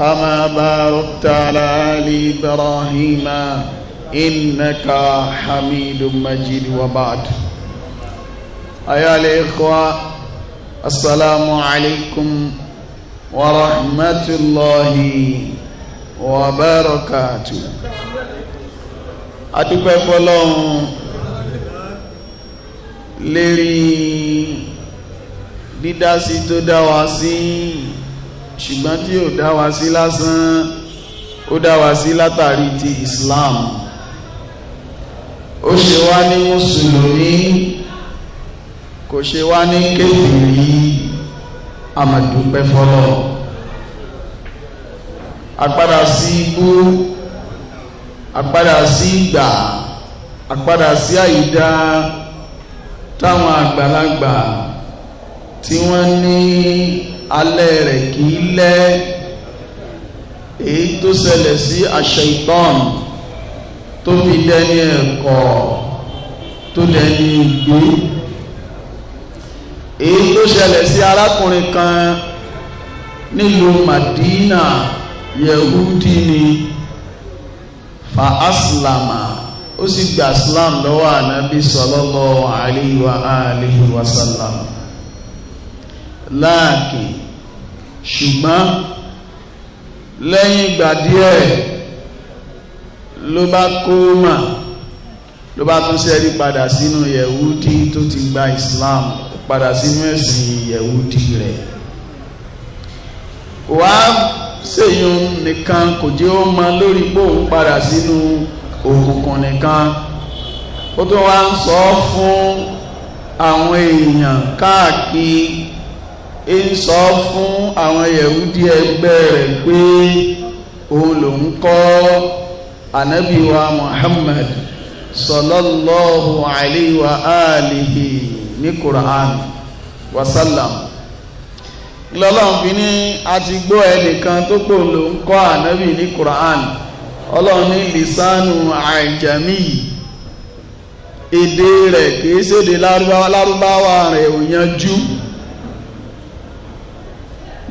كما باركت على آل إبراهيم إنك حميد مجيد وبعد أيها الإخوة السلام عليكم ورحمة الله وبركاته adúpẹ́ fọ́lọ́run lérí dídá sí tó ṣùgbọ́n tí ò dá wa sí lásán ó dá sí látàrí ti Islam ó ṣe wá ní mùsùlùmí kò ṣe wá ní kéfìrí àmàdúpẹ́ fọlọ́ agbára sí ibú agbára sí ìgbà agbára sí àyídá táwọn àgbàlagbà tí wọ́n ní alẹ́ rẹ̀ kì í lẹ́ èyí tó ṣẹlẹ̀ sí àṣẹ ìtàn tó fi dẹni ẹ̀kọ́ tó dẹni ìgbé èyí tó ṣẹlẹ̀ sí arákùnrin kan nílùú Madina yehudi ni fa aslama ó sì gba islam lọ́wọ́ ànábì sallallahu alaihi wa alihi wa sallam láàkì ṣùgbọ́n lẹ́yìn ìgbà díẹ̀ ló bá kó mà ló bá tún ṣẹ́rí padà sínú yẹ̀wúdí tó ti gba Islam padà sínú ẹ̀sìn yẹ̀wúdí rẹ̀ wá ṣèyún nìkan kò jẹ́ ó mọ lórí bóun padà sínú òkùnkùn nìkan ó tún wá ń sọ fún àwọn èèyàn káàkiri ń sọ fún àwọn yẹ̀húdí ẹgbẹ́ rẹ̀ pé òun ló ń kọ́ ànábì wa Muhammad sallallahu alayhi wa alihi ní Quran wa sallam lọ́lọ́run fi ní a ti gbọ́ ẹnìkan tó pò ló ń kọ́ ànábì ní Quran ọlọ́run ní lisanu àjàmí èdè rẹ̀ kìí ṣèdè lárúbáwá rẹ̀ ò yanjú.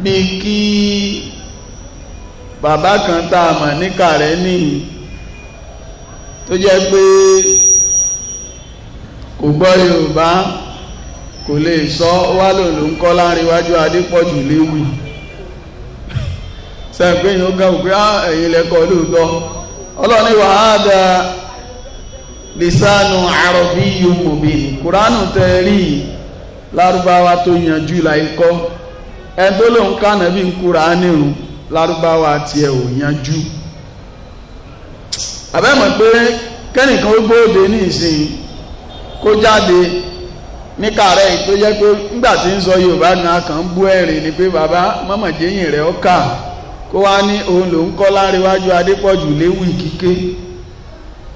bí kí bàbá kan tá a mọ̀ ní kàrẹ́nì tó jẹ́ pé kò gbọ́ yorùbá kò lè sọ wá ń kọ́ láríwájú adépọ̀jù léwu sẹ́pẹ́ yóò ga òpé ah, ẹ̀yìn lẹ́kọ̀ọ́ lóòótọ́ ọlọ́ni lisanu arabi yomobi kuranu tó yanjú ẹ̀dọ́ lòun ká nàbí ń kúra nírun lárúbáwá tiẹ̀ ò yanjú àbẹ́mọ̀ pé kẹ́nìkan ó gbóòde ní ìsìn kó jáde ní kààrẹ́ tó jẹ́ pé nígbà tí ń sọ yorùbá gan kan bú ẹ̀rìn ni pé bàbá mọ́mọ̀jẹ́yìn rẹ̀ ó kà kó wá ní òun kọ́ láríwájú adépọ̀jù kíké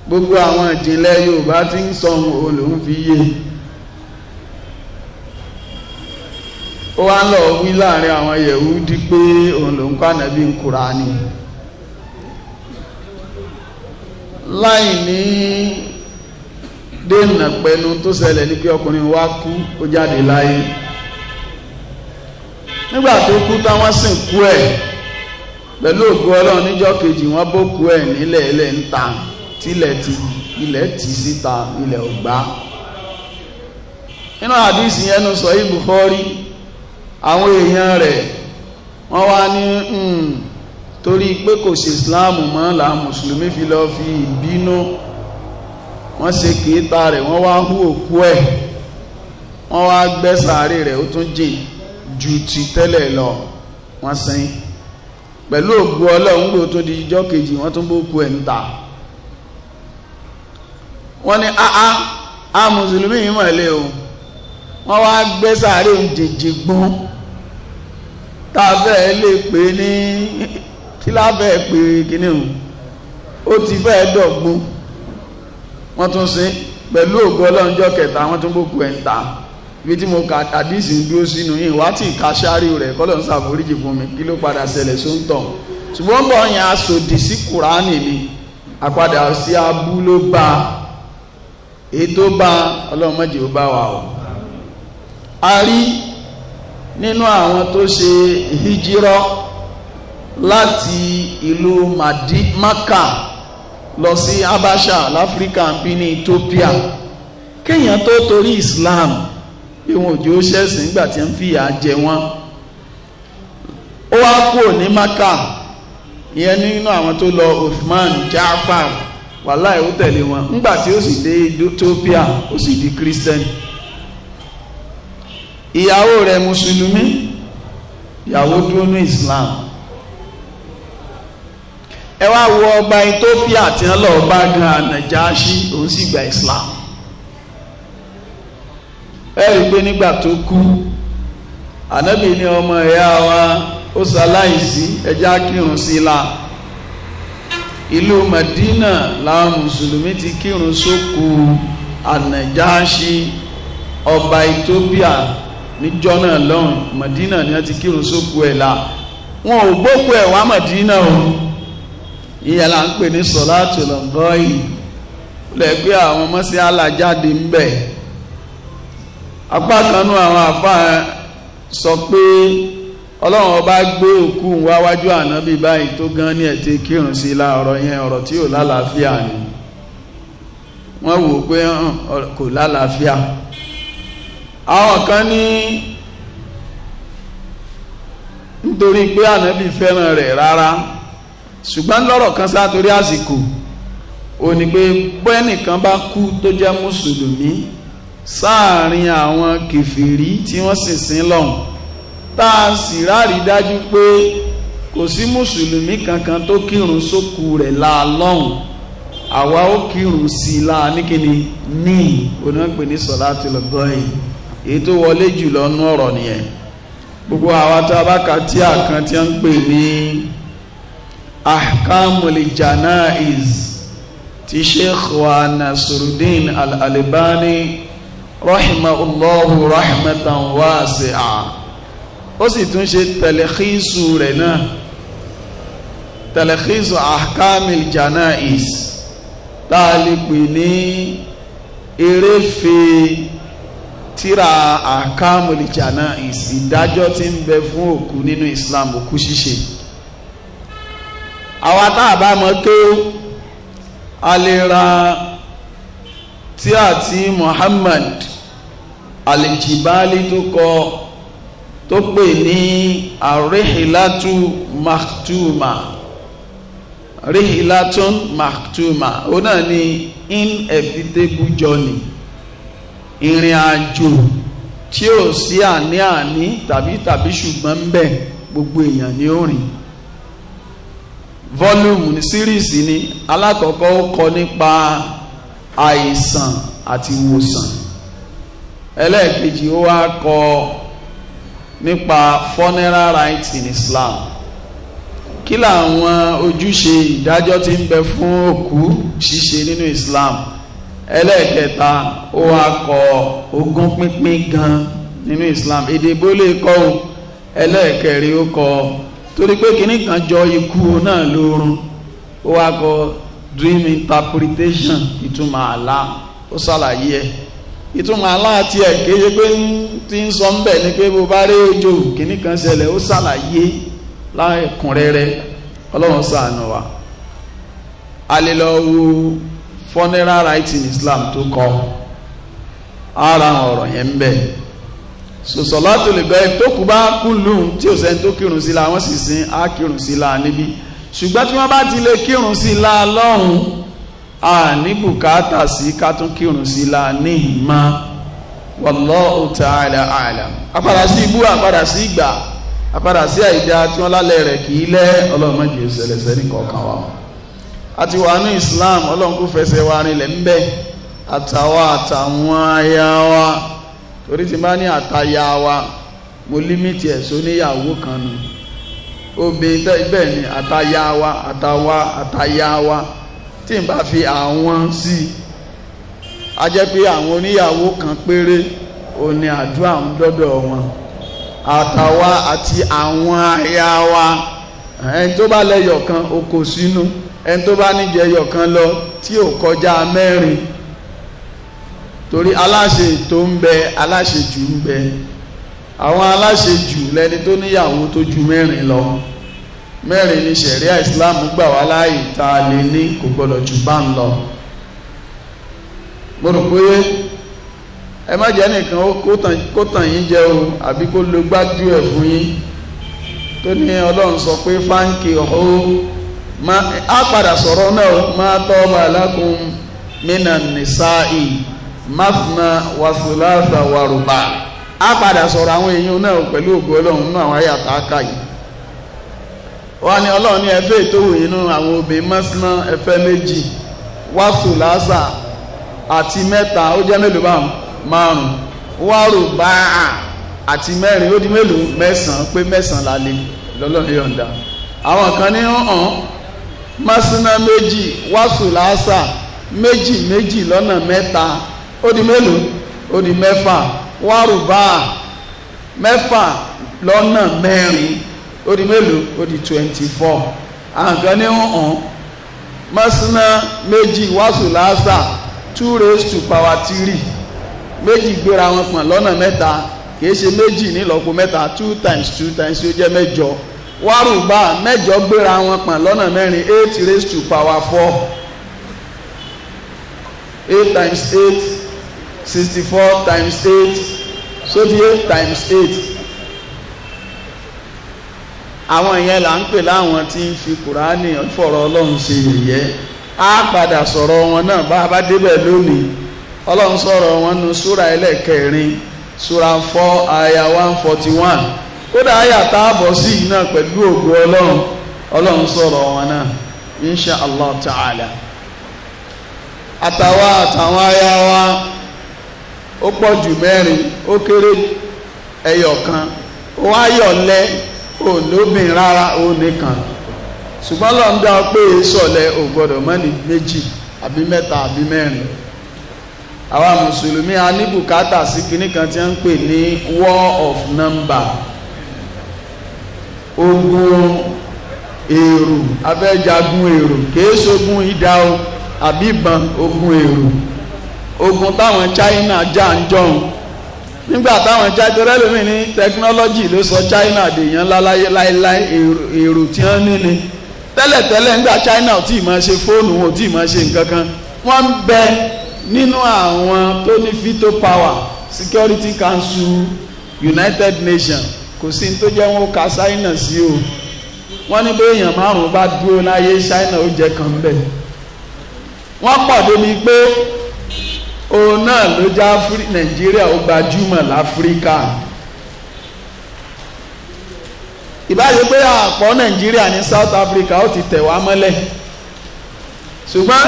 gbogbo àwọn ìjìnlẹ̀ yorùbá ti ń sọ òun fi yé ó wá lọ wí láàrin àwọn yẹ̀húdí pé òun ló ń kọ́ ànábì ń Kùránì láì ní dènà pẹ̀lú tó ṣẹlẹ̀ ní pé ọkùnrin wa kú ó jáde láyé nígbà tó kú táwọn sìnkú ẹ̀ pẹ̀lú ògo ọlọ́run níjọ́ kejì wọ́n bókú ẹ̀ nílẹ̀ ilẹ̀ ń ta tilẹ̀ ti ilẹ̀ tì síta ilẹ̀ ọgbà. nínú àdìsí yẹn nu sọ ibùkọ́rí àwọn èèyàn rẹ̀ wọ́n wá ní hmm, torí pé kò ṣe islam mọ́ làwọn mùsùlùmí fi lọ fi ìbínú wọ́n ṣe kìíta rẹ̀ wọ́n wá hú òkú ẹ̀ wọ́n wá gbẹ́ sàárè rẹ̀ ó tún jìn ju ti tẹ́lẹ̀ lọ wọ́n sin pẹ̀lú ògbó ọlọ́run gbò tó di ijọ́ kejì wọ́n tún bó kú ẹ̀ ń wọ́n ní a ah, a ah, a ah, mùsùlùmí yìí mọ̀ ilé o wọ́n wá gbé sàárè ǹdèjì gbọ́n tàbẹ́ lè pè ní kílábẹ́ pè kíní o ó ti fẹ́ dọ̀gbọ́n wọ́n tún sí pẹ̀lú ògo ọlọ́njọ́ kẹta wọ́n tún gbókù ẹ̀ ń ta ibi tí mo kà àdìsí ń dúró sínú yìí wá tí ìka sáré rẹ̀ kọ́lọ̀ ń ṣàforíjì fún mi kí ló padà ṣẹlẹ̀ sóńtọ̀ ṣùgbọ́n ń bọ̀ yẹn aṣòdì sí kùránì ni àpadà sí abú ló bá èyí bá ọlọ́mọdé ó bá wà o a rí nínú àwọn tó ṣe hijirọ́ láti ìlú maka lọ sí Abasha láfíríkà ń bí ní Ethiopia kéèyàn tó torí Islam bí wọn ò jẹ́ ó ṣẹ̀sìn nígbà tí wọ́n fìyà jẹ wọ́n ó wá kúrò ní maka ìyẹn nínú àwọn tó lọ Uthman Jaafar wàláì ó wọn nígbà tí ó sì dé Ethiopia ó sì di Christian ìyàwó rẹ̀ mùsùlùmí ìyàwó dúró ní Islam ẹ wá wo ọba Ethiopia tí wọ́n lọ́ọ́ bá gan Nàjáṣí òun sì gba Islam ẹ rí i pé nígbà tó kú ànábì ní ọmọ ẹ̀yà wa ó ṣaláìsí ẹjẹ́ akírun sí la ìlú Madina làwọn mùsùlùmí ti kírun sókù ànàjáṣí ọba Ethiopia níjọ́ náà lọ́hùn Màdínà ni wọ́n ti kírun sókú ẹ̀ la wọn ò gbókú ẹ̀ wá Màdínà o ìyẹn là ń pè ní sọlá tòlọ́ngọ́ yìí lẹ́gbẹ́ àwọn mọ́sí alájáde ń bẹ̀ apá kan nú àwọn àfáà sọ pé ọlọ́run ọba gbé òkú wáwájú ànábì báyìí tó gan ní ẹ̀tẹ́ kírun sí la ọ̀rọ̀ yẹn ọ̀rọ̀ tí ò lálàáfíà ni wọ́n wò pé kò lálàáfíà àwọn kan ní nítorí pé ànábì fẹ́ràn rẹ̀ rárá ṣùgbọ́n lọ́rọ̀ kan sá torí àsìkò ò ní pé bẹ́ẹ̀nìkan bá kú tó jẹ́ mùsùlùmí sáàrin àwọn kèfèrí tí wọ́n sì sin lọ́hùn tá a sì rárí dájú pé kò sí mùsùlùmí kankan tó kírun sókù rẹ̀ la lọ́hùn àwa ó kírun sí i la ní kíni ní oníwọ̀n pè ní sọ̀lá tìlọ̀gọ́ yìí èyí tó wọlé jùlọ nú ọ̀rọ̀ nìyẹn gbogbo àwa tá a bá ka tí a kan tí a ń pè ní ahkamul janaiz ti sheikh wa Nasruddin al-Albani rahimahullahu rahmatan wasi'a ó sì tún ṣe tẹlẹkísù rẹ̀ náà tẹlẹkísù ahkamul janaiz tá a lè pè ní eréfèé tíra àkàmùlì janais ìdájọ́ tí ń bẹ fún òkú nínú Islam òkú ṣíṣe àwa tá bá mọ tó a tí àti Muhammad alijibali tó kọ tó pè ní arihilatu maktuma rihilatun maktuma ó náà ní inevitable journey ìrìn àjò tí ò sí àní àní tàbí tàbí ṣùgbọ́n ń bẹ gbogbo èèyàn ni ó volume ní síríìsì ni alákọ̀ọ́kọ́ ó kọ nípa àìsàn àti ìwòsàn ẹlẹ́ẹ̀kejì ó wá kọ nípa funeral rites in Islam kí làwọn ojúṣe ìdájọ́ tí ń bẹ fún òkú ṣíṣe nínú Islam. ẹlẹ́ẹ̀kẹta ó wá kọ ogún pínpín gan nínú Islam ìdìbò lè kọ o ẹlẹ́ẹ̀kẹrin ó kọ torí pé kìnnì kan jọ ikú náà lórun ó wá kọ dream interpretation ìtumọ̀ àlá ó ṣàlàyé ẹ̀ ìtumọ̀ àlá àti ẹ̀ kéye pé ti ń sọ ń ni pé bó bá rí ejò kìnnì kan ṣẹlẹ̀ ó ṣàlàyé láẹ̀kúnrẹ́rẹ́ ọlọ́run ṣàánú wa a funeral rites in Islam tó kọ ara ọ̀rọ̀ yẹn ń bẹ̀ sòsọ̀lá tó lè gbọ́ ẹ tó kú bá kú lóhùn tí ò sẹ́ni tó kírun sí la wọ́n sì sin á kírun sí la níbí ṣùgbọ́n tí wọ́n bá ti lè kírun sí la lọ́hùn a ní bùkátà sí ká tún kírun sí la ní ìmá wallahu ta'ala a'lam apàdà sí ibú apàdà sí ìgbà apàdà sí àìdá tí wọ́n lálẹ́ rẹ̀ kì í lẹ́ ọlọ́mọ jù sẹlẹ̀sẹ̀ ní kọ̀ọ̀kan wa àti wà ní Islam ọlọ́run kò fẹsẹ̀ wa rinlẹ̀ ń bẹ àtàwa àtàwọn aya wa torí ti bá ní àtàyà wa mo límìtì ẹ̀ sóníyàwó kan nù obìnrin tẹ́ bẹ́ẹ̀ ni àtàyà wa àtàwa àtàyà wa tí n bá fi àwọn sí i a jẹ́ pé àwọn oníyàwó kan péré òní àdúrà ń dọ́dọ̀ wọn àtàwa àti àwọn aya wa ẹni tó bá lẹ́yọ̀ kan o kò sínú. Si ẹni tó bá ní jẹyọ kan lọ tí ò kọjá mẹ́rin torí aláṣẹ tó ń bẹ aláṣẹ jù ń bẹ àwọn aláṣẹ jù lẹni tó níyàwó tó ju mẹ́rin lọ mẹ́rin ni ṣẹ̀ríà Islam gbà wá láàyè tá a lè ní kò gbọdọ̀ jù bá ń lọ mo rò pé ẹ má jẹ́ nìkan kó tàn yín jẹ o àbí kó lo gbájú ẹ̀ fún yín tó ní Ọlọ́run sọ pé fáńkì ọ̀hún ma a padà sọ̀rọ̀ náà o ma tọ́ ọmọ alákùn mina nisa'i mafna wasulasa waruba a padà sọ̀rọ̀ àwọn èèyàn náà pẹ̀lú ògo ọlọ́run nínú àwọn àyàtà aka yìí wọ́n ní ọlọ́run ní ẹfẹ́ ìtòwò inú àwọn obìnrin mọ́sánná ẹfẹ́ méjì wàásù àti mẹ́ta ó jẹ́ mélòó báwọn márùn wàárò àti mẹ́rin ó di mélòó mẹ́sàn-án pé mẹ́sàn-án la lè lọ́lọ́run yọ̀ǹda àwọn kan ní hàn masina méjì wàsùlàsà méjì méjì lọ́nà mẹ́ta ó di mélòó ó di mẹ́fà wárùbá mẹ́fà lọ́nà mẹ́rin ó mélòó ó twenty four àǹkan ní hàn masina méjì wàsùlàsà two raised to power three méjì gbéra wọn pọ̀n lọ́nà mẹ́ta kì ṣe méjì nílọ́po mẹ́ta two times two times ó jẹ́ mẹ́jọ wárùbá mẹ́jọ gbéra wọn pọ̀n lọ́nà mẹ́rin eight raised to power four eight times eight sixty four times eight sódì eight times eight àwọn yẹn là ń pè láwọn tí ń fi kùránì fọ̀rọ̀ ọlọ́run ṣe yẹ̀yẹ́ á padà sọ̀rọ̀ wọn náà bá a bá débẹ̀ lónìí ọlọ́run sọ̀rọ̀ wọn nu súra ẹlẹ́kẹrin súra four aya one forty one. kódà àyà tá a bọ̀ sí yìí náà pẹ̀lú ògo ọlọ́run ọlọ́run sọ̀rọ̀ wọn náà insha allah ta'ala àtàwa àtàwọn aya wa ó pọ̀ jù mẹ́rin ó kéré ẹyọ kan ó ayọ̀ lẹ́ òlóbìn rárá ó nìkan ṣùgbọ́n lọ́n dá pé sọ̀lẹ̀ ò gbọ́dọ̀ mọ́ ní méjì àbí mẹ́ta àbí mẹ́rin àwa mùsùlùmí a ní bùkátà sí kinní kan tí wọ́n ń pè ní war of number ogun èrò abẹ́jagun èrò kìí ṣogun idà o àbí ìbọn ogun èrò ogun táwọn China jà ń jọun nígbà táwọn jáde lómi ní tẹkinọ́lọ́jì ló sọ China dèèyàn láláyé láéláé èrò tí wọ́n ní ni tẹ́lẹ̀tẹ́lẹ̀ nígbà China ò tí ì máa ṣe fóònù wọn ò tí ì máa ṣe nǹkan kan wọ́n ń bẹ nínú àwọn tó ní fito power security council united nations kò sí ní tó jẹ́ wọn ó ka ṣáínà sí o wọ́n ní pé èèyàn márùn-ún bá dúró láyé ṣáínà ó jẹ kan bẹ́ẹ̀ wọ́n pọ̀ débi pé òun náà ló já nàìjíríà ó gbajúmọ̀ láfíríkà ìbáyé pé àpọ̀ nàìjíríà ní south africa ó ti tẹ̀ wá mọ́lẹ̀ ṣùgbọ́n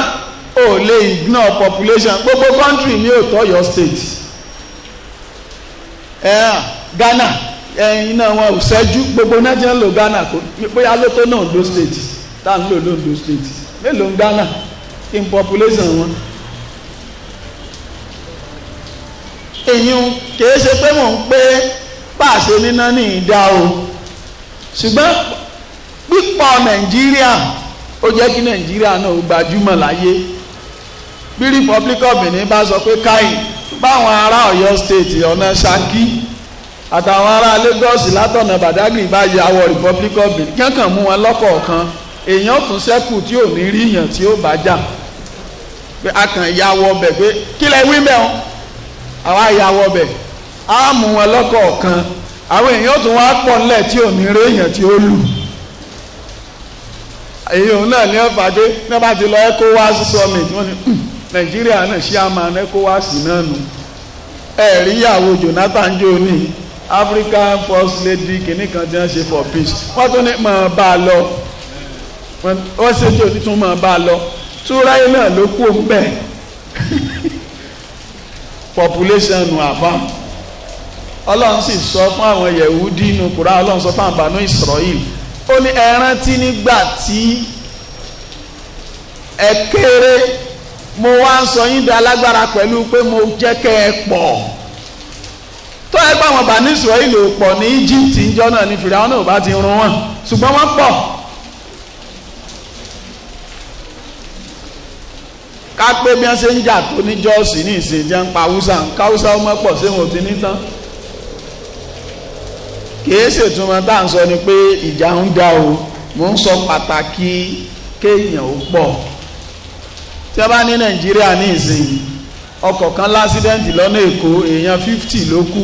ó lè ignore population gbogbo country ní òtọ́ your state eh, ghana Eh, iná wọn ò ṣẹ́jú gbogbo national lo gana kò bóyá ló tó náà Ondo state tá à ń lò lóńdó state mélòó ń Ghana in population wọn. èyàn kìí ṣe pé mò ń pé pàṣẹ níná ní o ṣùgbọ́n pípọ̀ Nàìjíríà ó jẹ́ kí Nàìjíríà Benin bá sọ pé káyìn báwọn ará Ọ̀yọ́ state ọ̀nà àtàwọn ará Lagos látọ̀nà Badagry bá ya wọ Republic of Benin kankan mú wọn lọ́kọ̀ọ̀kan èèyàn tún sẹ́kù tí ò ní rí yàn tí ó bá jà pé a kàn ya wọ ọbẹ̀ pé kí lẹ wí bẹ́ẹ̀ àwa ya wọ ọbẹ̀ á mú wọn lọ́kọ̀ọ̀kan àwọn èèyàn tún wá pọ̀ nílẹ̀ tí ò ní rí yàn tí ó lù èèyàn náà ní ọ̀fàdé náà bá ti lọ ECOWAS summit wọ́n ní hmm, Nàìjíríà náà ṣé a máa ECOWAS náà nù ẹ̀ríyàwó Jonathan joni. African first lady kìíní kan tí wọ́n ṣe for peace wọ́n tún ní mọ̀ bá a lọ wọ́n ṣe tí òní tún mọ̀ bá a lọ túráyé náà ló kú òǹbẹ̀ population nù àbá ọlọ́run sì sọ fún àwọn yẹ̀wúdí inú kura ọlọ́run sọ fún àbánú Israel ó ní ẹ rántí nígbà tí ẹ kéré mo wá ń sọ yín di alágbára pẹ̀lú pé mo jẹ́ kẹ́ ẹ pọ̀ tó ẹ gbọ́ àwọn bàní israẹli ò pọ̀ ní egypt níjọ́ náà ní fìlà wọn náà ò bá ti run wọn ṣùgbọ́n wọ́n pọ̀ ká pé bí wọ́n ṣe ń jà tó ní jọ́ọ̀sì ní ìsìnjẹ́ ń pa haúsá ń ká haúsá ọmọ pọ̀ sí wọn ò ti ní tán kìí ṣètúmọ̀ tá à ń sọ ni pé ìjà ń dá o mò ń sọ pàtàkì kéèyàn ó pọ̀ tí wọ́n bá ní nàìjíríà ní ìsìn ọkọ̀ kan lásìdẹ́ǹtì lọ́nà èkó èèyàn fífítì ló kú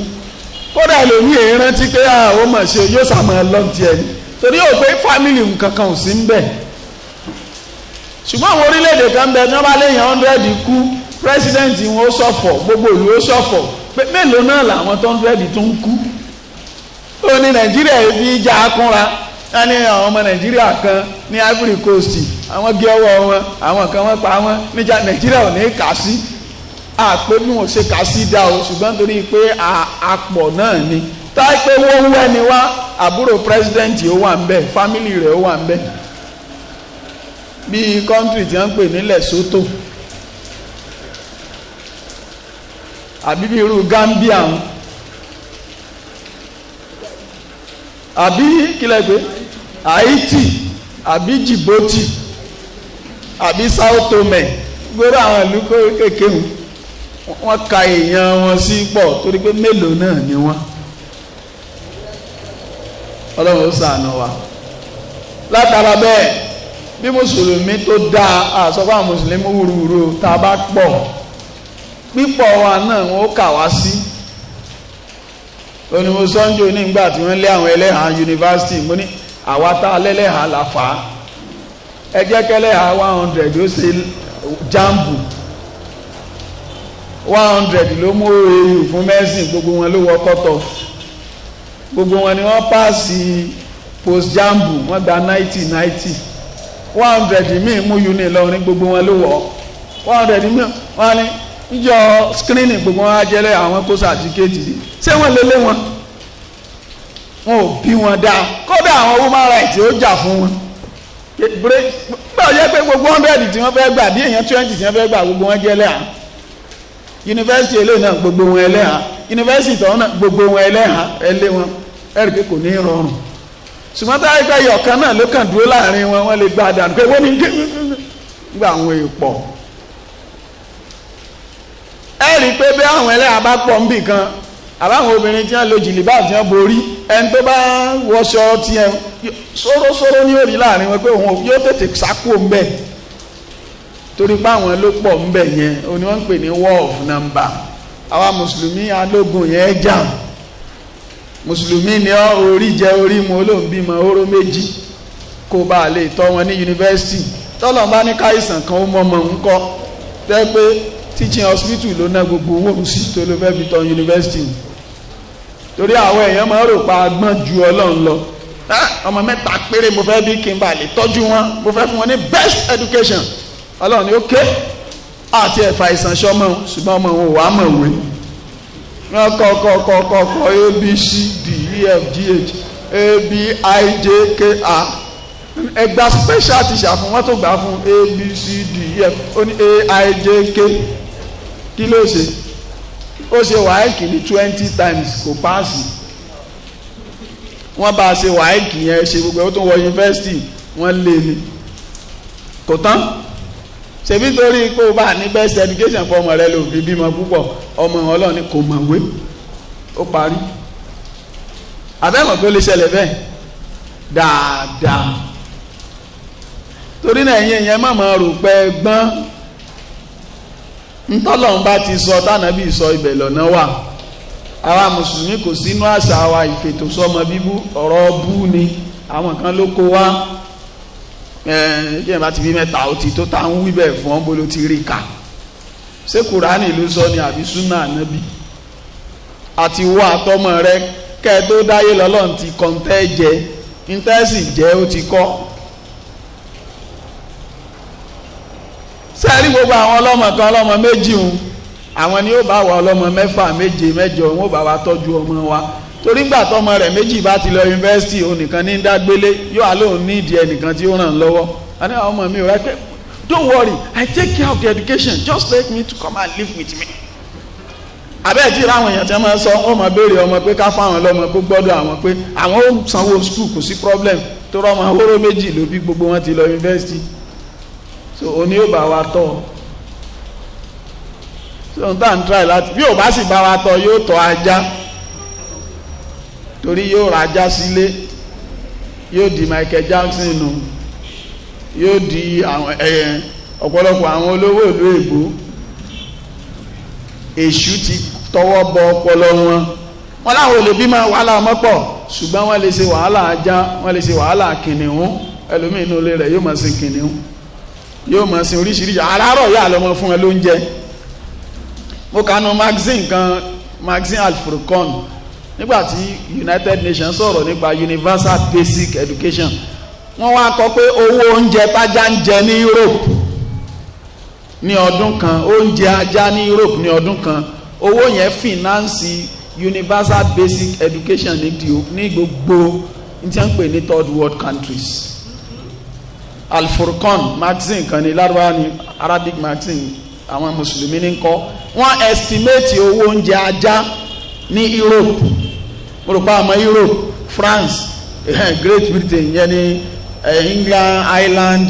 kódà lèmi èyí rántí pé àwọn ah, mà ṣe yóò sàmọ lọ́ntì ẹni torí ò pé fámìlì nǹkan kan ò sí ń bẹ̀ ṣùgbọ́n àwọn orílẹ̀-èdè kan bẹ tí wọ́n bá léèyàn hundred kú president wọn ó ṣọ̀fọ̀ gbogbo ìlú ó ṣọ̀fọ̀ pé mélòó náà làwọn tó hundred tó ń kú ó ní nàìjíríà fi já a kúnra wọn ní àwọn ọmọ nàìjíríà kan ní Ivory Coast àwọn gé ọwọ́ wọn àwọn kan wọ́n pa wọn níjà nàìjíríà ò ní kà sí àpénú ṣe kà sí dá o ṣùgbọ́n torí pé àpọ̀ náà ni táì pé wọ́n ń wẹ́ni wá àbúrò pírẹsidẹ́ǹtì ó wà ń bẹ̀ fámìlì rẹ̀ ó wà ń bẹ̀ bíi kọ́ńtì tí ń pè ní Lesotho àbí bíi irú Gambia ń àbí kílẹ̀ Haiti àbí Djibouti àbí Sao Tome gbogbo àwọn ìlú kékeré wọ́n ka èèyàn wọn sí pọ̀ torí pé mélòó náà ni wọ́n ọlọ́run ó ṣàánú wa látara bẹ́ẹ̀ bí mùsùlùmí tó dáa àsọ̀fà mùsùlùmí wúruwúru tá a bá pọ̀ pípọ̀ wa náà wọ́n kà wá sí onímọ̀ sọ́njọ́ nígbà tí wọ́n lé àwọn ẹlẹ́hàá yunifásitì mo ní àwa tá a lẹ́lẹ́hàá là fà á ẹ jẹ́ kẹ́lẹ́hàá one hundred ó ṣe jáàmbù one hundred ló mú ooo fún mẹ́sìn gbogbo wọn ló wọ kọ́tọ̀ gbogbo wọn ni wọ́n paasi post jambu wọ́n gba ninety ninety one hundred míì mú uni lọ́rin gbogbo wọn ló wọ̀ one hundred míì wọ́n ní níjọ skrini gbogbo wọn á jẹ́lẹ̀ àwọn kó sàtíkéètì ni ṣé wọ́n lé lé wọn wọn ò bí wọn dáa kódà àwọn woman rights ó jà fún wọn gbọ́dọ̀ jẹ́ pé gbogbo hundred tí wọ́n fẹ́ gbà bí èèyàn twenty tí wọ́n fẹ́ gbà gbogbo wọn jẹ́lẹ̀ àwọn yunifásitì eléyìí náà gbogbo wọn ẹlẹ́hà yunifásitì tọ́wọ́n náà gbogbo wọn ẹlẹ́hà ẹlẹ́ wọn ẹ̀rí pé kò ní rọrùn ṣùgbọ́n tá a yẹ ká yọ ọ̀kan náà ló kàn dúró láàrin wọn wọ́n lè gba àdánù pé wọ́n ní kí gba àwọn èèpọ̀ ẹ̀rí pé bí àwọn ẹlẹ́hà bá pọ̀ ń bì kan àbáwọn obìnrin tí wọ́n lo jìlìbá tí wọ́n borí ẹni tó bá wọṣọ tiẹ̀ sórósóró ní òrí láàrin wọn pé òun yóò tètè sákò ń torí pé àwọn ló pọ̀ ńbẹ̀ yẹn ó ní wọ́n ń pè ní war of number àwa mùsùlùmí alógun yẹn jà mùsùlùmí ni ọ orí jẹ orí mu olóńbímọ oró méjì kó bá a lè tọ́ wọn ní yunifásitì tọ́lọ̀ bá ní káìsàn kan ó mọ̀mọ́ ń kọ́ tẹ́ pé teaching hospital ló ná gbogbo owó òun sí tó ló fẹ́ fi tọ́ yunifásitì torí àwọn èèyàn máa rò pa agbọ́n ju ọlọ́run lọ ah, ọmọ mẹ́ta péré mo fẹ́ bí kí n bá lè tọ́jú wọn mo fẹ́ fún wọn ní best education ọlọ́run ni ó ké àti ẹ̀fà ìsànṣẹ́ ọmọ òun ṣùgbọ́n ọmọ òun wàá mọ̀ wé wọn kọ kọ kọ kọ kọ a b c d e f g h a b i j k r ẹgbà special ti ṣàfún wọn tó gbà fún a b c d e f ó ní a i j k kí ló ṣe ó ṣe wáìkì ní twenty times kò páàsì wọ́n bá a ṣe wáìkì yẹn ṣe gbogbo ẹ̀ ó tún wọ yunifásitì wọ́n lé ní kò tán. ṣèbí torí kó o bá ní best education fún ọmọ rẹ lò fi bímọ púpọ̀ ọmọ ọlọ́run ni kò mọ̀wé ó parí àbẹ́mọ̀ pé ó lè ṣẹlẹ̀ bẹ́ẹ̀ dáadáa torí náà ẹ̀yin ẹ̀yẹ́ má máa rò pé gbọ́n ntọ́lọ́run bá ti sọ tánàbí sọ ibẹ̀ lọ́nà wà àwa mùsùlùmí kò sínú àṣà wa ìfètòsọ́mọ bíbú ọ̀rọ̀ bú ni àwọn kan ló kó wá. ẹ̀ẹ́n bí ẹ̀ bá ti bí mẹ́ta ó ti tó tá ń wí bẹ́ẹ̀ fún ọ́nbó ló ti rí ka ṣé kùránì ló sọ ni àbí súnà ànábì àti wọ àtọmọ rẹ kẹ́ ẹ tó dáyé lọ́lọ́run ti kọ́ńtẹ́ jẹ ńtẹ́sì jẹ́ ó ti kọ́ sẹ́ẹ̀rí gbogbo àwọn ọlọ́mọ kan ọlọ́mọ méjì ń àwọn ni ó bá wa ọlọ́mọ mẹ́fà méje mẹ́jọ wọn ó bá wa tọ́jú ọmọ wa torí ngbà tọmọ rẹ̀ méjì bá ti lọ yunifásitì onìkan ní dágbélé yóò á lóun ìdí ẹnìkan tí ó ràn lọ́wọ́ àní àwọn ọmọ mi ò rẹ pé don't worry i take care of the education just let me to come and live with me. abẹ́ẹ̀ tí ráwọn èèyàn ti máa sọ wọ́n máa béèrè ọmọ pé ká fáwọn lọ́mọ pé gbọ́dọ̀ àwọn pé àwọn ó sanwó school kò sí problem tó rọmọ ahóró méjì ló bí gbogbo wọn ti lọ yunifásitì so òní yóò bá wa tọ́ so n tá n try láti bí ò bá sì bá wa tọ́ yóò tọ́ ajá torí yóò rajá sílé yóò di Michael Jackson nù yóò di ọ̀pọ̀lọpọ̀ àwọn olówó ìlú èbó èṣù ti tọwọ́ bọ ọpọlọ wọn wọn láwọn olè bímọ wàhálà mọ́pọ̀ ṣùgbọ́n wọ́n lè ṣe wàhálà ajá wọ́n lè ṣe wàhálà kìnìún ẹlòmíì inú ilé rẹ̀ yóò máa sin kìnìún yóò máa sin oríṣiríṣi àràárọ̀ yà lọ́mọ fún ẹ lóúnjẹ mo kà magazine kan magazine al nígbàtí United Nations sọ̀rọ̀ nípa universal basic education wọ́n wá kọ pé owó oúnjẹ tájá ń jẹ ní Europe ní ọdún kan oúnjẹ ajá ní Europe ní ọdún kan owó yẹn fìnánsì universal basic education ní gbogbo ní tí wọ́n ń pè ní third world countries Al-Furqan magazine kan ní lárúbáwá ní Arabic magazine àwọn mùsùlùmí ní kọ́ wọ́n estimate owó oúnjẹ ajá ní Europe mo rò pa àmọ́ Europe France eh, Great Britain yẹn eh, England Ireland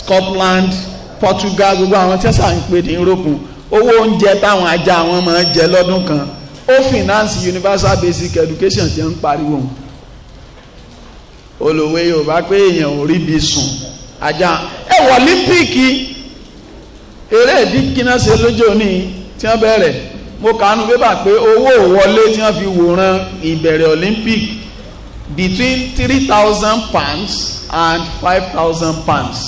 Scotland Portugal gbogbo àwọn tí sàn ń pè ní Europe owó oúnjẹ táwọn ajá wọn máa ń jẹ lọ́dún kan ó finance universal basic education ti ń pariwo olùwé Yorùbá pé èèyàn ò rí bí sùn ajá ẹ wọ Olympic eré ìdíkínà ṣe lójó ní tí wọ́n bẹ̀rẹ̀ mo kàánú pépà pé owó ìwọlé tí wọ́n fi wòran ìbẹ̀rẹ̀ olympic between three thousand pounds and five thousand pounds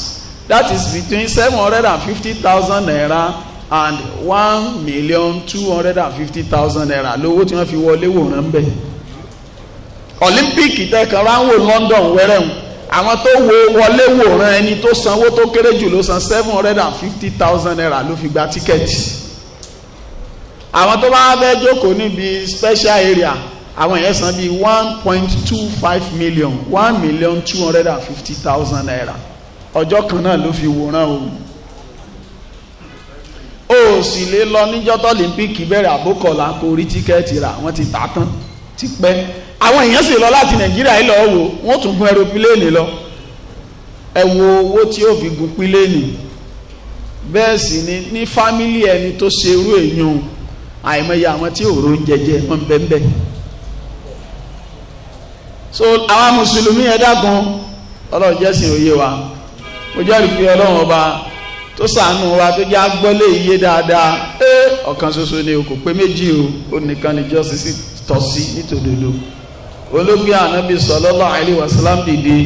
that is between seven hundred and fifty thousand naira and one million two hundred and fifty thousand naira lówó tí wọ́n fi wọlé wòran bẹ́ẹ̀ olympic tẹ́kan ráńwò london wẹ́rẹ̀hún àwọn tó wo wọlé wòran ẹni tó sanwó tó kéré jù ló san seven hundred and fifty thousand naira ló fi gba tíkẹ́ẹ̀tì àwọn tó bá fẹ́ jókòó níbi special area àwọn yẹn san bíi one point two five million one million two hundred and fifty thousand naira ọjọ́ kan náà ló fi wòran o o sì lè lọ níjọ́ tó olympic bẹ̀rẹ̀ àbókọ̀lá kò rí tíkẹ́ẹ̀tì rà wọ́n ti tà tán ti pẹ́ àwọn èèyàn sì lọ láti nàìjíríà yìí lọ́ọ́ wò wọ́n tún gun ẹropíléènì lọ ẹ wo owó tí ó fi gun píléènì bẹ́ẹ̀ sì ni ní fámílì ẹni tó ṣerú èèyàn o àìmọye àwọn tí òòrò ń jẹjẹ wọn bẹ́ẹ̀ so àwọn mùsùlùmí ẹ̀dá gan ọlọ́run jẹ́sìn òye wa mo jẹ́rìí pé ọlọ́run ọba tó ṣàánú wa tó jẹ́ agbọ́lé iye dáadáa ẹ ọ̀kan ṣoṣo ni o kò pé méjì o ó nìkan ni jọ́sìn sí tọ́ sí nítòdodo olóògbé ànábì sallallahu alaihi wasallam dìde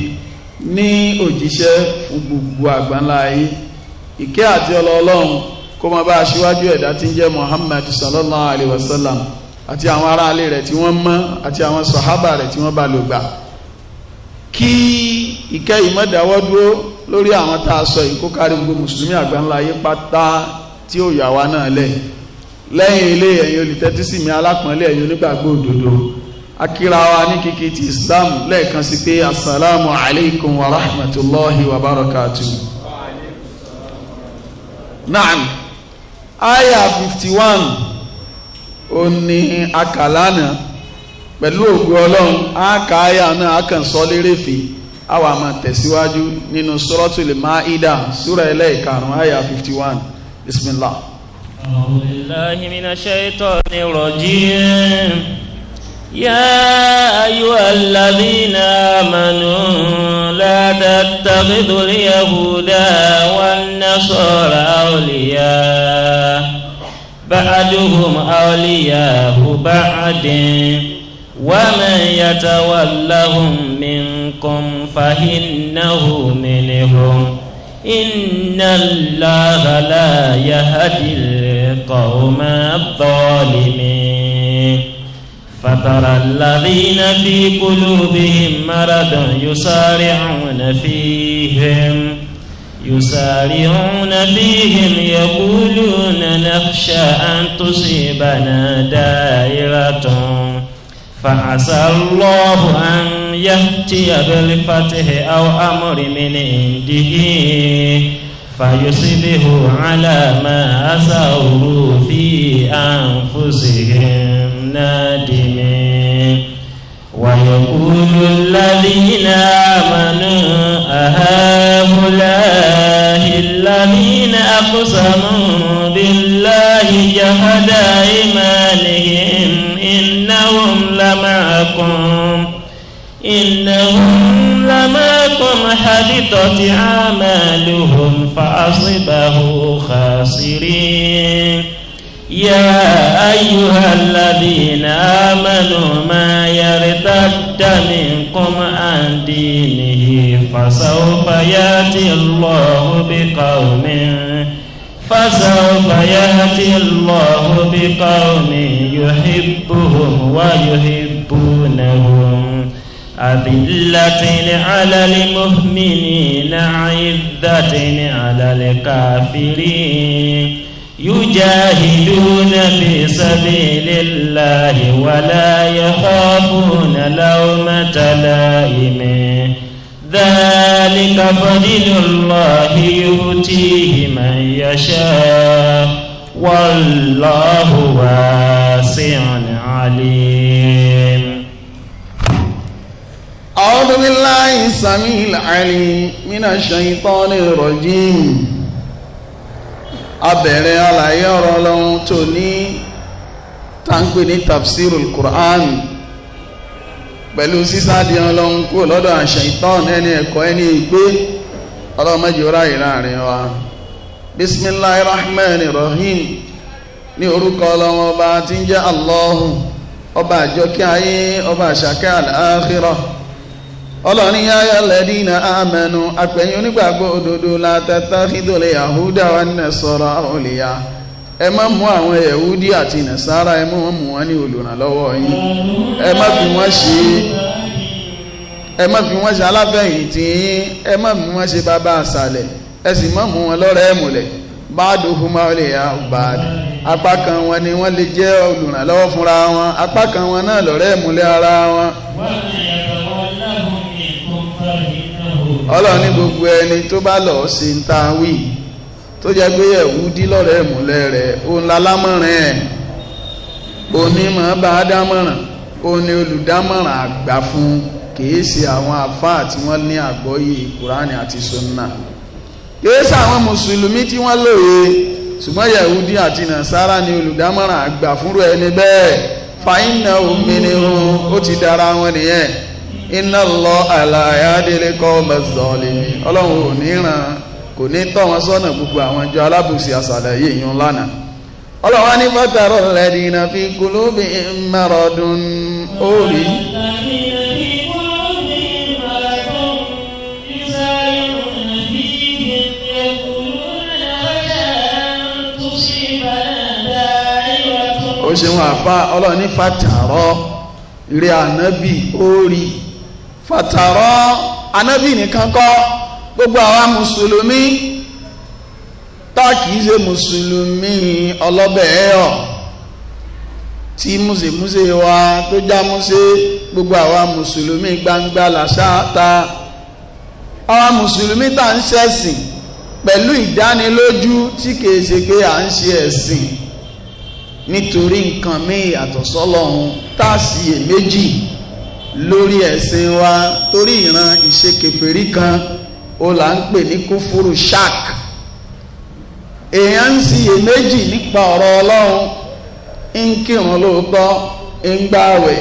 ní òjíṣẹ́ fún gbogbo àgbáńlá ayé ìkẹ́ àti ọlọ́ọ̀lọ́run kó máa bá aṣíwájú ẹ̀dá tí ń jẹ́ Muhammad sallallahu alayhi wa sallam àti àwọn aráalé rẹ̀ tí wọ́n mọ́ àti àwọn sàhábà rẹ̀ tí wọ́n bá lò gbà kí ìkẹ́ ìmọ̀dáwọ́ dúró lórí àwọn tá a sọ ìkó kárí gbogbo mùsùlùmí àgbáńlá ayé pátá tí ó yà wá náà lẹ̀ lẹ́yìn ilé ẹ̀yin olùtẹ́tísì mi alápọ̀nlé ẹ̀yin onígbàgbọ́ òdodo akíra ní kíkí ti Islam lẹ́ẹ̀kan sí pé assalamu alaikum wa rahmatullahi wa barakatuh. Naam aya fifty one ó ní akàlánà pẹ̀lú ògbó ọlọ́run á ka aya náà á kàn sọ lérèfé á wà máa tẹ̀síwájú nínú suratul Maida súra ẹlẹ́ẹ̀karùn-ún aya fifty one bismillah. أعوذ بالله من الشيطان الرجيم يا أيها الذين آمنوا لا تتخذوا اليهود والنصارى أولياء بعدهم أولياء بعد ومن يتولهم منكم فإنه منهم إن الله لا يهدي القوم الظالمين فترى الذين في قلوبهم مرض يسارعون فيهم يسارعون فيهم يقولون نخشى أن تصيبنا دائرة فعسى الله أن يأتي بالفتح أو أمر من عنده فيصبه على ما أسروا في أنفسهم نادمين ويقول الذين آمنوا أهؤلاء الذين أقسموا بالله جهد إيمانهم إنهم لمعكم إنهم لماكم حبطت أعمالهم فأصبه خاسرين يا أيها الذين آمنوا ما يرتد منكم عن دينه فسوف يأتي الله بقوم فسوف يأتي الله بقوم يحبهم ويحبونهم أذلة على المؤمنين عزة على الكافرين يجاهدون في سبيل الله ولا يخافون لومة لائم ذلك فضل الله يؤتيه من يشاء والله واسع عليم أعوذ بالله السميع العليم من الشيطان الرجيم abẹ̀rẹ̀ àlàyé ọ̀rọ̀ ọlọ́run tó ní táǹpé ní tafsir al-Qur'an pẹ̀lú sísáàdì ọlọ́run kú lọ́dọ̀ àṣẹ ìtọ́n ẹni ẹ̀kọ́ ẹni ìgbé ọlọ́mọdé ọ̀rá ìrààrin wa bismillahir rahmanir rahim ní orúkọ ọlọ́run ọba tí ń jẹ́ Allahu ọba àjọkẹ́ ayé ọba àṣàkẹ́ al ọlọ́ni yáyà lẹ́dínà àmẹ́nu àpẹ̀yìn onígbàgbọ́ òdodo látẹ́tà fídọ̀lẹ̀ yahuda wà ní sọ̀rọ̀ òlìyà ẹ má mú àwọn yahudi àti nasara ẹ má mú wọn ní olùrànlọ́wọ́ yín ẹ má fi wọ́n ṣe ẹ má fi wọ́n ṣe yín ẹ má wọ́n ṣe bàbá àṣàlẹ̀ ẹ sì má mú wọn báàdù ọlọ́run ní gbogbo ẹni tó bá lọ sí ń ta wí tó jẹ́ pé ẹ̀wú dí lọ́rẹ̀ ìmúlẹ̀ rẹ̀ òun lalámọ̀ràn ẹ̀ onímọ̀ bá dámọ̀ràn ó ní olùdámọ̀ràn àgbà fún kìí ṣe àwọn àfáà tí wọ́n ní àgbọ́yé kùránì àti sunna kìí ṣe àwọn mùsùlùmí tí wọ́n lòye ṣùgbọ́n yahudi àti nasara ni olùdámọ̀ràn àgbà fúnrú ẹni bẹ́ẹ̀ fàyínà òmìnirun ó ti dára wọn nìyẹn iná lọ àlàyé adélẹ́kọ́ mẹ́sàn-án ọlọ́run ò ní ràn kò ní tọ́ wọn sọ́nà gbogbo àwọn ìjọ alábùsí àṣàlàyé yìí lánàá ọlọ́run á ní fọ́tàrọ̀ rẹ̀ dìnnà fi kúlóbì mẹ́rọ̀dún orí. ó ṣe wọn àfa ọlọ́run ní fàtàrọ̀ rẹ̀ ànábì orí fàtàrọ́ anábì nìkan kọ́ gbogbo àwa mùsùlùmí tá kìí ṣe mùsùlùmí ọlọ́bẹ̀ ẹ̀họ̀ tí múṣemúṣe wa tó já múṣe gbogbo àwa mùsùlùmí gbangba làṣáta àwa mùsùlùmí tá ń ṣẹ̀sìn pẹ̀lú ìdánilójú tí kìí ṣe pé à ń ṣe ẹ̀sìn nítorí nǹkan míì àtọ̀sọ́lọ́hun tá a sì yè méjì lórí ẹ̀sìn wa torí ìran ìṣekèfèrí kan ó là ń pè ní kúfúrú shak èèyàn ń ṣiyèméjì nípa ọ̀rọ̀ ọlọ́run ń kírun lóòótọ́ ń gbààwẹ̀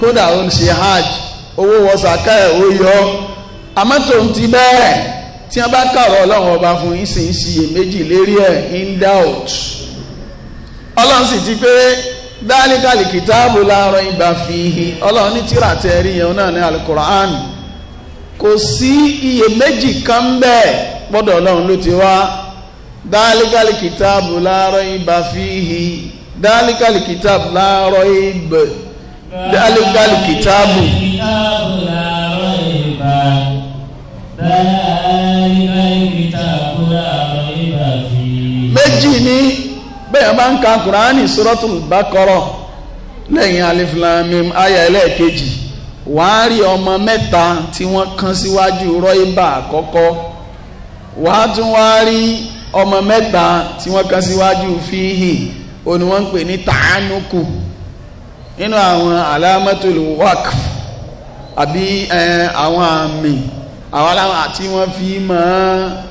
kódà ó ń ṣe hajj owó wọ́sàká ẹ̀ ó yọ àmọ́ tó ń ti bẹ́ẹ̀ tí wọ́n bá kọ̀rọ̀ ọlọ́run ọba fún yín sì ń ṣiyèméjì lérí ẹ̀ in doubt ọlọ́run sì ti pé dáálíkàlì kìtáàbù láàárọ̀ ìgbà fìhì ọlọ́run ní tíra tẹ́rí yẹn náà ní alukur'an kò sí iyèméjì kan bẹ́ẹ̀ gbọ́dọ̀ ọlọ́run ló ti wá dáálíkàlì kìtáàbù láàárọ̀ ìgbà fìhì dáálíkàlì kìtáàbù láàárọ̀ ìgbà dáálíkàlì kìtáàbù. méjì ní bẹ́ẹ̀ bá ń ka kùránì suratul baqara lẹ́yìn alif lam mim aya ẹlẹ́ẹ̀kejì wàá rí ọmọ mẹ́ta tí wọ́n kán síwájú rọ́ìbà àkọ́kọ́ wàá tún wàá rí ọmọ mẹ́ta tí wọ́n kán síwájú fíhì òní wọ́n ń pè ní tàánùkù nínú àwọn alámọ́tòlù wákf àbí àwọn àmì àwọn aláwọ̀ àti wọ́n fi máa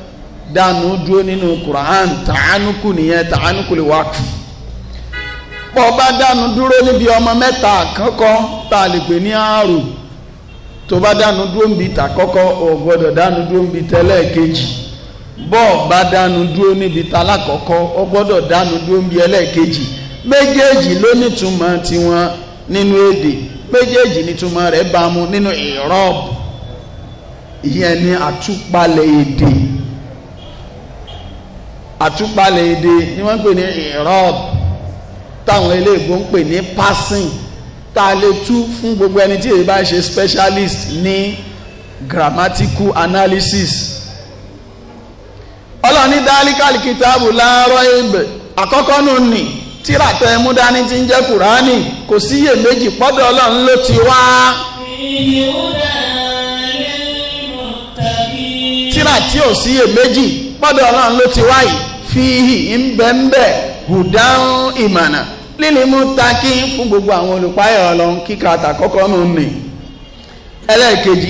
dànù dúró nínú Quran tàánùkù nìyẹn tàánùkù lè wá kù bá dànù dúró níbi ọmọ mẹta akọkọ tá a lè pè ní àrùn tó bá dànù dúró níbi tàkọ́kọ́ ò gbọ́dọ̀ dànù dúró níbi kejì bọ bá dánu dúró níbi talákọ̀ọ́kọ́ ó dúró níbi méjèèjì ló tiwọn nínú èdè méjèèjì nínú àtúpalẹ̀ èdè ni wọ́n ń pè ní ìrọ́b táwọn eléègbò ń pè ní passing tá a lè tú fún gbogbo ẹni tí èyí bá ṣe specialist ní grammatical analysis ọlọ́ni dálíkàlì kìtàbù láàárọ̀ ebè àkọ́kọ́ nù ní tíra tẹ mú dání tí ń jẹ́ kùránì kò síyè méjì pọ́dọ̀ ọlọ́run ló ti wá. tíra tí ò síyè méjì pọ́dọ̀ ọlọ́run ló ti wá yìí. fíhì ń bẹ ń bẹ hùdáhùn ìmànà fún gbogbo àwọn olùpáyà ọlọ́run kíkà àtàkọ́kọ́ nù ní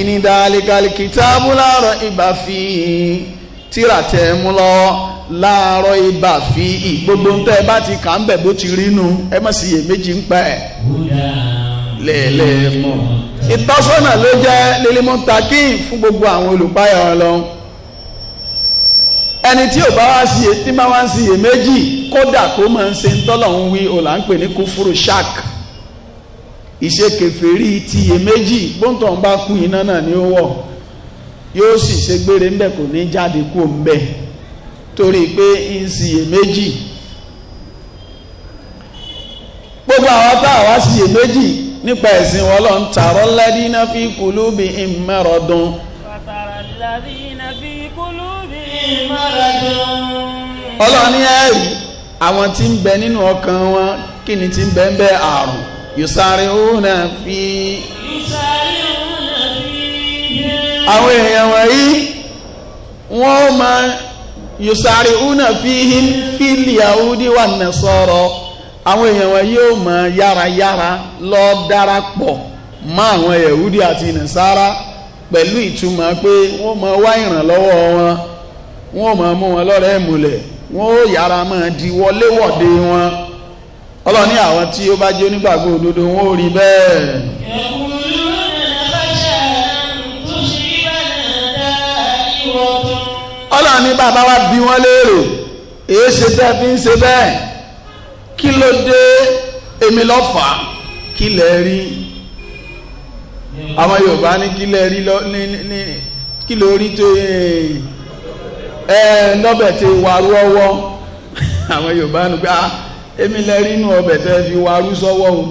ní dáálíkálí kìtàbù láàárọ̀ ìbà fíhì tíra tẹ mú lọ́wọ́ láàárọ̀ ìbà fíhì gbogbo ntẹ bá ti kà ń bó ti rí nu ẹ má sì méjì ń fún gbogbo àwọn ẹni tí ò bá wá sí etí bá wá sí iyèméjì e kódà kó máa ń ṣe ń tọ́lọ̀ ń wí ò là ń pè ní kúfúrú ìṣekèfèrí ti e kú iná náà ní sì ṣe gbére ńbẹ ní jáde kú ńbẹ torí pé e gbogbo àwọn tá a wá sí nípa ẹ̀sìn wọn tààrọ́ fi ọlọ́run ní ẹ̀rí àwọn tí ń bẹ nínú ọkàn wọn kí ni tí ń bẹ ń bẹ àrùn yusari una fi àwọn èèyàn wọ̀nyí wọ́n máa yusari una fi hin fili yahudi wà nasara àwọn èèyàn wọ̀nyí ó máa yárayára lọ darapọ̀ mọ́ àwọn yahudi àti nasara pẹ̀lú ìtumọ̀ pé wọ́n máa wá ìrànlọ́wọ́ wọn. wọ́n máa mú wọn lọ́rẹ́ ìmùlẹ̀ wọ́n ó yára máa di wọléwọ̀de wọn ọlọ́ni àwọn tí ó bá jẹ́ onígbàgbọ́ òdodo wọn ò rí bẹ́ẹ̀. ọlọ́ni bàbá wa bí wọ́n léèrè èé ṣe tẹ́ fi ń ṣe bẹ́ẹ̀ kí ló dé èmi lọ́fà kí lẹ rí àwọn Yorùbá ní kí lẹ rí ní kí ló rí tó yẹ. Eh, ẹ lọ́bẹ̀ tí ọwọ́ àwọn yorùbá nù pé ah èmi lẹ rí inú ọbẹ̀ tẹ́ fi wàrú sọ́wọ́ o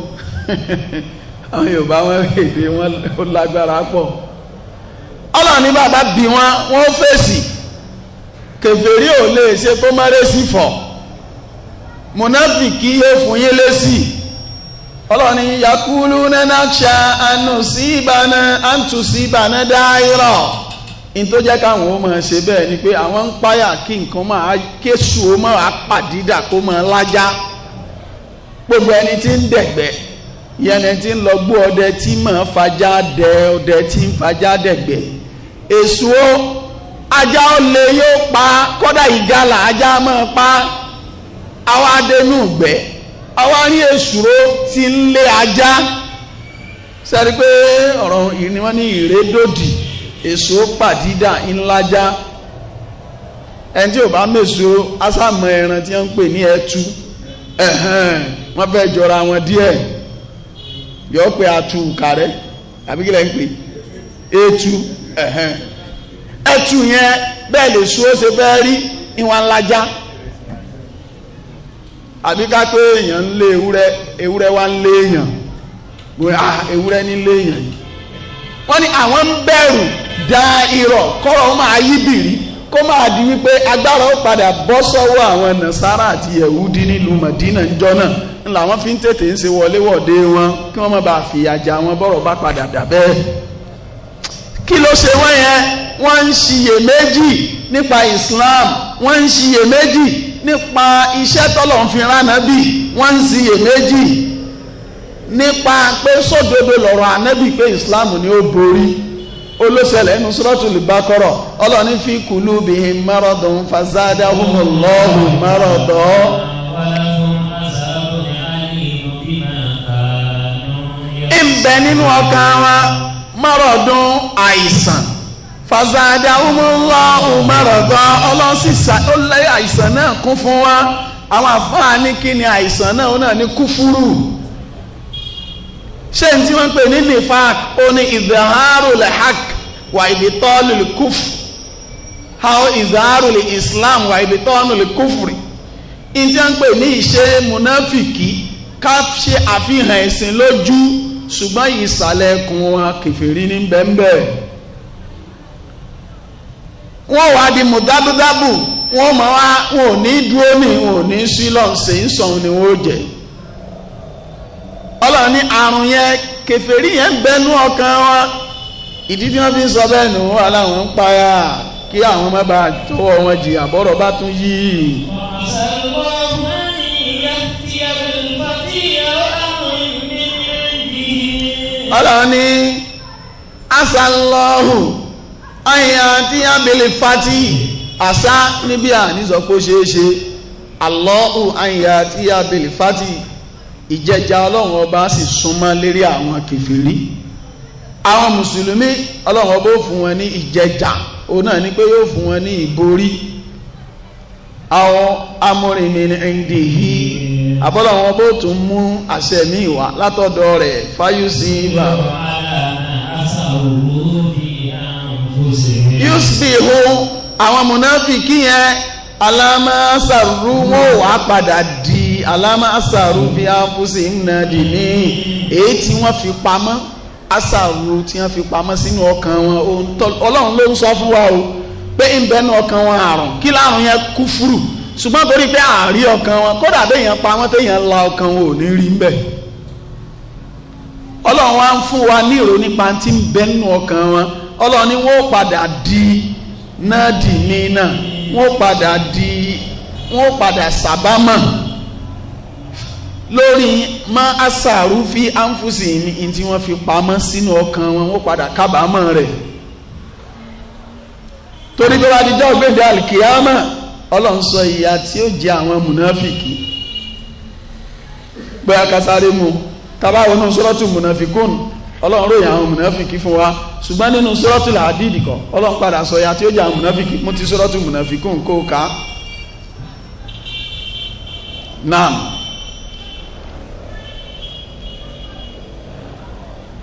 àwọn yorùbá wọn èdè wọn pọ̀ ọlọ́ọ̀ni bàbá bí wọn wọn fèsì kèfèrí ò lè ṣe kó má yóò fún yín yakulu nana anu sí sí in tó jẹ́ káwọn ó ṣe bẹ́ẹ̀ ni pé àwọn ń páyà kí nǹkan máa kéṣù ó máa pàdídà kó máa lájá gbogbo ẹni tí ń dẹ̀gbẹ́ yẹni tí ń lọ gbó ọdẹ tí máa fajá dẹ ọdẹ tí ń fajá dẹ̀gbẹ́ èṣù ó ajá ó yóò pa kódà ìgalà ajá máa pa àwọn adẹnú gbẹ́ àwọn arí èṣù ó ti ń lé ajá sẹ́ni pé ọ̀rọ̀ ìní ní ìrédòdì èso pàdídà ńlájá ẹni tí ò bá mèso ásámọ ẹran tí wọ́n ń pè ní ẹtu wọ́n fẹ́ jọra wọn díẹ̀ yọ pé atu kàrẹ́ àbí kílẹ̀ ń pè etu ẹtu yẹn bẹ́ẹ̀ lè so ó ṣe fẹ́ rí ìwọ̀n ńlájá àbí pé èèyàn ń lé ewúrẹ́ ewúrẹ́ wá ń lé èèyàn ah, ewúrẹ́ ní lé èèyàn yìí wọ́n ní àwọn ń bẹ̀rù da irọ́ kọ́rọ̀ máa yí bìrì kó máa di wípé agbára ó padà bọ́ sọ́wọ́ àwọn nàṣàrà àti yẹ̀wúdí nílùú mọ̀dínà ńjọ́ náà ń làwọn fi ń tètè ń ṣe wọléwọ̀de wọn kí wọ́n má bàa fìyà jẹ àwọn bọ́rọ̀ bá padà dà bẹ́ẹ̀. kí ló ṣe wọ́n yẹn wọ́n ń ṣiyèméjì nípa Islam wọ́n ń ṣiyèméjì nípa iṣẹ́ tọ́lọ̀ ń fi rán nábì wọ́n ń ṣiyèméjì nípa pé sódodo lọ̀rọ̀ ànábì pé islam ni ó borí olóṣèlè ẹnu suratul Baqara ọlọ́ni fi kulubihim maradun fazadahumullahu maradan. ìbẹ̀ nínú ọkàn wa maradun àìsàn fazadahumullahu maradan ọlọ́sísà ó lé àìsàn náà kún fún wa àwọn àfáà kí ni àìsàn náà ó náà ní kúfúrú. ṣé n tí wọ́n ń pè ní nifak ó ní ìdáhàrò lè hak wà ìbítọ́lù lè kúf how ìdáhàrò lè islam wà ìbítọ́lù lè kúfrì n tí wọ́n ń pè ní ìṣe munafiki ká ṣe àfihàn ẹ̀sìn lójú ṣùgbọ́n ìsàlẹ̀ ẹkùn wọn kẹfìrí ní bẹ́ẹ̀nbẹ́ẹ̀ wọ́n wá di mùdábùdábù wọ́n mọ̀ wá wọn ò ní dúró ní wọn ò ní sílọ̀ ṣe ń sọ̀rọ̀ ni wọ́n jẹ́ ọlọ́run ní àrùn yẹn kèfèrí yẹn ń bẹnu ọkàn wọn ìdí tí wọ́n fi ń sọ bẹ́ẹ̀ nù wọ́n aláwọn ń payà kí àwọn má bàa tọwọ́ wọn jìyà bọ́rọ̀ bá tún yí. ọlọ́run ní asàlọ́hùn àyà tí abẹ́lẹ̀ fati àṣà níbí à ní sọ pé ó ṣeé ṣe àlọ́hùn àyà tí abẹ́lẹ̀ fati. ìjẹjà ọlọ́run ọba sì súnmọ́ lérí àwọn kèfèrí àwọn mùsùlùmí ọlọ́run ọba ó fún wọn ní ìjẹjà òun náà ni pé yóò fún wọn ní ìborí àwọn amúrìnmìnì ìdìhí àbọ́lọ́run ọba ó tún mú àṣẹ mi wá látọ̀dọ̀ rẹ̀ fáyọsí àwọn yẹn alámásàrú wọn ò wá padà di. Alama asaru fi àpòsí ìnàdì ní èyí tí wọ́n fi pamọ́ àṣàrù tí wọ́n fi pamọ́ sínú ọkàn wọn ọlọ́run ló ń sọ fún wa o pé ń bẹ́nu ọkàn wọn àrùn kí láàrùn yẹn kú fúrù ṣùgbọ́n torí pé àárí ọkàn wọn kódà béèyàn pamọ́ téèyàn la ọkàn wọn ò ní rí ń bẹ̀ ọlọ́run wa ń fún wa ní ìrò nípa tí ń bẹ́nu ọkàn wọn ọlọ́run ni wọ́n padà di náà dì ní náà wọ́n padà di wọ́n padà sábàmọ̀ lórí má aṣàrú fi ánfùsì ní tí wọ́n fi pamọ́ sínú ọkàn wọn wọ́n padà kábàámọ̀ rẹ̀ torí bí wọ́n ti jẹ́ ògbéǹde alikiyama ọlọ́run sọ ìyà tí ó jẹ àwọn mùnàfìkì pé akásáré mu tábàwọn náà sọ́rọ́tù mùnàfìkún ọlọ́run ròyìn àwọn mùnàfìkì fún wa ṣùgbọ́n nínú sọ́rọ́tù làdídì kọ́ ọlọ́run padà sọ ìyà tí ó jẹ àwọn mùnàfìkì mo ti sọ́rọ́tù mùnàfìkún kó o ká. naam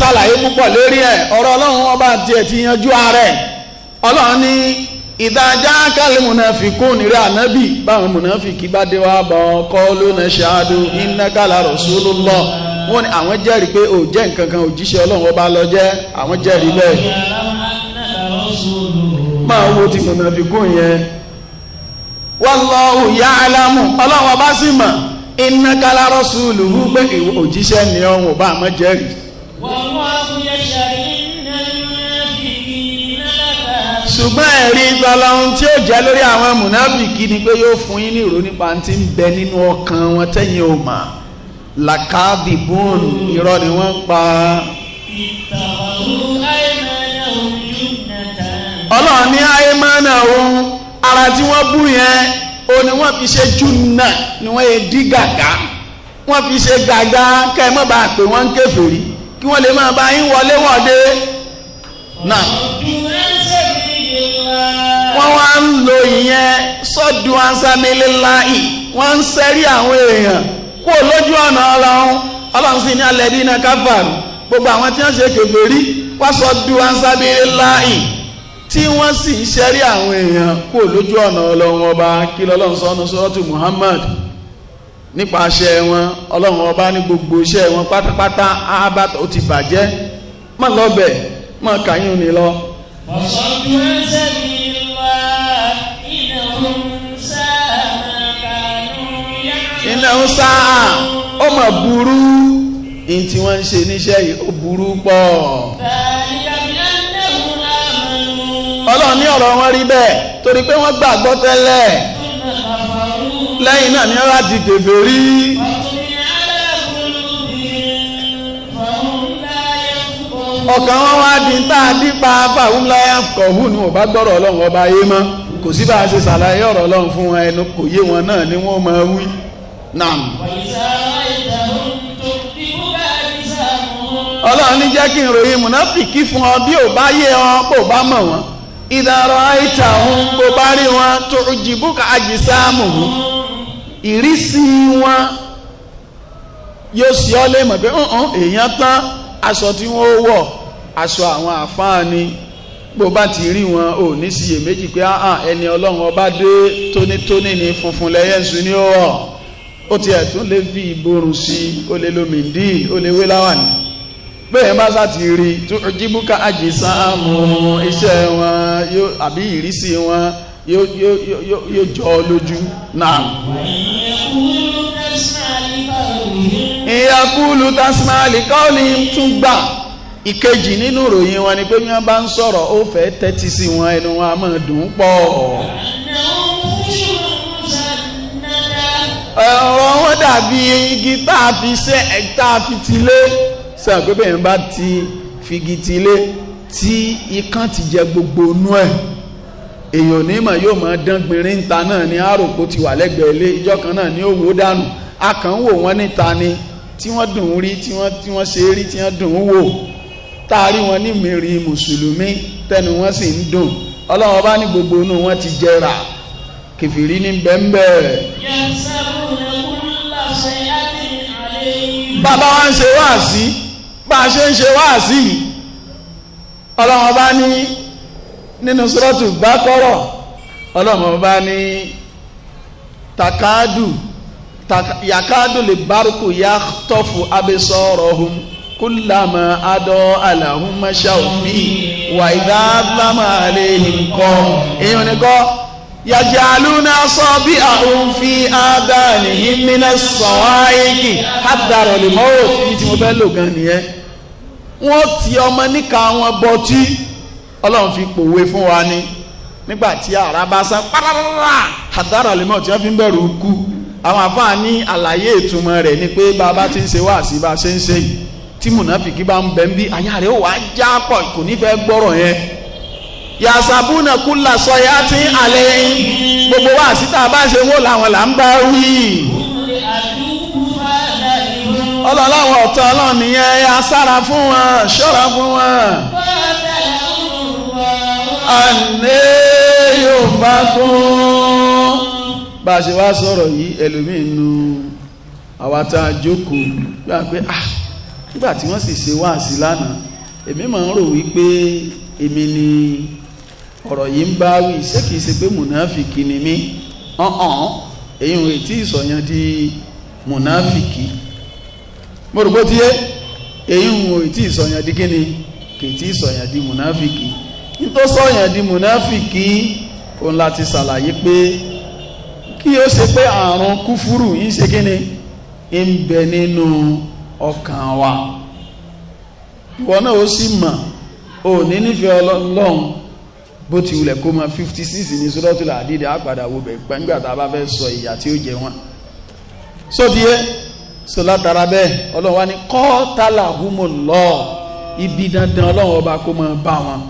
ṣàlàyé púpọ̀ lérí ẹ̀ ọ̀rọ̀ ọlọ́run ọba àti ẹ̀ ti yanjú ààrẹ ọlọ́run ní ìdájá kálí mùnàfikún nírẹ́ ànábì báwọn mùnàfikì bá dé wá bọ̀ ọkọ lónà ṣáádó ìnákàlà rasulullah wọ́n ní àwọn jẹ́rìí pé ò jẹ́ nǹkan kan òjíṣẹ́ ọlọ́run ọba lọ jẹ́ àwọn jẹ́rìí bẹ́ẹ̀ máa wo ti mùnàfikún yẹn wallahu ya'lamu ọlọ́run ọba sì mọ̀ ìnákàlà rasulullah pé òjíṣẹ́ ni ọ̀hún ọba àmọ́ jẹ́rìí ṣùgbọ́n ẹ̀rí tọ́lọ́hún tí ó jẹ́ lórí àwọn mùnáfìkì ni pé yóò fún yín ní ìró nípa tí ń bẹ nínú ọkàn wọn tẹ́yìn ò mà làkàbì bóun irọ́ ni wọ́n pa. ọlọ́run ní àyèmánà òun ara tí wọ́n bú yẹn o ni wọ́n fi ṣe júnà ni wọ́n yẹ dí gàgá wọ́n fi ṣe gàgá kẹ́ ẹ má bàa pè wọ́n ń kèfèrí kí wọ́n lè máa bá yín wọlé wọ̀de náà. wọ́n wá ń lo ìyẹn sọ́dún ansániléláì wọ́n ń sẹ́rí àwọn èèyàn kó lójú ọ̀nà ọlọ́run ọlọ́run sì ní alẹ́ dínà káfàrù gbogbo àwọn tí wọ́n ṣe kèfèrí wọ́n sọ́dún ansániléláì tí wọ́n sì ń ṣẹ́rí àwọn èèyàn kó lójú ọ̀nà ọlọ́run ọba kí lọ́lọ́run sọ́nu sọ́ọ́tù Muhammad nípa aṣẹ wọn ọlọ́run ọba ní gbogbo iṣẹ́ wọn pátápátá ábátọ̀ ó ti bàjẹ́ mọ̀ lọ́bẹ̀ mọ̀ kàyún ni lọ. وصدوا عن الله إنهم ساء إنهم ساء ó mà burú ní tí wọ́n ń ṣe níṣẹ́ yìí ó burú pọ̀. ọlọ́run ní ọ̀rọ̀ wọn rí bẹ́ẹ̀ torí pé wọ́n gbàgbọ́ tẹ́lẹ̀ lẹ́yìn náà ni wọ́n á di kèfèrí. ọkàn wọn wá di ń tà dípa fàwọn láyà kọ̀hún ni wọn bá gbọ́rọ̀ ọlọ́run ọba yé mọ́ kò sí bá a ṣe ṣàlàyé ọ̀rọ̀ ọlọ́run fún wọn ẹnu kò yé wọn náà ni wọ́n máa wí. nam. ọlọ́run ní jẹ́ kí n ròyìn mùnáfìkì fún ọ bí ò bá yé wọn kó bá mọ̀ wọn ìdàrọ̀ àìtà òun bó bá rí wọn tó jìbùkà àjìsáàmù ìrísí wọn yóò sì ọ́ lé mọ̀ pé èèyàn tán aṣọ tí wọ́n wọ̀ aṣọ àwọn àfáà ni bó bá ti rí wọn ò ní síyèméjì pé áhàn ẹni ọlọ́run ọba dé tónítóní ní funfun lẹ́yẹ̀sù ní ọ̀ọ́ ó ti ẹ̀tún lè fi ìborùn sí ó lè lo mìndí ó lè wé láwàní bẹ́ẹ̀ bá sá ti rí jíbúkà àjísáàmù iṣẹ́ wọn àbí ìrísí wọn yóò jọ ọ lójú náà. ìyàkúlù tasmali kọ́ọ̀lì tún gbà ìkejì nínú ìròyìn wọn ni pé bí wọ́n bá ń sọ̀rọ̀ ó fẹ́ tẹ́tí sí wọn ẹnu wọn a máa dùn pọ̀. ọ̀rọ̀ wọn dàbí igi tá a fi ṣe tá a fi ti lé sàn pé bẹ́ẹ̀ bá ti fi igi ti lé tí ikán ti jẹ gbogbo inú ẹ̀ èèyàn onímọ̀ yóò máa dán gbinrin níta náà ní àròpọ̀ ti wà lẹ́gbẹ̀ẹ́ ilé ìjọ kan náà ní òwò dànù akàn wò níta ni tí wọ́n dùn ún rí tí wọ́n ṣe é rí tí wọ́n dùn ún wò táàrí wọn ní mìírí mùsùlùmí tẹnu wọn sì ń dùn ọlọ́run bá ní gbogbo inú wọn ti jẹrà kẹfìrí ní bẹ́ńbẹ́. bàbá wa ń ṣe wáàsí bá a ṣe ń ṣe wáàsí ọlọ́run bá ní nínú sọ́rọ́tù bá kọ́rọ̀ bá ní takadu yàkádù lè bárùkù yá tọ́fù abẹ́sọ̀rọ̀ ọ̀hún kúlàmà adọ́ àlàhùnmáṣá òfin wà ìdáàlámà àlẹ́yìn kọ́ èèyàn ní kọ́ yàjàlúnà sọ bí àwọn fi àdáni ìmìnà sọ̀wáìkì àdàrọ̀ lè mọ́rò ní tí mo fẹ́ lò gan nìyẹn wọ́n ti ọmọ níka wọn bọtí ọlọ́run fi pòwe fún wa ni nígbà tí ara bá sán pàràrà àdàrọ̀ lè mọ́rò tí fi ń bẹ̀rù kú àwọn àfáà àlàyé ìtumọ̀ rẹ̀ ni pé bàbá ti ń ṣe wá sí bá ṣe ń ṣe yìí tí mùnàfìkì bá ń bẹ ń bí àyà rẹ̀ ó wàá já pọ̀ kò ní fẹ́ gbọ́rọ̀ yẹn yasabuna kula sọya ti alẹ́ gbogbo wa síta bá ṣe wó làwọn là ń bá wí ọlọ́láwọ̀ ọ̀tọ̀ ọlọ́run nìyẹn ya sára fún wọn ṣọ́ra fún wọn àlẹ́ yóò bá fún bá a ṣe wá sọ̀rọ̀ yìí ẹlòmíín nu àwa tá a jókòó gbà pé ah nígbà tí wọ́n sì ṣe wáàsí lánàá èmi máa ń rò wípé èmi ni ọ̀rọ̀ yìí ń bá wí ṣé kìí ṣe pé mùnáfìkì ni mí ọ̀hún èyí ò tí ì sọ̀yàn di mùnáfìkì mo rò bó ti yé èyí ò tí ì di kíni kìí tí di mùnáfìkì nítò sọ̀yàn di mùnáfìkì òun láti ṣàlàyé pé kí ó ṣe pé àrùn kúfúrú yìí ṣe kíni ń bẹ nínú. No ọkàn wa ìwọ náà ó sì mọ̀ ò ní nífẹ̀ẹ́ ọlọ́run bó ti wulẹ̀ kó mọ fifty six ní sọ́dọ̀tìlà àdídì àpàdà wo bẹ̀ gbẹ́ngbà tá a bá fẹ́ sọ ìyà tí ó jẹ wọn sódìé so látara bẹ́ẹ̀ ọlọ́run wa ní kọ́ tálà húmọ̀ lọ́ọ̀ ibi dandan ọlọ́run ọba kó mọ bá wọn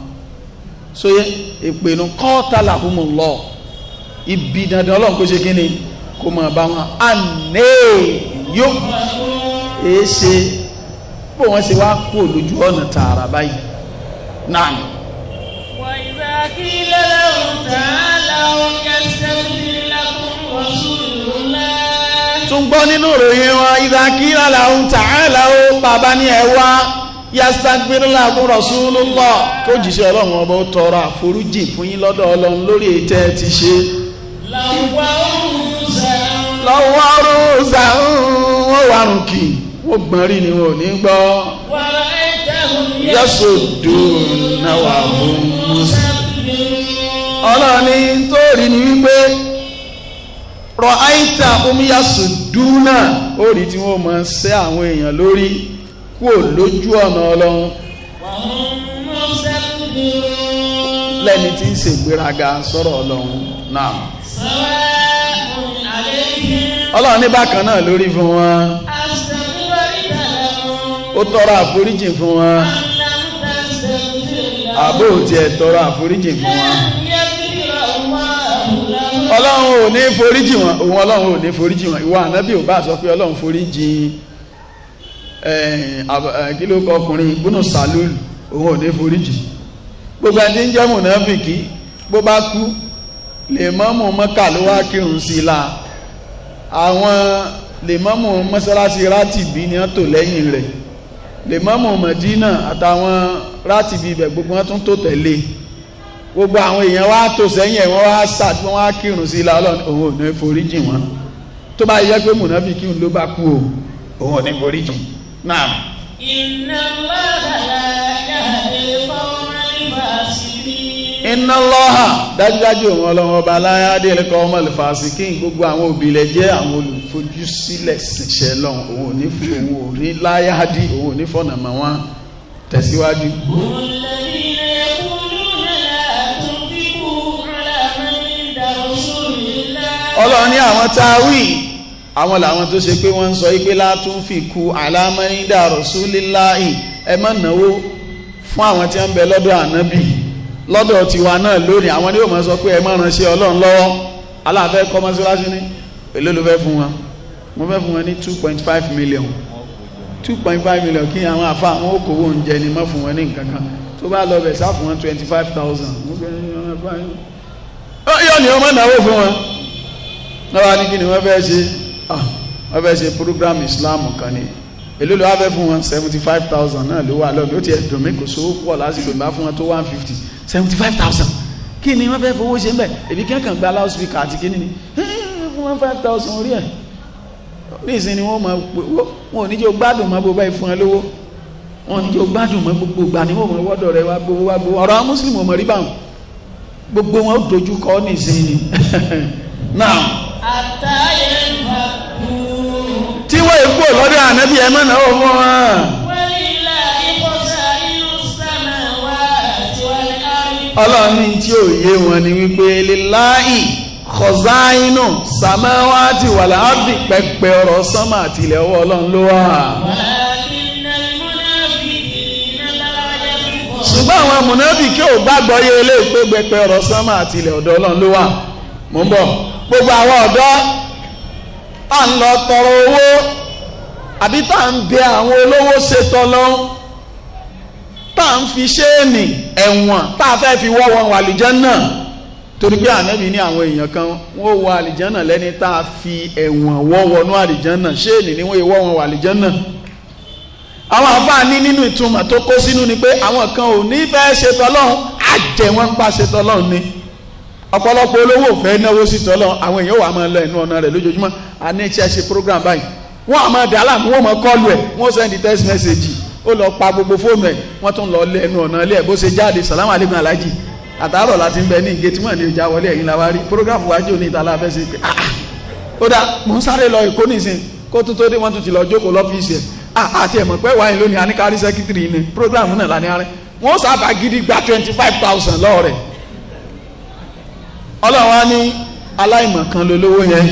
sóyè ìpinnu kọ́ tálà húmọ̀ lọ́ọ̀ ibi dandan ọlọ́run kó ṣe kí ni kó mọ bá wọn àná yóò èé ṣe bó wọ́n ṣe wá kó lójú ọ̀nà tààrà báyìí náà. wà ìgbà kí lọ́lọ́run tààlà ọ̀gá sẹ́yìn lákùn ọ̀ṣunlá. tún gbọ́ nínú ìròyìn wọn ìgbà kí lọ́lọ́run tààlà ó bàbá ní ẹ wá yastagbiri lagun rasulullah kó jìṣẹ́ ọlọ́run ọba ó tọrọ àforíjì fún yín lọ́dọ̀ ọlọ́run lórí ètò ẹ ti ṣe. lọ́wọ́ rúùsà ń wọ́n wárùn kì í ó gbọ́n rí ni wọn ò ní gbọ́. yẹ́sù dùn náà wà mú. ọlọ́ni tó rí ni wípé rọ àìtà omíyàsù dùn náà ó rí tí wọ́n máa ṣẹ́ àwọn èèyàn lórí kúò lójú ọ̀nà ọlọ́run. lẹ́ni tí ń ṣègbéraga sọ̀rọ̀ ọlọ́run náà. ọlọ́run ní bákan náà lórí fún wọn ó tọrọ àforíjì fún wọn àbó tí ẹ tọrọ àforíjì fún wọn ọlọ́run ò ní foríjì wọn òun ọlọ́run ò ní foríjì wọn ìwọ ànábì ò bá sọ pé ọlọ́run foríjì eh, eh, kí ló kọ ọkùnrin búnú sàlúùlù òun ò ní foríjì gbogbo ẹni ń jẹ́ mùnáfìkì bó bá kú lè mọ́mù mọ́kà ló wá kírun sí i la àwọn lè mọ́mù mọ́sálásí rátìbí ni wọ́n tò lẹ́yìn rẹ̀ lèmọ́mù Mẹ̀dínà àtàwọn rátìbí ibẹ̀ gbogbo wọn tún tó tẹ̀lé gbogbo àwọn èèyàn wá tó sẹ́yìn ẹ̀ wọ́n wá sà tí wọ́n wá kírun sí ilá òun ò ní forí jìn wọn tó bá yẹ pé mùnàfíkì ló bá kú òun ò ní forí jìn náà. ìnáwó àgbàlá yàrá ìfọwọ́rẹ́ ìbáṣe iná lọ́hà dájúdájú òun ọlọ́run ọba aláyádé ẹ̀kọ́ ọmọ ìfàsí kí n gbogbo àwọn òbílẹ̀ jẹ́ àwọn olùfojúsílẹ̀ ṣiṣẹ́ lọ́n òun ò ní fún òun ò ní láyádé òun ò ní fọ̀nà mọ́ wọn tẹ̀síwájú. ọlọ́run ní àwọn táwí àwọn làwọn tó ṣe pé wọ́n ń sọ pé látún fi ku alámẹ́ríndà rọ̀ṣúlélá ẹ má náwó fún àwọn tí wọ́n ń bẹ lọ́dọ̀ ànábì lọ́dọ̀ tiwa náà lónìí àwọn ni yóò máa sọ pé ẹ máa ránṣẹ́ ọlọ́run lọ́wọ́ aláàfẹ́ kọ́ mọ́ṣáláṣí ní èló ló fẹ́ fún wọn mo fẹ́ fún wọn ní two point five million two point five million kí àwọn àfa àwọn okòwò oúnjẹ ni mọ́ fún wọn ní nǹkan kan tó bá lọ bẹ̀ sáà fún wọn twenty five thousand. yóò ní ọmọ náà wò fún wọn náà wà ní kí ni wọ́n fẹ́ ṣe ah, wọ́n fẹ́ ṣe program Islam kan ni èló ló fún wọn seventy five thousand náà ló wà lọ́dún ó ti ẹ̀dùn mi kò sówó pọ̀ lásìkò ìbá fún wọn tó one fifty seventy five thousand kí ni wọ́n fẹ́ fowó ṣe ń bẹ̀ èbí kẹ́kàn gba loud speaker àti kí ni ni fún wọn five thousand orí ẹ̀ nísìn ni wọ́n mọ̀ pé wọn ò ní jẹ́ o gbádùn mọ́ bó báyìí fún ẹ lówó wọn ò ní jẹ́ o gbádùn mọ́ gbogbo ìgbà ni wọ́n mọ̀ wọ́dọ̀ rẹ wá gbowó wá gbowó ọ̀rọ̀ muslim ò mọ̀ rí báwọn gbogbo wọn ó dojú kọ now tí wọ́n èkó lọ́dọ̀ ànábì ẹ̀ mọ́nà ó mọ́ wọn. ọlọ́run ní tí ò yé wọn ni wípé líláì kọ̀záínù sàmáwáàtì wàlá ábì pẹ́pẹ́ ọ̀rọ̀ sánmà àti ilẹ̀ ọwọ́ ọlọ́run ló wà. ṣùgbọ́n àwọn amúnábì kí ò gbàgbọ́ yé ilé ìpégbèpè ọ̀rọ̀ sánmà àti ilẹ̀ ọ̀dọ̀ ọlọ́run ló wà. mo ń bọ̀ gbogbo àwọn ọ̀dọ́ tá à ń lọ tọrọ owó àbí tá à ń bẹ àwọn olówó ṣetọ lọ tá à ń fi ṣéènì ẹ̀wọ̀n tá a fẹ́ fi wọ́ wọn wà àlìjẹ́nà torí pé ànábì ní àwọn èèyàn kan wọ́n wọ àlìjẹ́nà lẹ́ni tá a fi ẹ̀wọ̀n wọ́ wọnú àlìjẹ́nà ṣéènì ni wọ́n wọ́ wọn wà àlìjẹ́nà àwọn àfáàní nínú ìtumọ̀ tó kó sínú ni pé àwọn kan ò ní fẹ́ ṣètò ọlọ́run àjẹ́ wọn ń pa ṣètò ọlọ́run ni ọ̀pọ̀lọpọ̀ olówó fẹ́ náwó sí tọ́lọ́run àwọn èèyàn wà máa lọ ẹnu ọ̀nà rẹ̀ lójoojúmọ́ àní iṣẹ́ ṣe program báyìí wọ́n àmọ́ dàlá mú wọ́n mọ́ kọ́lù ẹ̀ wọ́n send text message ó lọ pa gbogbo fóònù ẹ̀ wọ́n tún lọ lẹ́nu ọ̀nà ilé ẹ̀ bó ṣe jáde salamu aleykum alhaji àtàárọ̀ láti ń bẹ ní ìgé tí wọ́n ní ìjà wọlé ẹ̀yìn la wá rí program wájú ní ìta láfẹ́ sí pé ah, ah ó dá mò ń sáré lọ èkó nìsín kó tó tó dé wọ́n tún ti lọ jókòó lọ́fíìsì ẹ̀ ah, ah àti ẹ̀mọ̀ pé wáyé lónìí aníkárí sẹ́kítìrì ni program náà lánàá rẹ̀ wọ́n sábà gidi gba twenty five thousand lọ́ọ̀rẹ̀ ọlọ́run á ní aláìmọ̀ kan lolówó yẹn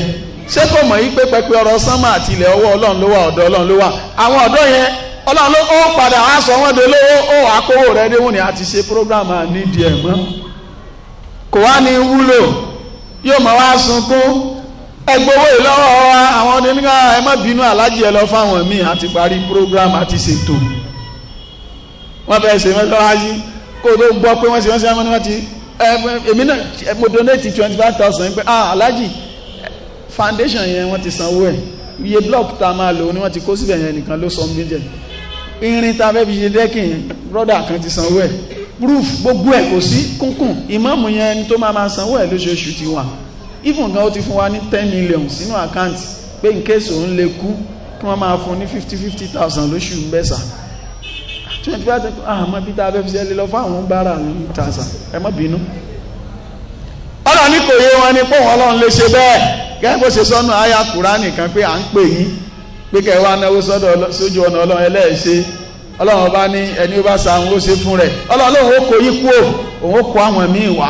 ṣé kò mọ̀ yí pé pẹpẹ ọ̀rọ̀ sánmà àti ilẹ̀ ọwọ́ ọlọ́run ló wà ọ̀dọ̀ ọlọ́run ló wà àwọn ọ̀dọ́ yẹn ọlọ́run ló ó padà wá sọ wọ́n de lówó ó àkówó rẹ̀ dé wọ́n ni a ti ṣe program nídìí ẹ̀ mọ́ kò wá ní wúlò yóò mọ̀ wá sunkún ẹgbowó ìlọ́wọ́ wa àwọn onílẹ̀ ẹ má bínú alájì ẹ lọ fáwọn míì àti parí program àti ṣètò wọ́n fẹ́ ṣe mẹ́tọ́ wáyé kó tó gbọ́ pé wọ́n ṣe wọ́n ṣe wọ́n ti èmi mo donate twenty five thousand pé ah alájì foundation yẹn wọ́n ti sanwó ẹ̀ iye block tá a máa lò ní wọ́n ti kó síbẹ̀ yẹn nìkan ló sọ méjẹ̀ irin tá fẹ́ fi ṣe dẹ́kìn yẹn brother kan ti sanwó ẹ̀ roof gbogbo ẹ̀ kò sí kúnkùn ìmáàmù yẹn tó máa máa sanwó ẹ̀ lóṣooṣù ti wà even gan ó ti fún wa ní ten million sínú àkáǹtì pé in case òun lè kú kí wọ́n máa fún ní fifty fifty thousand lóṣù mẹ́sà twenty five thousand àmọ́ bí tá a fẹ́ fi ṣe lè lọ fún àwọn gbára ní tàṣà ẹ má bínú ọlọ́run ní kò yé wọn ni pọ́wọ́n ọlọ́run lè ṣe bẹ́ẹ̀ gẹ́gẹ́ bó ṣe sọ́nù àyà kùránì kan pé à ń pè yín pé kẹ́ wá náwó sọ́dọ̀ sójú ọ̀nà ọlọ́run ẹlẹ́ẹ̀ṣe ọlọ́run ọba ní ẹni ó bá sa àwọn ó ṣe fún rẹ̀ ọlọ́run ó kó yín kúrò òun ó kó àwọn míì wá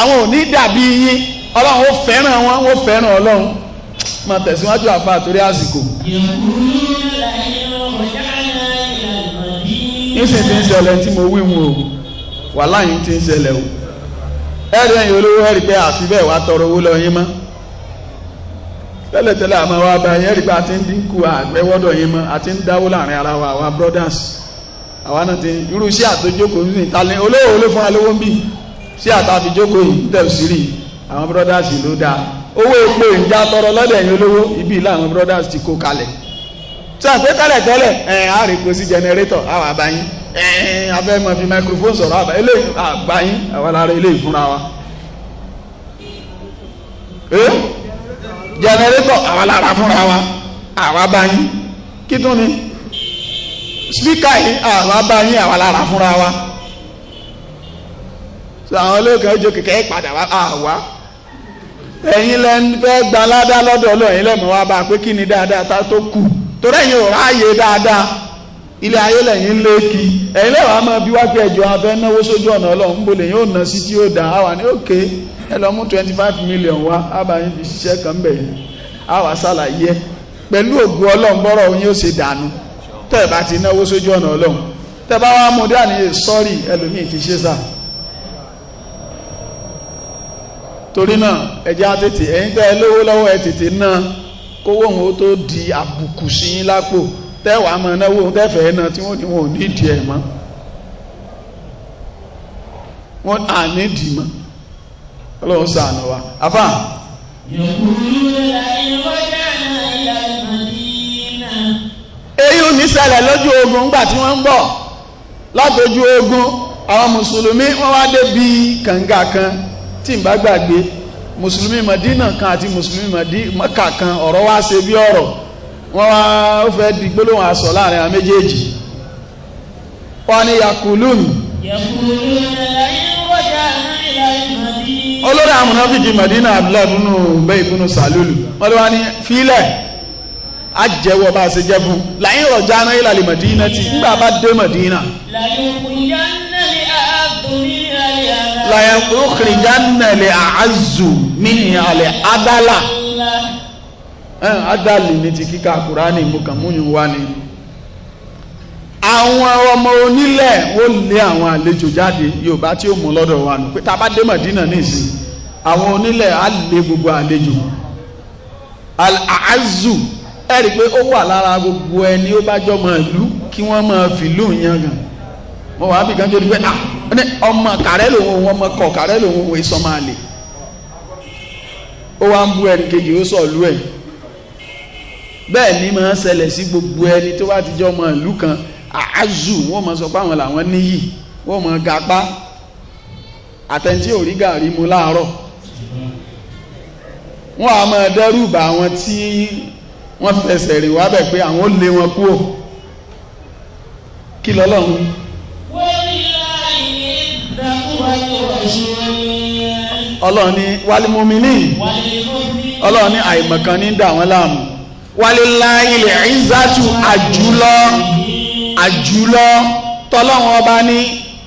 àwọn ò ní dàbí yín ọlọ́run ó fẹ́ràn wọn ó fẹ́ràn ọlọ́run máa tẹ̀síwájú àfa àtòrí àsìkò. ìsìn ń ṣẹlẹ̀ tí mo wí wọn o wàhálà yìí ti ń ṣẹlẹ̀ o ẹ̀rí ẹ̀yìn olówó ẹ̀rí pé àṣìbẹ̀ wàá tọrọ owó lọ yín mọ́ tẹ́lẹ̀tẹ́lẹ̀ àmọ́ wa bá yẹn rí pé a ti ń dínkù àgbẹ̀wọ́dọ̀ yín mọ́ a ti ń dáwó láàrin ara wa àwa brothers àwa náà ti irú iṣẹ́ àtòjókòó ní ìtàlẹ́ olówó ló fún wa lówó ń bì sí àtàtòjókòó yìí tẹ̀síìrì àwọn brothers ló dáa owó epo ìjà tọrọ lọ́dẹ̀ yín olówó ibi ìlà brothers ti kó kalẹ̀ sọ pé tẹ́lẹ̀tẹ́lẹ̀ ẹ̀ á rí generator àwa bá yín ẹ̀ẹ́n abẹ́ mọ̀ fi microphone sọ̀rọ̀ àbá ilé àgbà àwọn ará ilé ìfúnra wa ee jẹnẹrétọ̀ àwọn alára fúnra wa àwọn abá kí tún ni spíkà àwọn àwọn wa so àwọn olóògùn ẹjọ kẹkẹ padà wá àwa ẹ̀yin lẹ ń lọdọ gbaládá lọ́dọ̀ ọlọ́yin bá a pé kí ni dáadáa tá tó ilé ayé lẹ́yìn lé kí ẹ̀yin lẹ́wàá máa bí wákẹ́ ẹjọ́ afẹ́ náwó sójú ọ̀nà ọlọ́run bò lè yóò ná sí tí ó dá àwà ní òkè ẹ lọ mú twenty five million wá àbáyé fi ṣiṣẹ́ kan bẹ̀ yẹn àwà ṣàlàyé pẹ̀lú ògùn ọlọ́run bọ́rọ̀ òun yóò ṣe dànù tẹ́ ẹ bá ti náwó sójú ọ̀nà ọlọ́run tẹ́ ẹ bá wá mú dání sọ́ọ̀rì ẹlòmíì ti ṣe sá. torí náà ẹjẹ́ á tètè ẹ di àbùkù sí yín tẹ́wàá mọ̀ náwó tẹ́fẹ̀ẹ́ náà tí wọ́n ní wọn ní ìdí ẹ̀ mọ́ wọ́n à ní ìdí mọ́ ọlọ́run wa afá. ṣẹlẹ̀ ogun gbà tí wọ́n ń bọ̀ látọjú ogun àwọn mùsùlùmí wá dé kan tí n Madina kan àti mùsùlùmí Maka kan ọ̀rọ̀ wá ṣe wọ́n wá fẹ́ di gbólóhùn asọ̀ láàrin àwọn méjèèjì wọ́n ní yakulun olórí àwọn mùnáfíkì Madina abdullahi nínú bẹ́ẹ̀ ìbúnú sàlúlù wọ́n wá ní fílẹ̀ ajẹ́wọ́ bá a ṣe jẹ́ láyín rọ̀já náà ìlàlẹ̀ Madina ti nígbà bá dé Madina láyín kúrìjánà àázù mí adàlì ní ti kíkà kùránì mọ́kànmúyìn wá ní àwọn ọmọ onílẹ̀ ó lé àwọn àlejò jáde Yorùbá tí ó mú lọ́dọ̀ wa nù pé tá a bá dé Mọ̀dínà nísìn àwọn onílẹ̀ á lé gbogbo àlejò al-azu ẹ̀rí pé ó wà lára gbogbo ẹni ó bá jọmọ ìlú kí wọ́n máa fìlú yangàn mo wà á bì kan tó di pé ah, ọmọ kàrẹ́ lòun òun ọmọ kọ̀ kàrẹ́ lòun òun èso máa ó wá ń bú ẹnì kejì ó sọ̀ lú bẹ́ẹ̀ ni máa ṣẹlẹ̀ sí gbogbo ẹni tó bá ti jọ ọmọ ìlú kan àázù wọ́n máa sọ pé àwọn làwọn níyì wọ́n máa gapá àtẹ̀ntí ò rí gàrí mu láàárọ̀ wọ́n á máa dẹ́rù bá àwọn tí wọ́n fẹsẹ̀ rìn wá bẹ̀ pé àwọn ó lé wọn kúrò kí lọ́lọ́run. ọlọ́run wálé mọ́mí ní ọlọ́run àìmọ̀kan ní dà wọ́n láàmú walilahi al-izzatu àjùlọ àjùlọ tọ́lọ́wọ́n ọba ní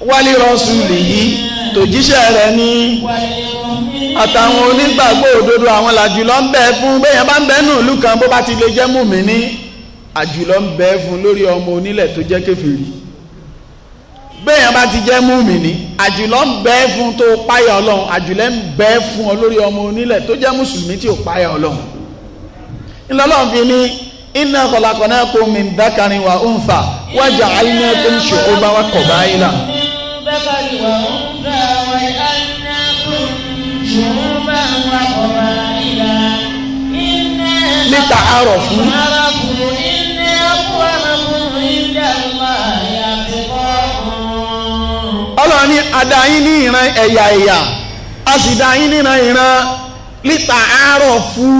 wálé rọ́sùlì yìí tòjíṣẹ́ rẹ̀ ní àtàwọn onígbàgbọ́ òdodo àwọn làjùlọ ń bẹ fún bẹ́yẹn bá ń bẹ nù ìlú kan bó bá ti lè jẹ́ mùmíní àjùlọ ń bẹ fún lórí ọmọ onílẹ̀ tó jẹ́ kèfèrí bẹ́yẹn bá ti jẹ́ mùmíní àjùlọ ń bẹ fún tó páyà ọlọ́run àjùlẹ̀ ń bẹ fún ọ lórí ọmọ onílẹ̀ tó jẹ́ mùsùlùmí tí ò páyà ọlọ́run ńlọ́lọ́run fi ní inna khalaqnakum min dhakarin wa untha wa ja'alnakum shu'uban wa qabaila. níta àárọ̀ fún. ọlọ́run ní adáyín ní ìran ẹ̀yà ẹ̀yà a sì dáyín níran ìran níta àárọ̀ fún.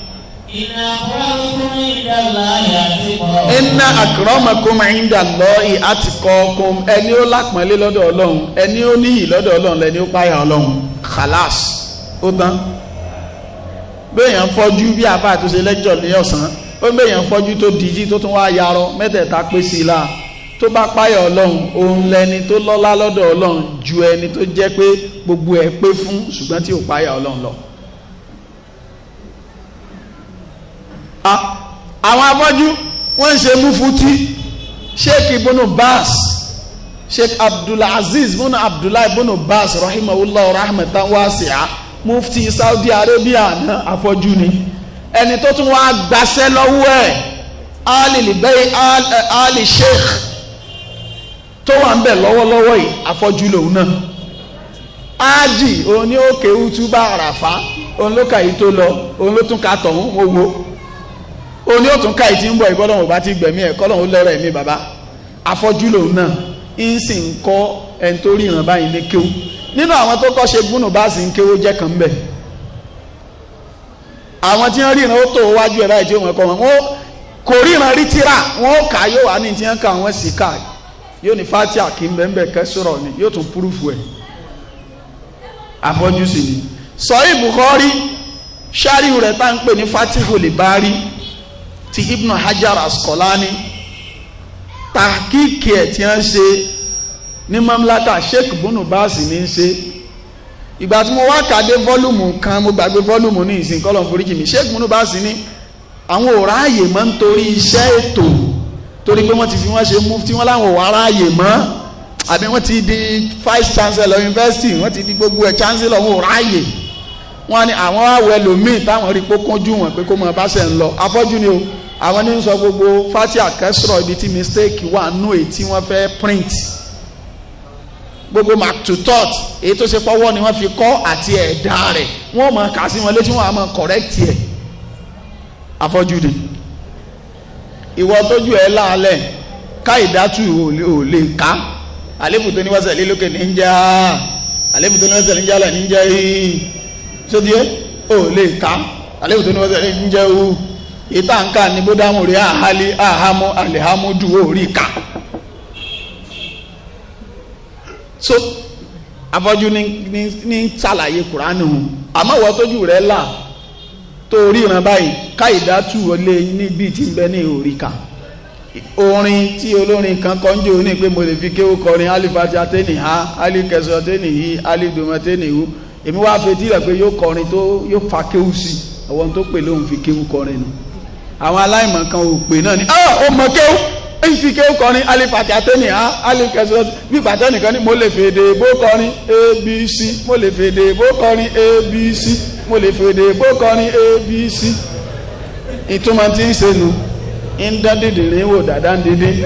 inna akramakum indallahi atqakum ẹni ó lápọ̀nlé lọ́dọ̀ ọlọ́run ẹni ó níyì lọ́dọ̀ ọlọ́run lẹni ó páyà ọlọ́run khalas ó tán béèyàn fọ́jú bí àbá àtúnṣe lẹ́jọ́ ní ọ̀sán ó béèyàn fọ́jú tó dijí tó tún wá yarọ mẹ́tẹ̀ẹ̀ta pé sí i láà tó bá páyà ọlọ́run òun lẹni tó lọ́lá lọ́dọ̀ ọlọ́run ju ẹni tó jẹ́ pé gbogbo ẹ̀ pé fún ṣùgbọ́n tí ò páyà ọlọ́run lọ. Ah, àwọn afọ́jú wọ́n ń ṣe mufuti sheikh ibùnú Bas sheikh Aziz, ibùnú abdullahi ibùnú Bas, rahimahullah rahmatan wasi'a mufti saudi arabia náà afọ́jú ni ẹni tó tún wá gbaṣẹ́ lọ́wọ́ ẹ̀ ali libẹ́yì ali eh, sheikh tó wà ń bẹ̀ lọ́wọ́lọ́wọ́ yìí afọ́jú lòun náà ájì òun ní òkè utuba àràfá òun ló kà yìí tó lọ òun ló tún ka tọ̀hún mo ó ní òtún káyì tí ń bọ̀ ìbọ́lọ́hùn bá ti gbẹ̀mí ẹ̀ kọ́lọ́hùn lọ́rọ̀ ẹ̀mí bàbá afọ́jú lòun náà ń sì ń kọ́ ẹni tó rí ìrànbá yìí ní kéwú nínú àwọn tó kọ́ ṣe gbúnù bá sì ń kéwú jẹ́ kan bẹ̀ àwọn tí wọ́n ríran ó tó wájú ẹ̀ báyìí tí wọ́n kọ́ wọn wọ́n kò ríran rí tíra wọn ó kà yóò wá ní tí wọ́n kà wọ́n sì kà yóò ní fati àkínbẹ́ńbẹ́ bari ti Ibn Hajar Asqalani tàkìkì ẹ̀ tí wọ́n ṣe ní mamlaka Sheikh bunu baasi ní í ṣe ìgbà tí mo wá kàdé fọ́lùmù kan mo gbàgbé fọ́lùmù ní ìsìn kọ́lọ̀ foríjì mi Sheikh bunu baasi ní àwọn ò ráàyè mọ́ nítorí iṣẹ́ ètò torí pé wọ́n ti fi wọ́n ṣe mufti wọ́n láwọn ò ráàyè mọ́ àbí wọ́n ti di vice chancellor university wọ́n ti di gbogbo ẹ̀ chancellor wọn ò wọ́n ní àwọn àwọ̀ ẹlòmíì táwọn rí kókójú wọn pé kó mọ̀ bá ṣe ń ni o àwọn ní sọ gbogbo fati àkẹ́sọ̀rọ̀ ibi tí mistake wà nú èyí tí wọ́n fẹ́ print gbogbo mark to thought èyí tó ṣe pọ́wọ́ ni wọ́n fi kọ́ àti ẹ̀dá rẹ̀ wọ́n mọ̀ kà sí wọn létí wọn àmọ́ correct ẹ̀ afọ́jú ni ìwọ tójú ẹ láàlẹ̀ ká ìdátù ò lè ká àlébù ní wọ́n sẹ̀ lé níjà àlébù ní wọ́n sẹ̀ níjà lẹ̀ níjà yìí sódìé ò lè ká àlébù tó ní wọ́n sẹ́yìn jẹ́ owó ìta nǹkan ní bódámù rí àhálí àhámú àlèhámúdù orí ká so afọ́jú ní ní ní ṣàlàyé kùránì hù àmọ́ wọ́n tójú rẹ̀ là tó ríran báyìí káyìdá tù ọlé níbi tí ń bẹ ní orí ká orin tí olórin kan kọ́ ń jò ní pé mo lè fi kéwú kọrin alifati atẹ́nìhá alikẹsọ atẹ́nìhí alidomọ atẹ́nìhú èmi wá fetí rẹ̀ pé yóò kọrin tó yóò fa kéwù sí àwọn tó pè lóhun fi kéwù kọrin nù àwọn aláìmọ̀ kan ò pè náà ni ó ah, mọ kéwù ń fi kéwù kọrin alifati atẹ́ni á ah, alikẹsọ bí pàtẹ́ nìkan ni mo lè fèdè bó kọrin abc mo lè fèdè bó kọrin abc mo lè fèdè bó kọrin abc ìtumọ̀ tí ń senu ń dán dídìrín wò dáadáa dídín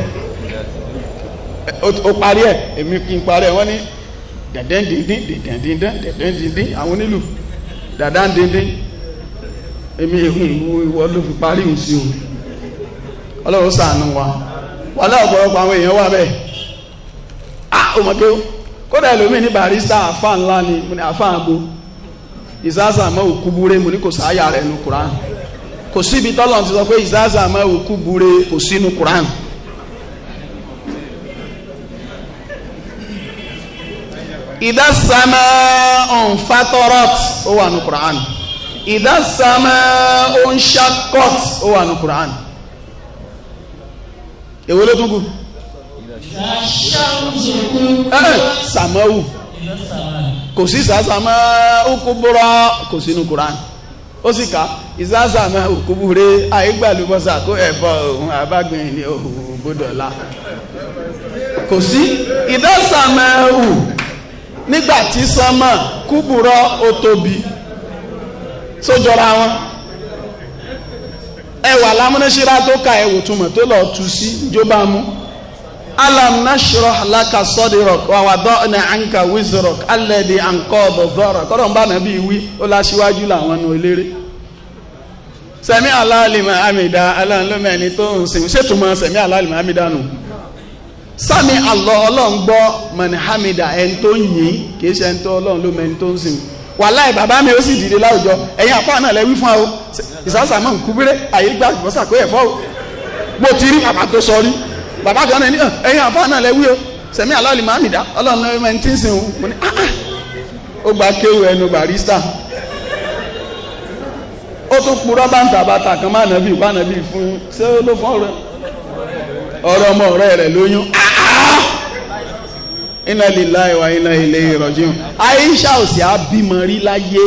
ó parí ẹ̀ èmi kì í parí ẹ̀ wọ́n ní dẹ̀dẹ́ndíndín dẹ̀dẹ́ndíndín àwọn onílù dàdándíndín èmi ìhun ìwọ ló fi parí ìhùn sí òun ọlọ́run ṣàánú wa wà láà ọ̀pọ̀lọpọ̀ àwọn èèyàn wà bẹ́ẹ̀ ah o mọ̀ kódà ní barista ńlá ni mo ní àgbo òkú mo ní kò sáyà rẹ̀ kò tọ́lọ̀ ti sọ pé òkú kò ìdá sàmà ọ̀nfàtọ́rọ̀t ó wà ní Quran ìdá sàmà ọ̀nṣàkọ́t ó wà ní Quran èwo ló tún kù eh, sàmáwù kò sí sàmà ọkùbúrọ̀ kò sínú Quran ó sì ká ìsásàmà òkúbúre àìgbàlúbọ́sà kó ẹ̀fọ́ òun àbágbìn ní òun gbọ́dọ̀ la kò sí ìdásàmà òun nígbà tí sánmọ̀ kúburọ́ ó tóbi sójọra wọn ẹwà lámúnáṣírá tó ka ẹwù túmọ̀ tó lọ tú sí ìjọba mú alam nashrah laka sadirak wa wada'na anka wizrak alladhi ankọ dharak kọ́dọ̀ ń bá nàbí wí ó láṣíwájú làwọn nu eléré sẹ́mi aláàlì mọ́ àmì ìdá aláàlú mẹ́ni tó ń sìn ṣètùmọ̀ sẹ́mi aláàlì mọ́ àmì ìdá nù. sami Allah ọlọ́run gbọ́ mọ̀nì hamida ẹni tó ń yìn kì í ṣe ẹni tó ọlọ́run ló mẹni tó ń sìn wàláì bàbá mi ó sì dìde láwùjọ ẹ̀yin àfọ́ náà lẹ́wí fún ọ ìsásàmọ́ nkúbúrẹ́ àyè gbà kó o mo ti rí bàbá tó sọ rí bàbá kan náà ní o ah, ah. gba kéwù ẹnu barista ó tún purọ́ kan má nàbí nàbí fún ṣé ló fọ́ ọ̀rọ̀ ọmọ ọ̀rẹ́ rẹ̀ lóyún iná lílá ìwà iná ilé ìrọ̀jú Aisha ò sì á bímọ rí láyé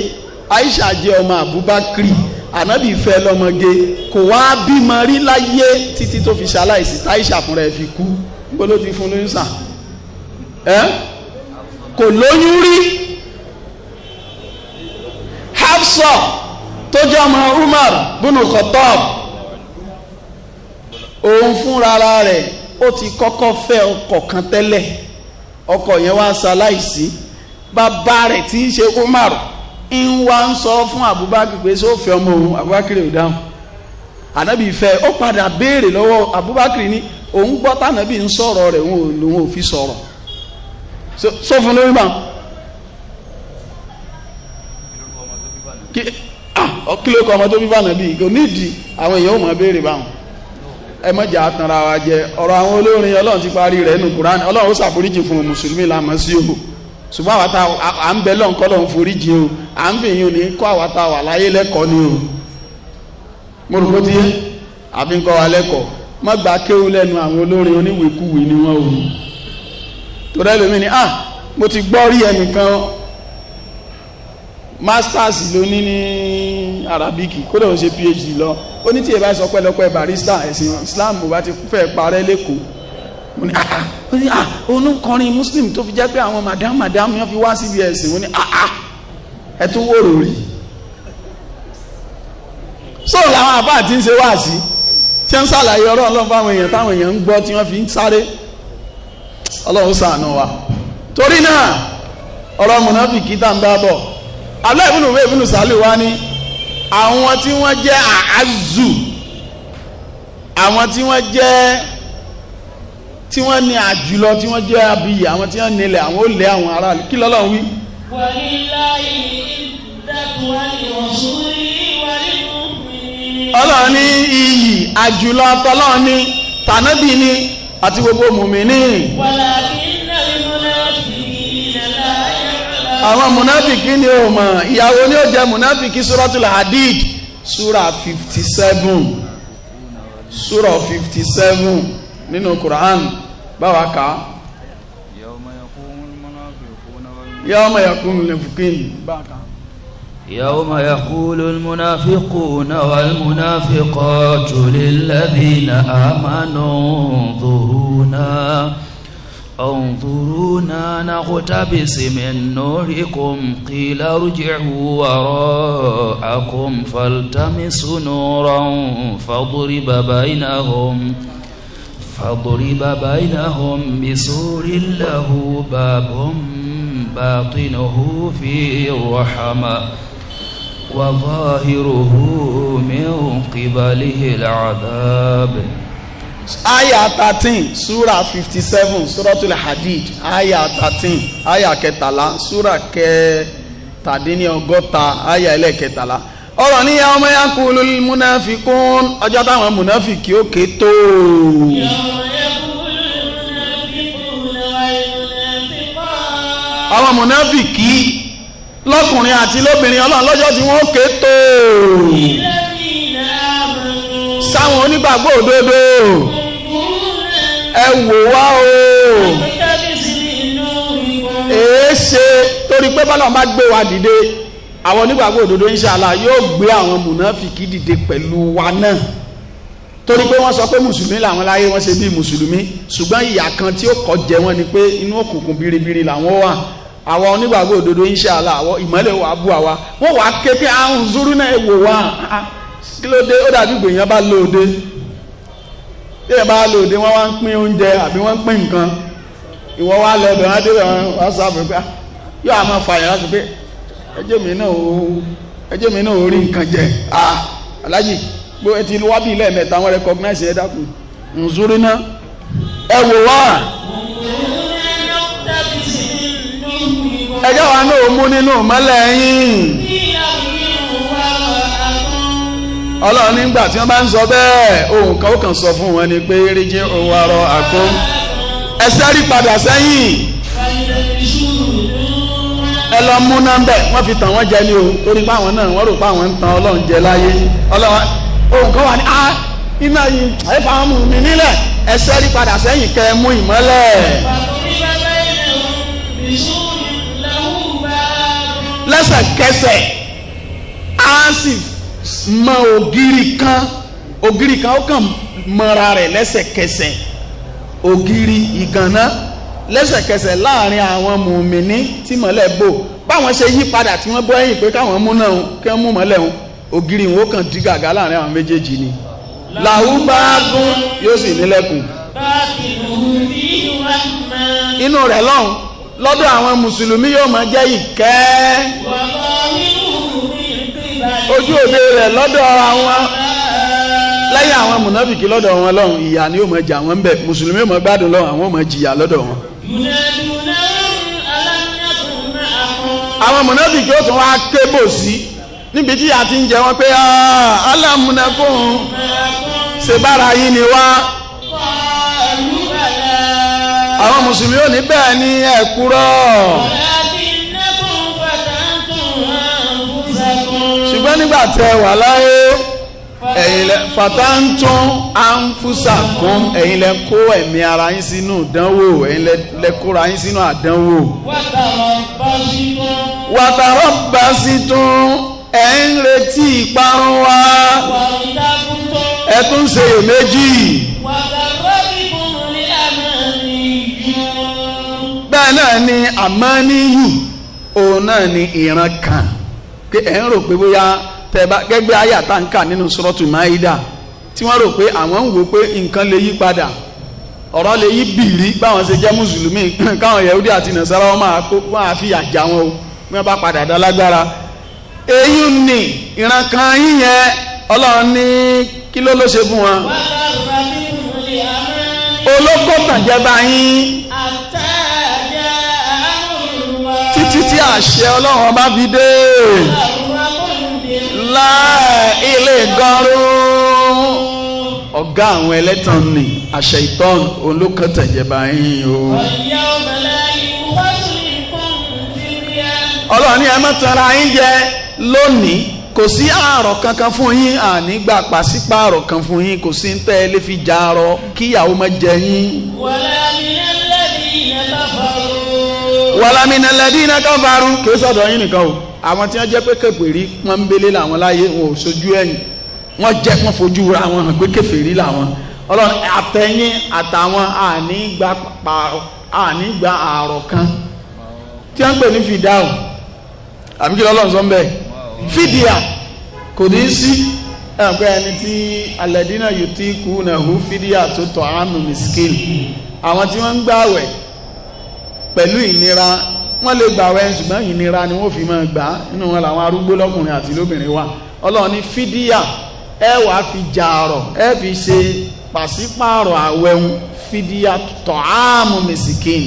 Aisha jẹ́ ọmọ Abubakri ànábì fẹ́ lọ́mọge kò wá bímọ rí láyé títí tó fi ṣaláìsí táìsà fúnra ẹ̀ fi kú bó ló ti fún lóyún sàn ẹ́ kò lóyún rí Hafsa tó jẹ́ ọmọ Umar bunu Khattab òun fúnra rẹ̀ ó ti kọ́kọ́ fẹ́ ọkọ kan tẹ́lẹ̀ ọkọ yẹn wá ṣaláìsí bàbá rẹ̀ tí í ṣe Umar ń wá ń sọ fún Abubakar pé ṣó fẹ́ ọmọ òun Abubakar ò dáhùn ànábì fẹ́ ó padà béèrè lọ́wọ́ Abubakar ní òun gbọ́ tànábì ń sọ̀rọ̀ rẹ̀ òun ò fi sọ̀rọ̀ sọ fún lórí màá ah, kí ló kọ ọmọ tó bí bá nàbí kò nídìí àwọn èèyàn ò mọ̀ béèrè báwọn ẹ mọ́jà tanra wa jẹ ọ̀rọ̀ àwọn olórin ọlọ́run ti parí rẹ̀ nù kúránì ọlọ́run ó ṣàforíjì fún mùsùlùmí làmọ́ sí òhù ṣùgbọ́n àwa tá à ń bẹ lọ́n kọ́ lọ́n foríjì o à ń bẹ̀ yín kọ́ àwa wà láyé lẹ́kọ̀ọ́ ni o mo rò pé tí àfi wa lẹ́kọ̀ọ́ má gba kéwú lẹ́nu àwọn olórin oníwèékúwèé ni wọ́n o torí ẹlòmíì ni ah mo ti gbọ́ rí ẹnìkan masters lóní ní Arabic kó ó ṣe PhD lọ ó ní tí èyí bá sọ pẹ́lọpẹ́ barista ẹ̀sìn Islam bá ti fẹ́ parẹ́ lẹ́kọ̀ọ́ ah, ah. ó ní ah, òun kọrin Muslim tó fi jẹ́ pé àwọn madam madam yẹn fi wá síbi ẹ̀sìn ní ẹ tún so làwọn àbá àti ń ṣe wá sí tí wọ́n ṣàlàyé ọ̀rọ̀ Ọlọ́run fáwọn èèyàn táwọn èèyàn fi ń sáré Ọlọ́run wa torí náà ọ̀rọ̀ tá ń bá bọ̀ ìbùnú ìbùnú sàlù ní àwọn tí wọ́n jẹ́ àázù àwọn tí wọ́n jẹ́ tí wọ́n ní àjùlọ tí wọ́n jẹ́ abiyì àwọn tí wọ́n nílẹ̀ àwọn ó lé àwọn aráàlú kí lọ́lọ́run wí. ọlọ́run ní iyì àjùlọ tọ́lọ́run ní tànábì ní àti gbogbo mùmí ní. wàlá kí àwọn mùnáfìkì ni ò mọ̀ ìyàwó ni ó jẹ́ mùnáfìkì suratul hadid sura fifty seven sura fifty seven nínú Quran báwa kà á. yawma yaqumul munafiqun báwa kà á. يوم يقول المنافقون والمنافقات للذين آمنوا انظرونا انظرونا نقتبس من نوركم قيل ارجعوا وراءكم فالتمسوا نورا فاضرب بينهم فضرب بينهم بسور له باب باطنه في الرحمة وظاهره من قبله العذاب aya thirteen sura fifty seven suratul hadid aya thirteen aya kẹtàlá sura kẹtàdínlọ́gọ́ta aya ẹlẹ́kẹtàlá ọ̀rọ̀ ní yàwó mẹ́yà kúlù múnáfikún ọjọ́ táwọn múnáfikì ó ké tó. àwọn múnáfikì lọ́kùnrin àti lóbìnrin ọlọ́run lọ́jọ́ tí wọ́n ké tó. sáwọn onígbàgbọ́ òdodo ẹ wò wá o èéṣe torí pé bọ́lá bá gbé wa dìde àwọn onígbàgbọ́ òdodo inṣàlá yóò gbé àwọn mùnáfìkì dìde pẹ̀lú wa náà torí pé wọ́n sọ pé mùsùlùmí làwọn láyé wọ́n ṣe bí mùsùlùmí ṣùgbọ́n ìyà kan tí ó kọ jẹ wọ́n ni pé inú òkùnkùn biribiri làwọn wà àwọn onígbàgbọ́ òdodo inṣàlá àwọn ìmọ́lẹ̀ wà bú àwa wọ́n wàá ké pé à ń zúrú náà wò wá ah, ah, kí ló dé ó dàbí gbèyàn bá lóde tí ẹ bá lò dé wọ́n wá ń pín oúnjẹ àbí wọ́n ń pín nǹkan ìwọ wá lọ bẹ̀rẹ̀ wọ́n débẹ̀ wọ́n sọ àbẹ̀ pé ah, yóò àmọ́ fàyà láti pé ẹjẹ́ mi náà ó ẹjẹ́ mi náà ó rí nǹkan jẹ ah alájì gbó etí wá bí lẹ́ẹ̀mẹ́ta wọ́n recognize ẹ dákun nzúrí náà ẹ wò wá ẹjẹ́ wa náà mú nínú mọ́lẹ̀ yín ọlọ́run nígbà tí wọ́n bá ń sọ bẹ́ẹ̀ ohun kan ó kàn sọ fún wọn ni pé eréje owó arọ àkó ẹ sẹ́rí padà sẹ́yìn ẹ lọ mú nọ́mbẹ̀ wọ́n fi tàn wọ́n jẹ ní o torí pé àwọn náà wọ́n rò pé àwọn ń tan ọlọ́run jẹ láyé ọlọ́run ohun kan wà ní ah iná yìí àyífàmù mi nílẹ̀ ẹ sẹ́rí padà sẹ́yìn kẹ́ ẹ mú ìmọ́lẹ̀. lẹ́sẹ̀kẹsẹ̀ á sì mọ ògiri kan ògiri kan ó kàn mọra rẹ̀ lẹ́sẹ̀kẹsẹ̀ ògiri ìgànná lẹ́sẹ̀kẹsẹ̀ láàrin àwọn mùmíní tí mọ́lẹ̀ bò báwọn ṣe yí padà tí wọ́n bọ́ ẹ̀yìn pé káwọn mú náà kí wọ́n mú mọ́lẹ̀ wọn ògiri wọn ó kàn dí gàgà láàrin àwọn méjèèjì ni làwọn bá gún yóò sì nílẹ̀kùn. inú rẹ̀ lọ́hùn lọ́dọ̀ àwọn mùsùlùmí yóò máa jẹ́ ìkẹ́. wọ́n ojú òde rẹ̀ lọ́dọ̀ àwọn lẹ́yìn àwọn mùnáfìkì lọ́dọ̀ wọn lọ́hùn ìyà ni ó mọ̀ jà wọ́n ń bẹ̀ mùsùlùmí mọ̀ gbádùn lọ́hùn àwọn mọ̀ jìyà lọ́dọ̀ wọn. àwọn mùnáfìkì ó tún wá ké bò sí níbi tí a ti ń jẹ wọn pé ah, alámùnáfóhùn ṣe bára ni wá. àwọn mùsùlùmí ò ní bẹ́ẹ̀ ni ẹ̀kúrọ̀. nígbà tẹ wà láyé ẹ̀yin lẹ fatantun anfusa kún ẹ̀yin lẹ kó ẹ̀mí ara yín sínú ìdánwò ẹ̀yin lẹ kóra yín sínú àdánwò. wàtàrọ̀ bá sí tún ẹ̀ ń retí ìparun wa ẹ tún ṣe iyèméjì. bẹ́ẹ̀ náà ni àmọ́ níyù òun náà ni ìran kan pé ẹ̀ ń rò pé bóyá tẹ̀bá gẹ́gbẹ́ àyà tá ń kà nínú sọ́rọ́tù máìdá tí wọ́n rò pé àwọn ń wò pé nǹkan lè yí padà ọ̀rọ̀ lè yí bìrí báwọn ṣe jẹ́ mùsùlùmí káwọn yahudi àti nasara wọn máa kó máa fi àjà wọn o bí bá padà dá lágbára èyí ni ìran kan yíyẹn ọlọ́run ní kí ló ló ṣe fún wọn. olókòtàn jẹba yín. àtẹ títí àṣẹ ọlọ́run bá fi dé láì ilé gọ́rùn ọ̀gá àwọn ẹlẹ́tàn ni àṣẹ ìtọ́n olókàtàjẹba yín o. ọlọ́run ni ẹ má tanra yín jẹ lónìí kò sí àárọ̀ kankan fún yín ànígbà pàṣípààrọ̀ kan fún yín kò sí ń tẹ́ ẹ lè fi jà arọ kíyàwó má jẹ yín. wàlámìnà lẹ́dínà káfàrú kì í sọ̀dọ̀ yín nìkan o àwọn tí wọ́n jẹ́ pé kèpèrí pọ́nbélé làwọn láyé wọn ò sojú ẹ̀yìn wọ́n jẹ́ wọ́n fojú ra wọn hàn pé kèfèrí làwọn ọlọ́run àtẹ̀yìn àtàwọn ànígbà pààrọ̀ ànígbà àárọ̀ kan tí wọ́n ń pè ní fìdáù àbíkí lọ́lọ́run sọ Fidia, kò ní sí ẹ̀pẹ́ ẹni tí alẹ́dínà yìí tí kú náà hù fídíà tó tọ̀ àánú miskin àwọn tí wọ́n ń gbàwẹ̀ pẹ̀lú ìnira wọ́n lè gbàwẹ̀ ṣùgbọ́n ìnira ni wọ́n fi máa gbà nínú wọn làwọn arúgbó lọ́kùnrin àti lóbìnrin wà ọlọ́run ní fídíà ẹ wà fi jàrọ̀ ẹ fi ṣe pàṣípààrọ̀ àwẹ̀hún fídíà tọ̀ àánú miskin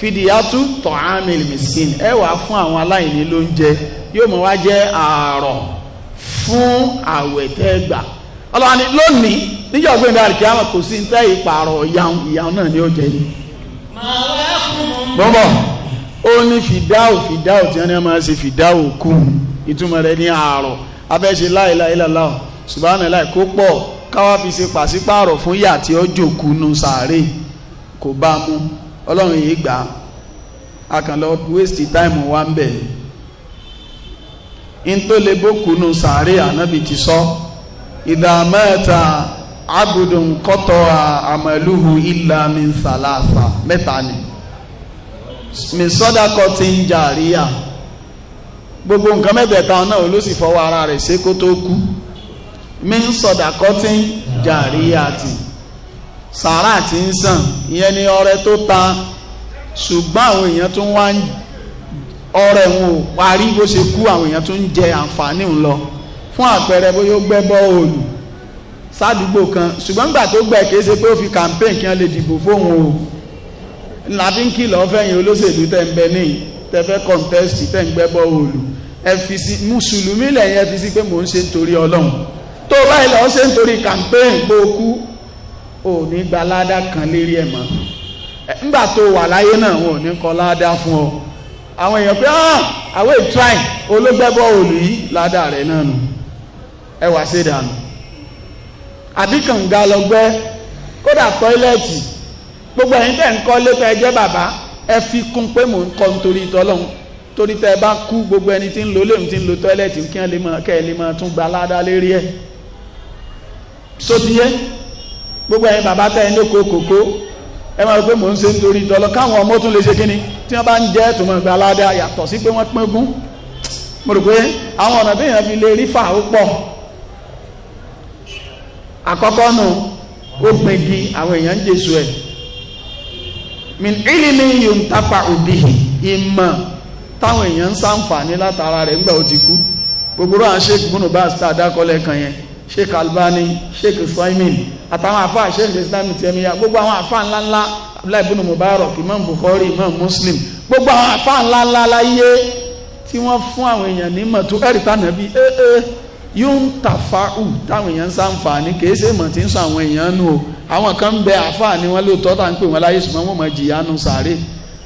fìdíyàtú tọ̀hámìlì mìsíkìn ẹ wàá fún àwọn aláìní lóúnjẹ yóò mọ̀ wá jẹ́ àárọ̀ fún àwẹ̀ tẹ́gbà ọlọ́ni lónìí níjọ́ gbẹ̀ndẹ̀ àríkíámà kò sí ní tẹ́ ìpààrọ̀ ìyàwó ìyàwó náà ni ó jẹ ní. bọ́bọ̀ ó ní fìdáwò fìdáwò tí wọ́n ní máa ṣe fìdáwò kù ìtumọ̀ rẹ̀ ní àárọ̀ abẹ́ṣe láìláìláìlá ṣùgbọ́n láì kó pọ̀ káwá fi ṣe pàṣípààrọ̀ fún yà tí ó sàárè kò bá mú ọlọ́run yìí gbà á kàn lọ waste time wa ń bẹ̀ ní tó lè ànábì ti sọ ìdààmẹ́ta abudun kọ́tọ̀ àmàlúhu ilà min sàlàsà mẹ́ta ni min sọ́dàkọ́ ti ń jà gbogbo nǹkan mẹ́tẹ̀ẹ̀ta náà olu si fọwọ́ ara rẹ̀ ṣe kó kú ti ń jà sàárà tí ń sàn ìyẹn ni ọrẹ tó ta ṣùgbọ́n àwọn èèyàn tó wá ń ọrẹ wọn ò parí bó ṣe kú àwọn èèyàn tó ń jẹ àǹfààní ń lọ fún àpẹẹrẹ bóyá ó gbẹ́ bọ́ òòlù sádùúgbò kan ṣùgbọ́n nígbà tó gbẹ́ kìí ṣe pé ó fi campaign kí wọ́n lè dìbò fóun o láti ń kìlọ̀ fẹ́yìn olóṣèlú tẹ̀ ń bẹ níyì tẹ fẹ́ contest tẹ̀ ń gbẹ́ bọ́ òòlù ẹ fi sí mùsùlùmí lẹ́yìn ẹ fi sí pé mò ń ṣe nítorí ọlọ́run tó báyìí lọ́ọ́ ṣe nítorí campaign pé kú ò ní gba ládá kan lérí ẹ̀ mọ́ ńgbà tó wà láyé náà wọn ò ní kọ ládá fún ọ àwọn èèyàn pé ah àwọn ètrai olóògbẹ́bọ̀ òòlù yìí ládá rẹ̀ náà nù ẹ wá ṣe dànù àbíkànga lọgbẹ́ kódà tọ́ílẹ̀tì gbogbo ẹ̀yin tẹ̀ ń kọ́ lẹ́tọ̀ ẹ jẹ́ bàbá ẹ fi kún pé mò ń kọ́ nítorí tọ́lọ́hún torí tẹ́ ẹ bá kú gbogbo ẹni tí ń lo lèmi tí ń lo tọ́ílẹ̀tì kí ẹ lè máa tún gba ládá lérí ẹ̀ sótìyẹ́ gbogbo ẹ̀yin bàbá tẹ́ kòkó ẹ máa pé mò ń ṣe nítorí káwọn ọmọ tún lè ṣe kíni tí wọ́n bá ń jẹ́ ẹ̀tùmọ̀ ìgbà aládé yàtọ̀ sí pé wọ́n pín mo rò pé àwọn ọ̀nà bíyàn fi lè rí pọ̀ min òbí ìmọ̀ táwọn èèyàn ń látara rẹ̀ ńgbà ó ti kú gbogbo rán ṣe bá kan sheikh albani sheikh suwaimin àtàwọn afa sheikh islam tẹmíya gbogbo àwọn afa ńláńlá abdullahi ibn mubarak imam bukhari imam muslim gbogbo àwọn afa ńláńlá láyé tí wọ́n fún àwọn èèyàn ní mọ̀tò ẹ̀rìtà nàbí ee eh, eh, yóò ń tàfà ù táwọn èèyàn ń sàǹfààní kì í ṣe mọ̀ tí ń sọ àwọn èèyàn nù o àwọn kan bẹ àfa ni wọ́n lóòótọ́ tá à ń pè wọ́n láyé ṣùgbọ́n wọ́n mọ̀ jìyà nù sàárè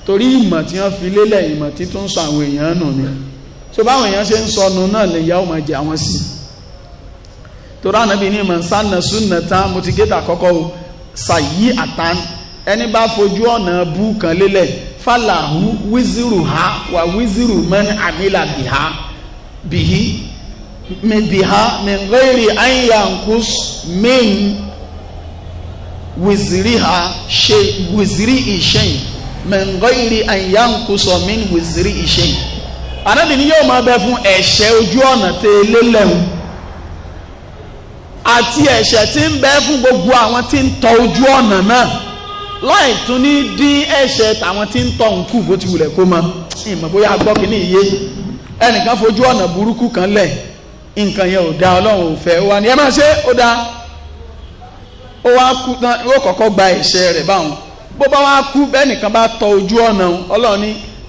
torí ìmọ̀ tí wọ́n fi lélẹ̀ ìmọ̀ títún sọ àwọn èèyàn nù ni ṣùgbọ́n àwọn èèyàn ṣe ń sọnù náà lè yá ọmọ jẹ àwọn sí i torá nàbí ní mọ̀nsánà súnà tán mo ti gé àkọ́kọ́ o sàyí àtàn ẹni bá fojú ọ̀nà bú kan lélẹ̀ fàlàhù wíṣírù ha wà wíṣírù mẹ́ni àmìlà bìhá bìhí mi bìhá mi rẹ́rì àyànkús mẹ́yìn wíṣírí ha ṣe wíṣírí ìṣẹ́yìn mi rẹ́rì àyànkús mẹ́yìn wíṣírí ìṣẹ́yìn. ànábì ni yóò máa bẹ fún ẹ̀ṣẹ̀ ojú ọ̀nà tẹ́ lélẹ̀ o. àti ẹ̀ṣẹ̀ tí ń bẹ fún gbogbo àwọn tí ń tọ ojú ọ̀nà náà láì tún ní dín ẹ̀ṣẹ̀ tàwọn tí ń tọ nkù bó ti wulẹ̀ kó mọ ìmọ̀ bóyá gbọ́ kí ní iye ẹnìkan fojú ọ̀nà burúkú kan lẹ̀ nǹkan yẹn gba ẹ̀ṣẹ̀ rẹ̀ báwọn bó bá wá kú tọ ojú ọ̀nà ọlọ́run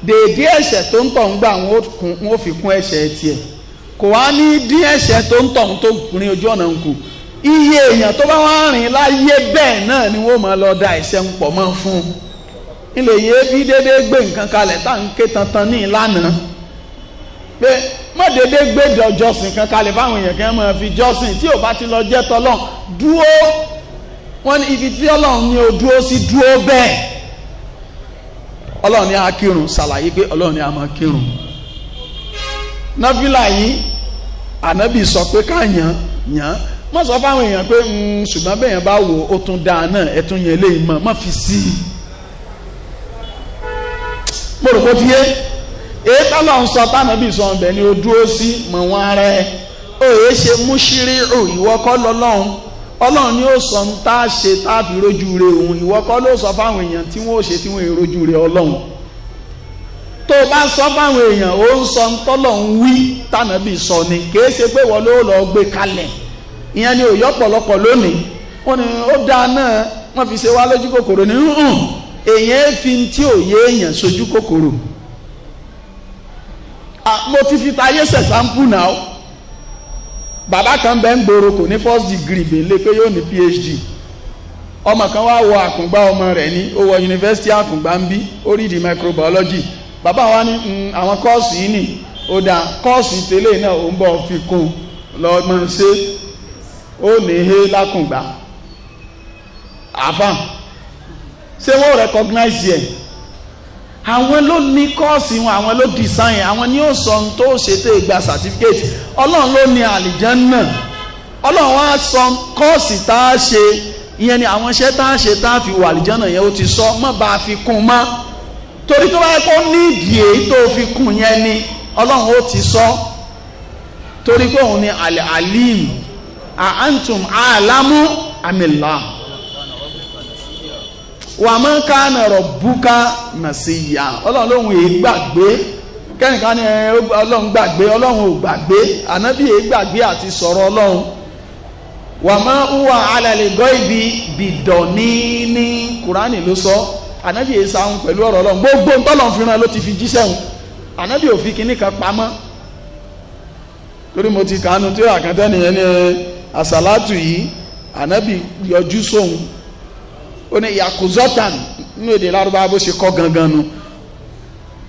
dèédé ẹ̀ṣẹ̀ tó ń tọ̀ ń gbà wọn kò wá ní dín ẹsẹ tó ń tọ̀hún tó rin ojú ọ̀nà ń kù iye èèyàn tó bá wá rìn láyé bẹ́ẹ̀ náà ni wọ́n máa lọ da ẹ̀ṣẹ̀ ń mọ́ fún un ilé yìí bí dédé gbé nǹkan kalẹ̀ tá ń ké tantan ní ìlànà pé má dédé gbé kan kalẹ̀ fáwọn èèyàn kan máa fi jọsìn tí ò ti lọ jẹ́ dúó wọn ọlọ́run ní o náfìlà yìí ànábì sọ pé ká yàn yàn má sọ fáwọn èèyàn pé mm, ṣùgbọ́n bẹ́ẹ̀ yẹn bá wò ó tún dáa náà ẹ tún yẹn léyìn mọ́ má fi sí i. mo rò pé tiye èyí tọ́lọ̀ ń sọ tánàbì sọ ọ̀bẹ ni ó dúró sí mọ̀ wọn rẹ̀ ó yẹ ṣe mú ṣírí ò ìwọ kọ́ lọ́lọ́run ọlọ́run ni ó sọ ń tá a ṣe tá a fi rójú re òun ìwọ kọ́ ló sọ fáwọn èèyàn tí wọ́n ó ṣe tí wọ́n èròjú re ọlọ́run. tó o bá sọ fáwọn èèyàn ó ń sọ ntọ́lọ̀ ń sọ ni kìí ṣe pé wọ́n ló lọ gbé kalẹ̀ ìyẹn ni òye ọ̀pọ̀lọpọ̀ lónìí wọ́n ní ó dáa náà wọ́n fi ṣe wá lójú kòkòrò ní èèyàn fi tí òye èèyàn sojú kòkòrò mo ti fi ta ayé náà kan ń gbòòrò kò ní first degree phd ọmọ kan wá wọ ọmọ rẹ̀ ní ó wọ yunifásitì ń bí di microbiology bàbá wa ní mm, àwọn kọ́ọ̀sì yìí nì ó dá kọ́ọ̀sì tẹ́lẹ̀ náà ó ń bọ̀ fi kún lọ mọ̀ ṣe ó ní hé lákùngbà àfà ṣé wọ́n recognize yẹ àwọn ló ní kọ́ọ̀sì wọn àwọn ló design àwọn ni ó sọ ohun tó ṣe tó gba certificate ọlọ́run ló ní àlìjánná ọlọ́run wá sọ kọ́ọ̀sì tá a ṣe ìyẹn ni àwọn iṣẹ́ tá a ṣe tá a fi wà àlìjánná yẹn ó ti sọ mọ́ bá a fi kún mọ́ torí tó bá yẹ kó ní tó fi ni ọlọ́run ó ti sọ torí pé òun ni alim àǹtùm àlámú àmìlá wà máa ń ká nàrọ̀ búká nà ọlọ́run lóhun èé gbàgbé kẹ́nìkan ni ọlọ́run gbàgbé ọlọ́run ò gbàgbé ànábì gbàgbé àti sọ̀rọ̀ ọlọ́run wà máa ń wà alẹ́ lè sọ ànábì èyí sáhùn pẹ̀lú ọ̀rọ̀ ọlọ́run gbogbo ntọ́lọ́run fi rán ló ti fi jíṣẹ́ òun ànábì ò fi kinní kan pamọ́ lórí mo ti kàánu tí àkàntẹ́ nìyẹn ní eh, àsàlátù yìí ànábì yọjú sóhun ó ní yakuzọ́tàn nínú èdè lárúbá bó ṣe kọ́ gangan nu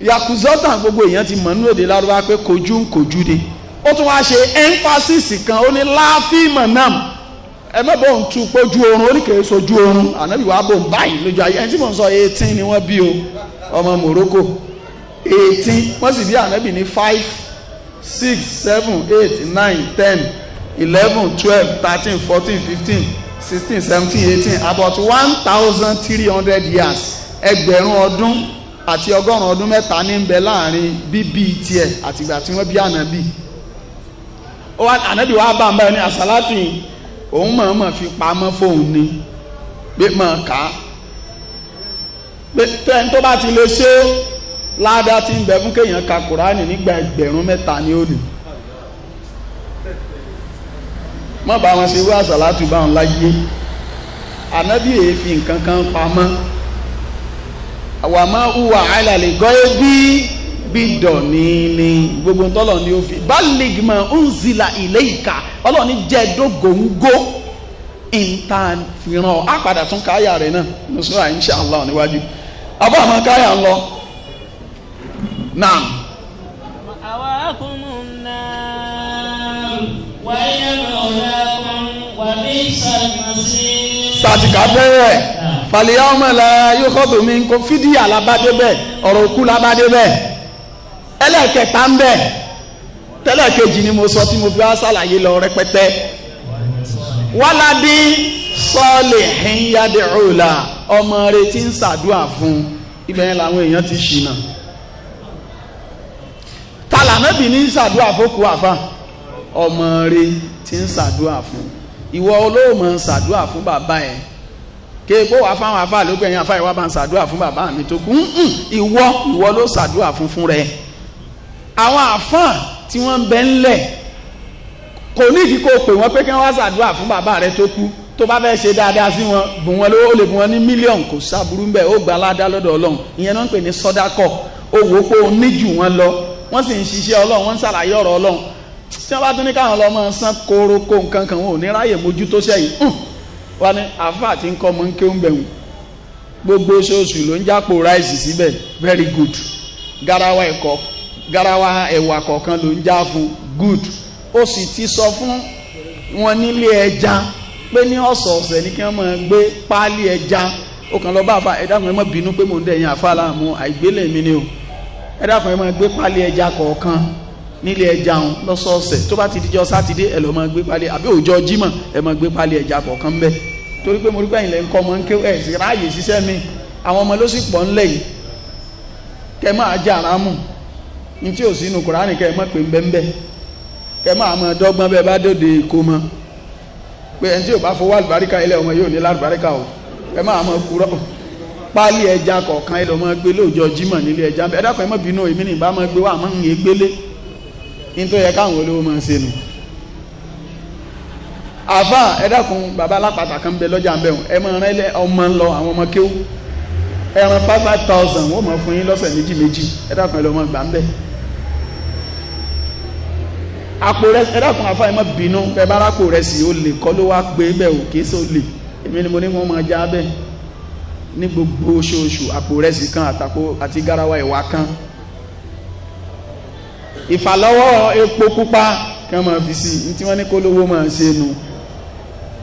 yakuzọ́tàn gbogbo èèyàn ti mọ̀ nínú èdè lárúbá pé kojú ń kojú de ó tún wá ṣe emphasis kan ó ní láàfin mọ̀nàmù ẹ má bò ń tu pójú oorun oníkèé sojú oorun ànábì wàá bò ń báyìí lójú ayé ẹni tí mò ń sọ eighteen ni wọ́n bí o ọmọ Morocco eighteen wọ́n sì bí ànábì ní five six seven eight nine ten eleven twelve thirteen fourteen fifteen sixteen seventeen eighteen about one thousand three hundred years ẹgbẹ̀rún ọdún àti ọgọ́rùn-ún ọdún mẹ́ta ní ń bẹ láàrin bíbí tiẹ̀ àtìgbà tí wọ́n bí ànábì ànábì wàá bá ń báyìí ní àsálàtì yìí òun mọ̀ọ́mọ̀ fi pamọ́ fóun ni pé mọ̀ ká pé tẹ́ni tó bá ti lè ṣe ládàá ti ń bẹ fún kéèyàn ka kùránì nígbà ẹgbẹ̀rún mẹ́ta ní òní mọ̀ bá wọn ṣe wá àṣàlátù bá wọn láyé ànábì èéfì nǹkan kan pamọ́ àwàmọ́ hùwà àìlàlẹ̀ gọ́ bídọ̀nìlì gbogbo ni ó fi bálígmà nzila ilé ìka ọlọ́run ní jẹ́ dógóńgó ìta fìràn á tún káyà rẹ̀ náà níwájú abọ́ àmọ́ káyà ń lọ. náà. àwa kùnún náà wáyé lọ́la kan wà sàtìkà bẹ́ẹ̀ la yóò kọ́ fídíà ẹlẹ́ẹ̀kẹta ń bẹ̀ tẹ́lẹ̀ kejì ni mo sọ tí mo fi wá ṣàlàyé lọ rẹpẹtẹ wáládì sọ́ọ̀lì ẹ̀yìnyáde ọ̀la ọmọ rẹ̀ ti ń ṣàdúà fún ibẹ̀ yẹn làwọn èèyàn ti ṣìnà tàlànàbì ní ṣàdúà fókù àfà ọmọ rẹ̀ ti ń ṣàdúà fún ìwọ olóòmọ ń ṣàdúà fún bàbá ẹ̀ kéèkó wàá fáwọn afáàlú pé ẹ̀yin afáàlú wa bá ń ṣàdúà fún bàbá mi tó kú ìwọ ìwọ ló ṣàdúà fún fún rẹ̀ àwọn àfáà tí wọ́n ń bẹ ńlẹ̀ kò ní ìdí kó o pè wọ́n pé kí wọ́n wá ṣàdúrà fún bàbá rẹ tó kú tó bá fẹ́ ṣe dáadáa sí wọn bùn wọn lówó lè bùn wọn ní mílíọ̀n kò sábúrú ńbẹ ó gba aládá lọ́dọ̀ ọlọ́run ìyẹn náà ń pè ní sọ́dákọ̀ ó wò ó pé ó ní jù wọn lọ wọ́n sì ń ṣiṣẹ́ ọlọ́run wọ́n ń ṣàlàyé ọ̀rọ̀ ọlọ́run tí wọ́n bá tún ní káwọn lọ́mọ san kóró kó nǹkan kan wọn ò ní ráyè mójú tó ṣẹ́yìn wọn ni àáfà tí ń kọ́ ń ké ń bẹ̀wò gbogbo oṣooṣù ló ń jápò ráìsì síbẹ̀ very good garawa ẹ̀kọ́ garawa ẹ̀wà kọ̀ọ̀kan ló ń já fún good ó sì ti sọ fún wọn nílé ẹja pé ní ọ̀sọ̀ọ̀sẹ̀ ní kí wọ́n máa gbé páálí ẹja ó kàn lọ bá àfa ẹ dákun ẹ má bínú pé mò ń dẹ̀yìn àfa láàmú àìgbélé mi ni o ẹ dákun ẹ máa gbé páálí ẹja kọ̀ọ̀kan nílé ẹja òun lọ́sọ̀ọ̀sẹ̀ tó bá ti dijọ́ sátidé ẹ lọ máa gbé páálí àbí òòjọ́ jímọ̀ ẹ máa gbé páálí ẹja kọ̀ọ̀kan bẹ́ẹ̀ torí pé mo rí pẹ́yìn lẹ́ ń kọ́ ọmọ ń ké ẹ̀ sì ráàyè ṣiṣẹ́ mi àwọn ọmọ ló sì pọ̀ ńlẹ̀ yìí kẹ máa jẹ́ àrámù ní tí ò sínú kùránì kẹ́ ẹ mọ̀ pé ń bẹ́ ń bẹ́ kẹ́ máa mọ dọ́gbọ́n bẹ́ẹ̀ bá dòde kó mọ́ pé ẹni tí ò bá fowó àlùbáríkà ilẹ̀ ọmọ yóò ní lálùbáríkà o ẹ máa mọ kúrọ́ pálí ẹja kọ̀ọ̀kan ẹ lọ mọ gbé lóòjọ́ jímọ̀ nílé ẹja ẹ dákun ẹ mọ̀ bínú èmi nìbá mọ gbé wà mọ̀ ń yé gbélé ní yẹ káwọn olówó mọ̀ ṣe nù. àfà ẹ dákun bàbá alápàtà kan bẹ lọ́jà bẹ̀ ẹ five thousand wọ́n mọ̀ fún yín lọ́sẹ̀ méjì méjì ẹ dákun ẹ lọ gbà ń bẹ́ẹ̀ àpò rẹ ẹ dákun àfa ẹ má bínú bẹ́ẹ̀ bá rápò rẹ sì ó lè kọ́ ló wá gbé bẹ́ẹ̀ ò kéésì ó lè èmi ni mo ní wọn máa já bẹ́ẹ̀ ní gbogbo oṣooṣù àpò rẹ sì kan àtàkó àti garawa ìwà kan ìfàlọ́wọ́ epo pupa kí wọ́n máa fi sí i tí wọ́n ní kó lówó máa ṣe nu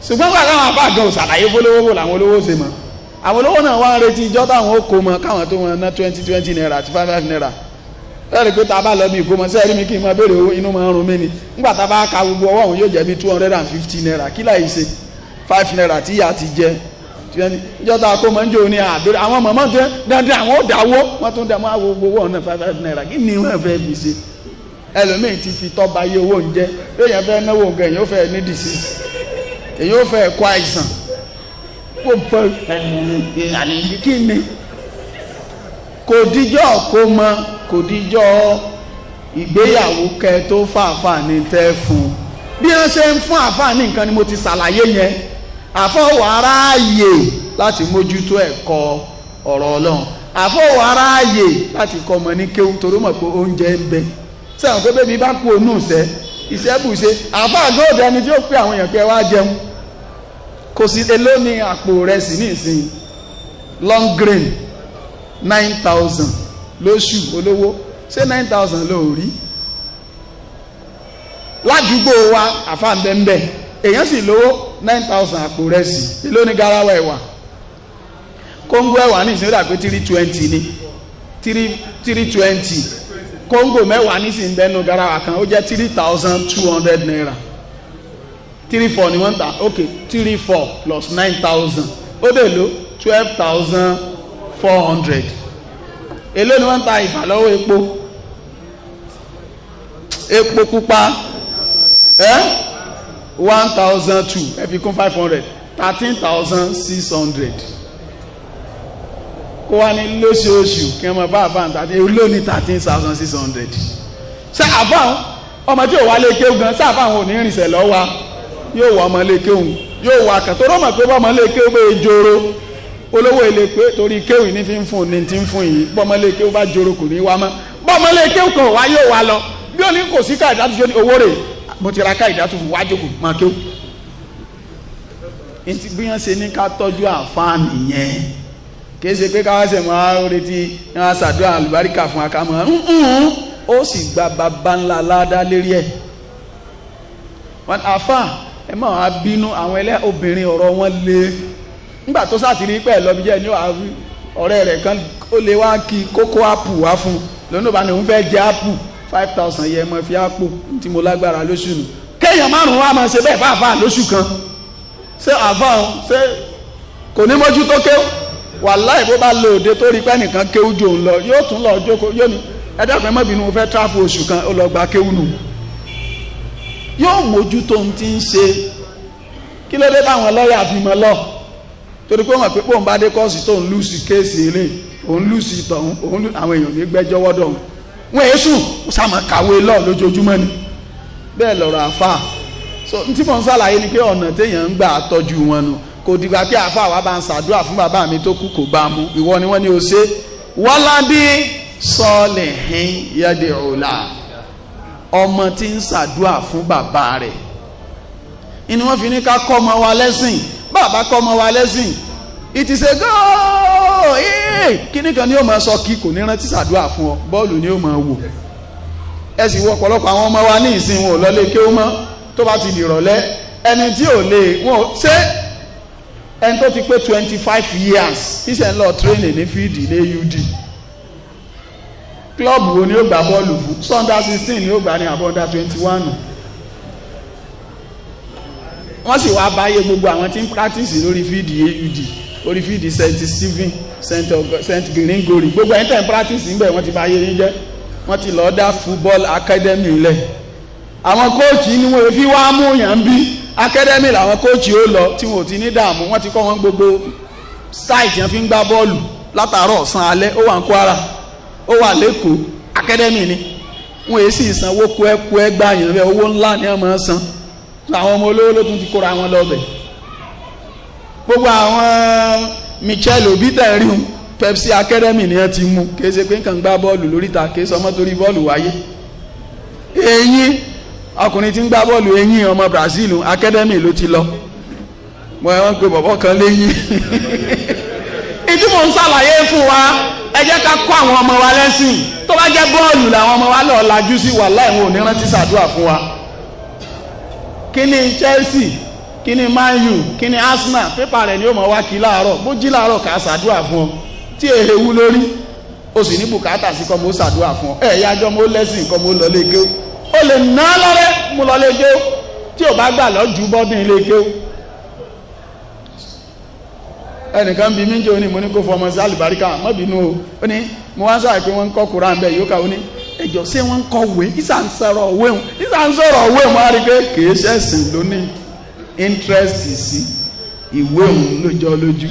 ṣùgbọ́n wà láwọn àbá gan ṣàlàyé bólówó làwọn olówó ṣe mọ́ àwọn olówó náà wá ń retí ijọ́ táwọn ó kó mọ́ káwọn tó wọn ná twenty twenty naira àti five five naira lẹ́rìí pé tá a bá lọ bí ìkómọ sí ẹ̀rí mi kí n máa béèrè inú máa ń run mí ni nígbà bá ka gbogbo ọwọ́ yóò jẹ́ bí two hundred and fifty naira kí láì ṣe five naira tí ìyá ti jẹ ìjọ tá kó máa ní àwọn mọ̀mọ́ tó dandan àwọn ò dáwó wọ́n tún àwọn gbogbo ọ̀nà five naira kí ni wọ́n fẹ́ fi ṣe ẹlòmíì fi tọ́ba owó oúnjẹ fẹ́ náwó nǹkan ó fẹ́ ní fẹ́ kó kò díjọ́ kó mọ kò díjọ́ ìgbéyàwó kẹ tó fàáfà ní tẹ́ fún bí wọ́n ṣe ń fún àfáà ní nǹkan ni mo ti ṣàlàyé yẹn àfọwọ́ aráàyè láti mójútó ẹ̀kọ́ ọ̀rọ̀ ọlọ́run àfọwọ́ aráàyè láti kọ́ ọmọ ní kéwú torí mọ̀ pé oúnjẹ ń bẹ sẹ́wọ̀n pé bébí bá kú onú ìṣẹ́ ìṣẹ́bùṣe àfáà góòdù ẹni tí ó pé àwọn èèyàn pé wá jẹun kò sí elóni àpò rẹ̀ sí ní ìsìn long grain nine thousand lóṣù olówó ṣé nine thousand ló rí ládùúgbò wa àfàǹdẹ́ńbẹ́ èèyàn sì lówó nine thousand àpò rẹ̀ sí ilé onígarawa ẹ̀wà kóńgò ẹ̀wà ní ìsinmi dàgbé three twenty ni three three twenty kóńgò mẹ́wàá nísìnyí bẹ́nu garawa kan ó jẹ́ three thousand two hundred naira three four ni wọ́n ta ok three four plus nine thousand ó dè ló twelve thousand four hundred èló ni wọ́n ń ta ìfà lọ́wọ́ epo epo pupa ẹ́ one thousand two ẹ fi kún five hundred thirteen thousand six hundred ó wá ní lóṣooṣù kí wọ́n máa bá àbá àǹtà ní olóòní thirteen thousand six hundred ṣé àbá ọmọ tí ò wá lé kéwù gan ṣé àbá àwọn òní rìnsẹ̀ lọ́wọ́ yóò wọ ọmọ lé kéwù yóò wọ akàtọ́ ọmọ pé bọ́ ọmọ lé kéwù pé ejoro olówó ilé pé torí kéwì ní fi ń fún ní ti ń fún yìí bọ́mọlé kéwì bá joro kò ní wá mọ́ bọ́mọlé kéwì kan wá yóò wá lọ bí ó ní kò sí káyìdá tó ṣe ní owó rẹ̀ mo ti ra káyìdá tó fún wá jókòó máa kéwì. etí bí wọ́n ṣe ní ká tọ́jú àfáà nìyẹn kìí ṣe pé káwá ṣe máa retí wọn ṣàdúrà àlùbáríkà fún akámọ́ ó sì gba bàbá ńlá ládá lérí ẹ̀ àfáà ẹ máa nígbà tó sàtìrí pẹ̀ lọ́bi jẹ́ ní àwí ọ̀rẹ́ rẹ̀ kan ó lè wá kí kókó ápù wá fún lónà bá ní òun fẹ́ jẹ ápù five thousand yẹn mọ̀ fi ápù tí mo lágbára lóṣù nù kéèyàn márùn-ún wa máa ṣe bẹ́ẹ̀ fáfá lóṣù kan ṣé àfa òun ṣé kò ní mójú tó kéwù wàláì bó bá lo òde tó rí pẹ́ nìkan kéwù jò ń lọ yóò tún lọ jókòó yóò ní ẹ dákun má bínú mo fẹ́ tráfù oṣù kan ó lọ gba kéwù nù yóò mójú tó ń ti ń ṣe kí ló dé báwọn lọ́ọ̀yà fi mọ́ lọ́ọ̀ torí pé wọ́n pé pòun bá dé kọ́ọ̀sì tó ń lùsì kéèsì ilé òun lùsì tọ̀hún òun àwọn èèyàn ní gbẹ́jọ́ wọ́dọ̀ wọn èé sùn sàmọ́ kàwé lọ lójoojúmọ́ ni bẹ́ẹ̀ lọ́rọ̀ àfà so tí mo ń ṣàlàyé ni pé ọ̀nà téèyàn ń gbà tọ́jú wọn nu kò dìgbà pé àfà wa bá ń ṣàdúrà fún bàbá mi tó kú kò bá mu ìwọ ni wọ́n ní o ṣe wọ́ládé sọ́ọ̀lì hin yẹ́dẹ̀ ọ̀la ọmọ tí ń ṣàdúrà fún bàbá rẹ̀ inú wọn fi ní ká kọ́ ọmọ wa lẹ́sìn bàbá kọ́ ọmọ wa lẹ́sìn ìtìsẹ́ góò yìí kíní kan ni ó máa sọ kí kò ní rántí sàdúrà fún ọ bọ́ọ̀lù ni ó máa wò ẹ sì wọ ọ̀pọ̀lọpọ̀ àwọn ọmọ wa ní ìsìn wọn ò lọlé kí ó mọ́ tó bá ti dìrọ̀lẹ́ ẹni tí ò lè wọn ò ṣe ẹni tó ti pé twenty five years ṣíṣe ń lọ tírénì ní fídì ní ud klọ́ọ̀bù wo ni ó gbà bọ́ọ̀lù fún sunday sixteen ni ó gbà ní àbọ̀dá twenty one wọ́n sì wá báyé gbogbo àwọn tí ń practice lórí fíìdì aud lórí fíìdì st stephen st gregory gbogbo ẹni tẹ̀ ń practice níbẹ̀ wọ́n ti báyé yín jẹ́ wọ́n ti lọ́ọ́ dá football academy lẹ̀ àwọn kóòtù ni wọ́n fi wá mú yàn bí academy làwọn kóòtù ó lọ tí wọn ò ti ní dààmú wọ́n ti kọ́ wọn gbogbo style tí wọ́n fi ń gbá bọ́ọ̀lù látàárọ̀ ọ̀sán alẹ́ ó wà ní kwara ó wà lẹ́kọ̀ọ́ academy ni wọ́n èsì ìsanwó kú ẹ́ kú ẹ́ gbà yàn bẹ́ẹ̀ owó ńlá ni wọ́n máa san so àwọn ọmọ olówó ló tún ti kóra wọn lọ́bẹ̀ gbogbo àwọn michel obi tẹ̀rí pepsi academy ni ẹ ti mú kìí ṣe pé nǹkan gbá bọ́ọ̀lù lóríta kìí sọ ọmọ torí bọ́ọ̀lù wáyé eyín ọkùnrin tí ń gbá bọ́ọ̀lù eyín ọmọ brazil academy ló ti lọ mo ẹ̀wọ̀n pé bọ̀bọ̀ kan léyìn ìdí mò ń ṣàlàyé fún wa ẹ jẹ́ ká kọ́ àwọn ọmọ wa lẹ́sìn tó bá jẹ́ bọ́ọ̀lù làwọn ọmọ wa lọ́ọ́ lajú sí wàhálà ẹ̀wọ̀n ò ní ṣàdúrà fún wa kíní Chelsea kíní Man U kíní Arsenal pépà rẹ̀ ni ó mọ̀ wá kí láàárọ̀ bó jí láàárọ̀ kà á ṣàdúrà fún ọ tí èhe wú lórí o sì ní bùkátà sí kọ́ mo ṣàdúrà fún ọ ẹ̀ yájọ́ mo lẹ́sìn kọ́ mo lọ kéw o lè ná lọ́rẹ́ mo lọ lé kéw tí o bá gbà lọ́jú bọ́dún ilé kéw ẹnìkan bí mi ń jẹ́ oní mo ní kó fọmọ sí àlùbáríkà mọ́bìnú o ní mo wá sáà pé wọ́n ń kọ́ kúrán bẹ́ẹ̀ yóò ká o ní ẹjọ́ ṣé wọ́n ń kọ òwe ìsà ń sọ̀rọ̀ òwe wọn ìsà ń sọ̀rọ̀ òwe wọn á rí pé kìí ṣẹ̀sìn lónìí interest sí ìwé òun lójọ́ lójú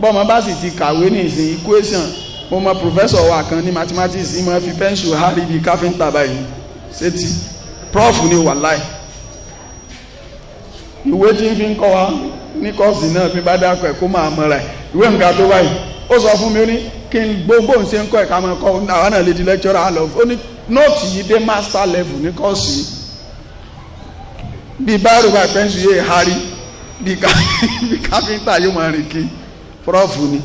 bọ́mọ bá sì ti kàwé ní ìsìn equation mo mọ professor wa kan ní mathematics ìmọ̀ fi pencil hárí bíi káfíńtà báyìí sétí prof ni wàláì ìwé tí ń fi ń kọ́ wa ní kọ́ọ̀sì náà fi bá dákọ̀ ẹ̀ kó máa mọ̀ra ẹ̀ ìwé nǹkan tó báyìí ó sọ fún mi ó ní kí n gbogbo ń ṣe ń kọ́ ẹ̀ka máa kọ́ àwọn náà lè di lecturer àlọ́ ó ní nóòtù yìí dé master level ní kọ́ọ̀sì bí báàrù bá pẹ́ńsì yé hari bí káfíńtà yóò máa rìn kí prọ́fù ni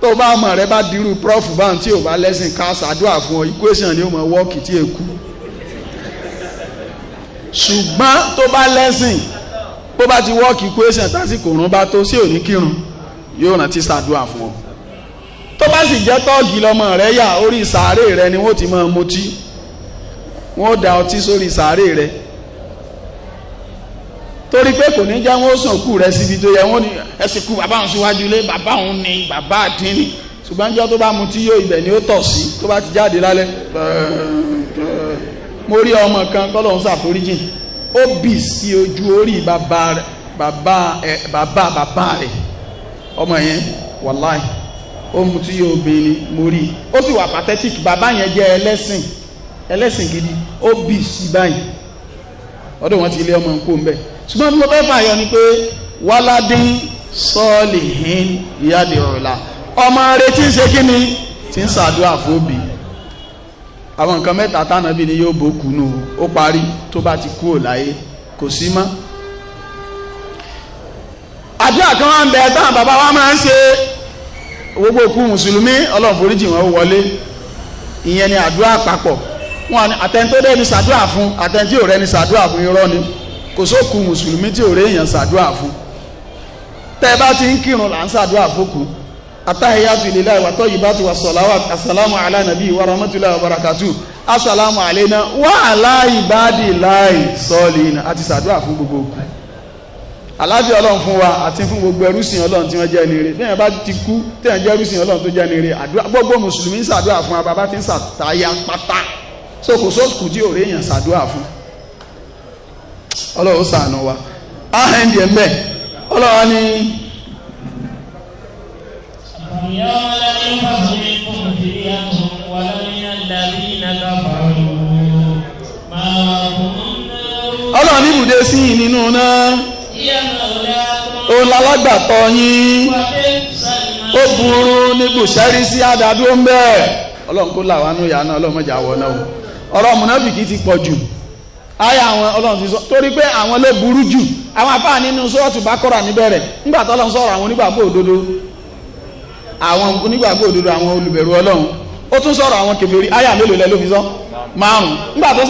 tó bá ọmọ rẹ bá dirú prọ́fù bá ń tí ò bá lẹ́sìn ká ṣàdúrà fún ọ equation ni ó máa wọ́ọ̀kì tí èkú ṣùgbọ́n tó bá lẹ́sìn bó bá ti wọ́ọ̀kì equation tásìkò rún bá tó sí òní kírun yóò rántí ṣàdúrà fún ọ bá sì jẹ́ tọ́ọ̀gì lọ́mọ rẹ̀ yà orí sàárè rẹ̀ ni wọ́n ti máa mutí wọ́n da ọtí sórí sàárè rẹ̀ torí pé kò ní já wọn ó sàn kú rẹ̀ síbi tó yẹ wọ́n ní ẹ sì kú bàbá òun síwájú ilé bàbá òun ni bàbá àdín ni ṣùgbọ́n jọ́ tó bá mutí yóò ibẹ̀ ni ó tọ̀ sí tó bá ti jáde lálẹ́ mo rí ọmọ kan kọ́lọ́hún ṣàforíjì ó bì sí ojú orí bàbá bàbá bàbá bàbá rẹ̀ ọmọ yẹn wàláì ó mu tí yóò obìnrin mo rí ó sì wà pathetic bàbá yẹn jẹ́ ẹlẹ́sìn ẹlẹ́sìn gidi ó bì sí báyìí ọdún wọn ti ilé ọmọ nǹkó mbẹ ṣùgbọ́n bí mo fẹ́ fààyàn ni pé wáládín sọ́ọ̀lì hin ìyáde ọ̀la ọmọ rẹ̀ tí ń ṣe kí ni tí ń ṣàdúrà fún òbí àwọn nǹkan mẹ́ta tánàbí ni yóò bó kùnú ó parí tó bá ti kúrò láyé kò sí mọ́ àdúrà kan ń bẹ táwọn bàbá wa máa ń ṣe gbogbo òkú mùsùlùmí ọlọ́run foríjì wọn wọlé ìyẹn ni àdúrà papọ̀ wọn àtẹnudẹ́ ni sàdúrà fún àtẹnudí òrẹ́ ni sàdúrà fún irọ́ ni kò sókù mùsùlùmí tí òrẹ́ èèyàn sàdúrà fún tẹ́ bá ti ń kírun là ń sàdúrà fókù atahiyatu lillahi wa tayyibatu wa salawat assalamu ala nabi wa rahmatullahi wa barakatuh assalamu alayna wa ala ibadillahi salina àti sàdúrà fún gbogbo òkú àlàáfíà ọlọ́run fún wa àti fún gbogbo ẹrúsìn ọlọ́run tí wọ́n jẹ́ nire bí bá ti kú tí wọ́n jẹ́ ẹrúsìn ọlọ́run tó jẹ́ nire gbogbo mùsùlùmí ń fún wa bàbá ti ń ṣàtàyà pátá so kò sóòkù tí òré èèyàn ṣàdúrà fún ọlọ́run ṣàánú wa ahẹ́ndì ẹ̀mẹ́ ọlọ́run ni. ọlọ́run ní ibùdó sí nínú náà. òun lalágbàtọ́ yín ó burú ní bùsẹ́rí sí àdádúró ń bẹ́ẹ̀ ọlọ́run kó làwọn anú ìyá náà ọlọ́mọjà wọ náà ọ̀rọ̀ mùnáfìkì ti pọ̀ jù ayé àwọn ọlọ́run ti sọ torí pé àwọn ló burú jù àwọn afá nínú sọ́ọ̀tù bá kọ́ra níbẹ̀rẹ̀ nígbà tó ọlọ́run sọ̀rọ̀ àwọn onígbàgbọ́ òdodo àwọn onígbàgbọ́ òdodo àwọn olùbẹ̀rù ọlọ́run ó tún sọ̀rọ̀ àwọn ayé fi sọ márùn nígbà tó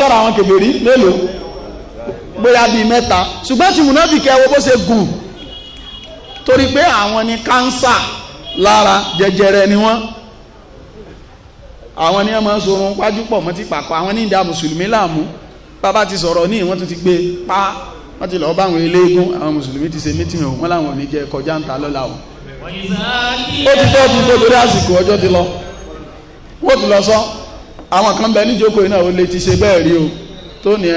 torí pé àwọn ní kánsà lára jẹjẹrẹ ni wọ́n àwọn ní ọmọ sọ̀rọ̀ pájú pọ̀ mọ́ ti pàpà àwọn ní ìdá mùsùlùmí láàmú bàbá ti sọ̀rọ̀ ní ìwọ́n tún ti gbé pa wọ́n ti lọ bá àwọn eléégún àwọn mùsùlùmí ti ṣe mítìn òun wọ́n láwọn ò ní jẹ kọjá ń ta lọ́la o ó ti tọ́ ti tó lórí àsìkò ọjọ́ ti lọ wọ́n ti lọ sọ àwọn kan bẹ níjókòó iná ò lè ti ṣe bẹ́ẹ̀ rí o tó ní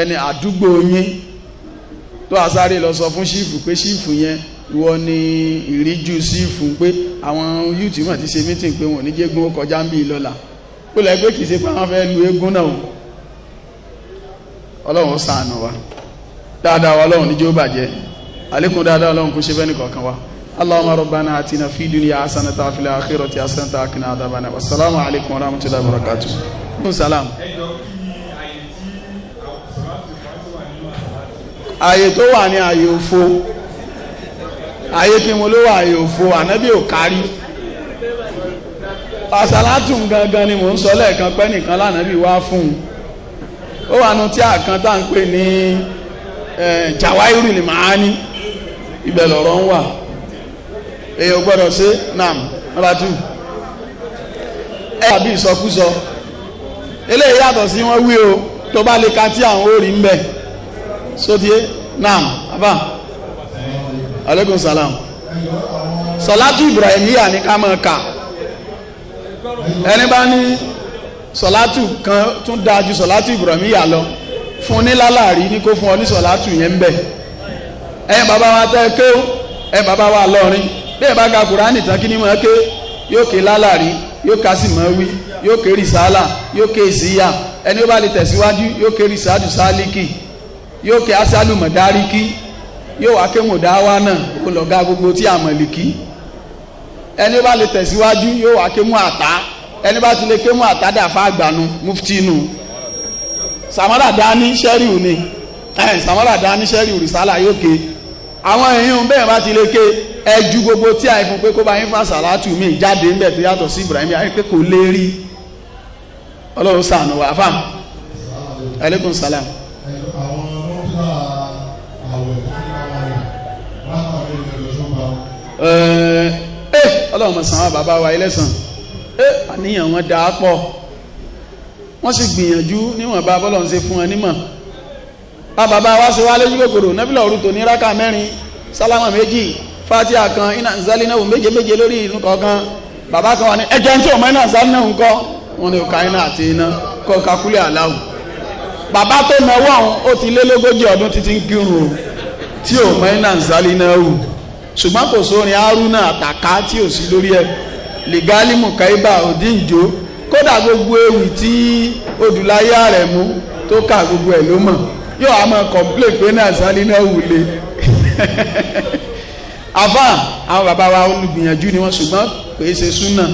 ẹni àdúgbò yín tó àsáré lọ sọ fún ṣífù pé ṣífù yẹn ìwọ ni ìríjú sí fún pé àwọn yúùtì mọ̀ ti ṣe mítìn pé wọ́n ní jégún ó kọjá ń bí lọ́la ó lẹ́ pé kìí ṣe pé àwọn fẹ́ lu eégún náà ọlọ́run ṣàánú wa dáadáa wa ọlọ́run níjó bàjẹ́ àlékún dáadáa ọlọ́run kó ṣe fẹ́ nìkọ̀ọ̀kan wa اللهم ربنا آتنا في دنيا حسنة وفي الآخرة حسنة وقنا عذاب النار والسلام عليكم ورحمة الله tó wà ní ààyè òfo ayé tí mo ló wà òfo ànábì ò kárí àṣàlátùn gangan ni mò ń sọ lẹ́ẹ̀kan pẹ́ nìkan lánàbì wá fún un ó wà nu tí àkàn tá à ń pè ní jàwáìrù lè máa ní ibẹ̀ lọ̀rọ̀ ń wà èèyàn gbọ́dọ̀ ṣe nam ratu ẹ àbí ìsọkúsọ eléyìí yàtọ̀ sí wọ́n wí o tó bá lè ka tí rí ń bẹ̀ sódìé nam abá. So aleykum salam sọlátù ibrahimiya ni ká máa kà ẹni bá ní sọlátù kan tún dáa ju sọlátù ibrahimiya lọ fún ní lálàrí ní kó fún ọ ní sọlátù yẹn bẹ ẹ̀yin bàbá wa tẹ ké o ẹ̀yin bàbá wa lọrin bí ẹ bá ka kùránì tán kí ni máa ké yóò ké lálàrí yóò ká sì máa wí yóò ké rìsálà yóò ké ìsíyà ẹni ó bá lè tẹ̀síwájú yóò ké rìsádù sálíkì yóò ké asálù mọ̀dáríkì yóò wá kí mùdáwá náà ó lọ ga gbogbo tí àmọ̀lìkì ẹni bá lè tẹ̀síwájú yóò wá kí mú àtá ẹni bá ti lè kí mú àtá dàfa àgbànú muftinu samara dání sẹ́ríù ni samara dání sẹ́ríù rìsálà yóò ké àwọn èèyàn bẹ́ẹ̀ bá ti lè ké ẹjú gbogbo tí àìfún pé kó bá yín fà sàlátù mi jáde ńbẹ̀ tó yàtọ̀ sí Ibrahim ayé pé kò lè rí ọlọ́run ṣàánú wà fáà aleykum salaam. ẹ eh, eh, ọlọ́run mọ̀ sàn án bàbá wa ẹlẹ́sàn ẹ eh, àníyàn wọn dáa pọ̀ wọ́n sì gbìyànjú níwọ̀n bá bọ́lọ̀ ń se fún wọn a bàbá wa ṣe wá lójú kòkòrò nẹ́bílẹ̀ òru mẹ́rin sálámà méjì fátíà kan méje méje lórí ìlú kọ̀ọ̀kan ni ti títí tí ṣùgbọ́n kò sórin haruna àtàká tí ò sí lórí ẹ̀ lìgálí mùkáíbà òdíǹjó kódà gbogbo ewì tí odùláyé rẹ̀ mú tó kà gbogbo ẹ̀ ló mọ̀ yóò á máa kọ̀m̀plé pé náà sálí náà wùlé afa àwọn bàbá wa olùgbìyànjú ni wọ́n ṣùgbọ́n kò é ṣe súnà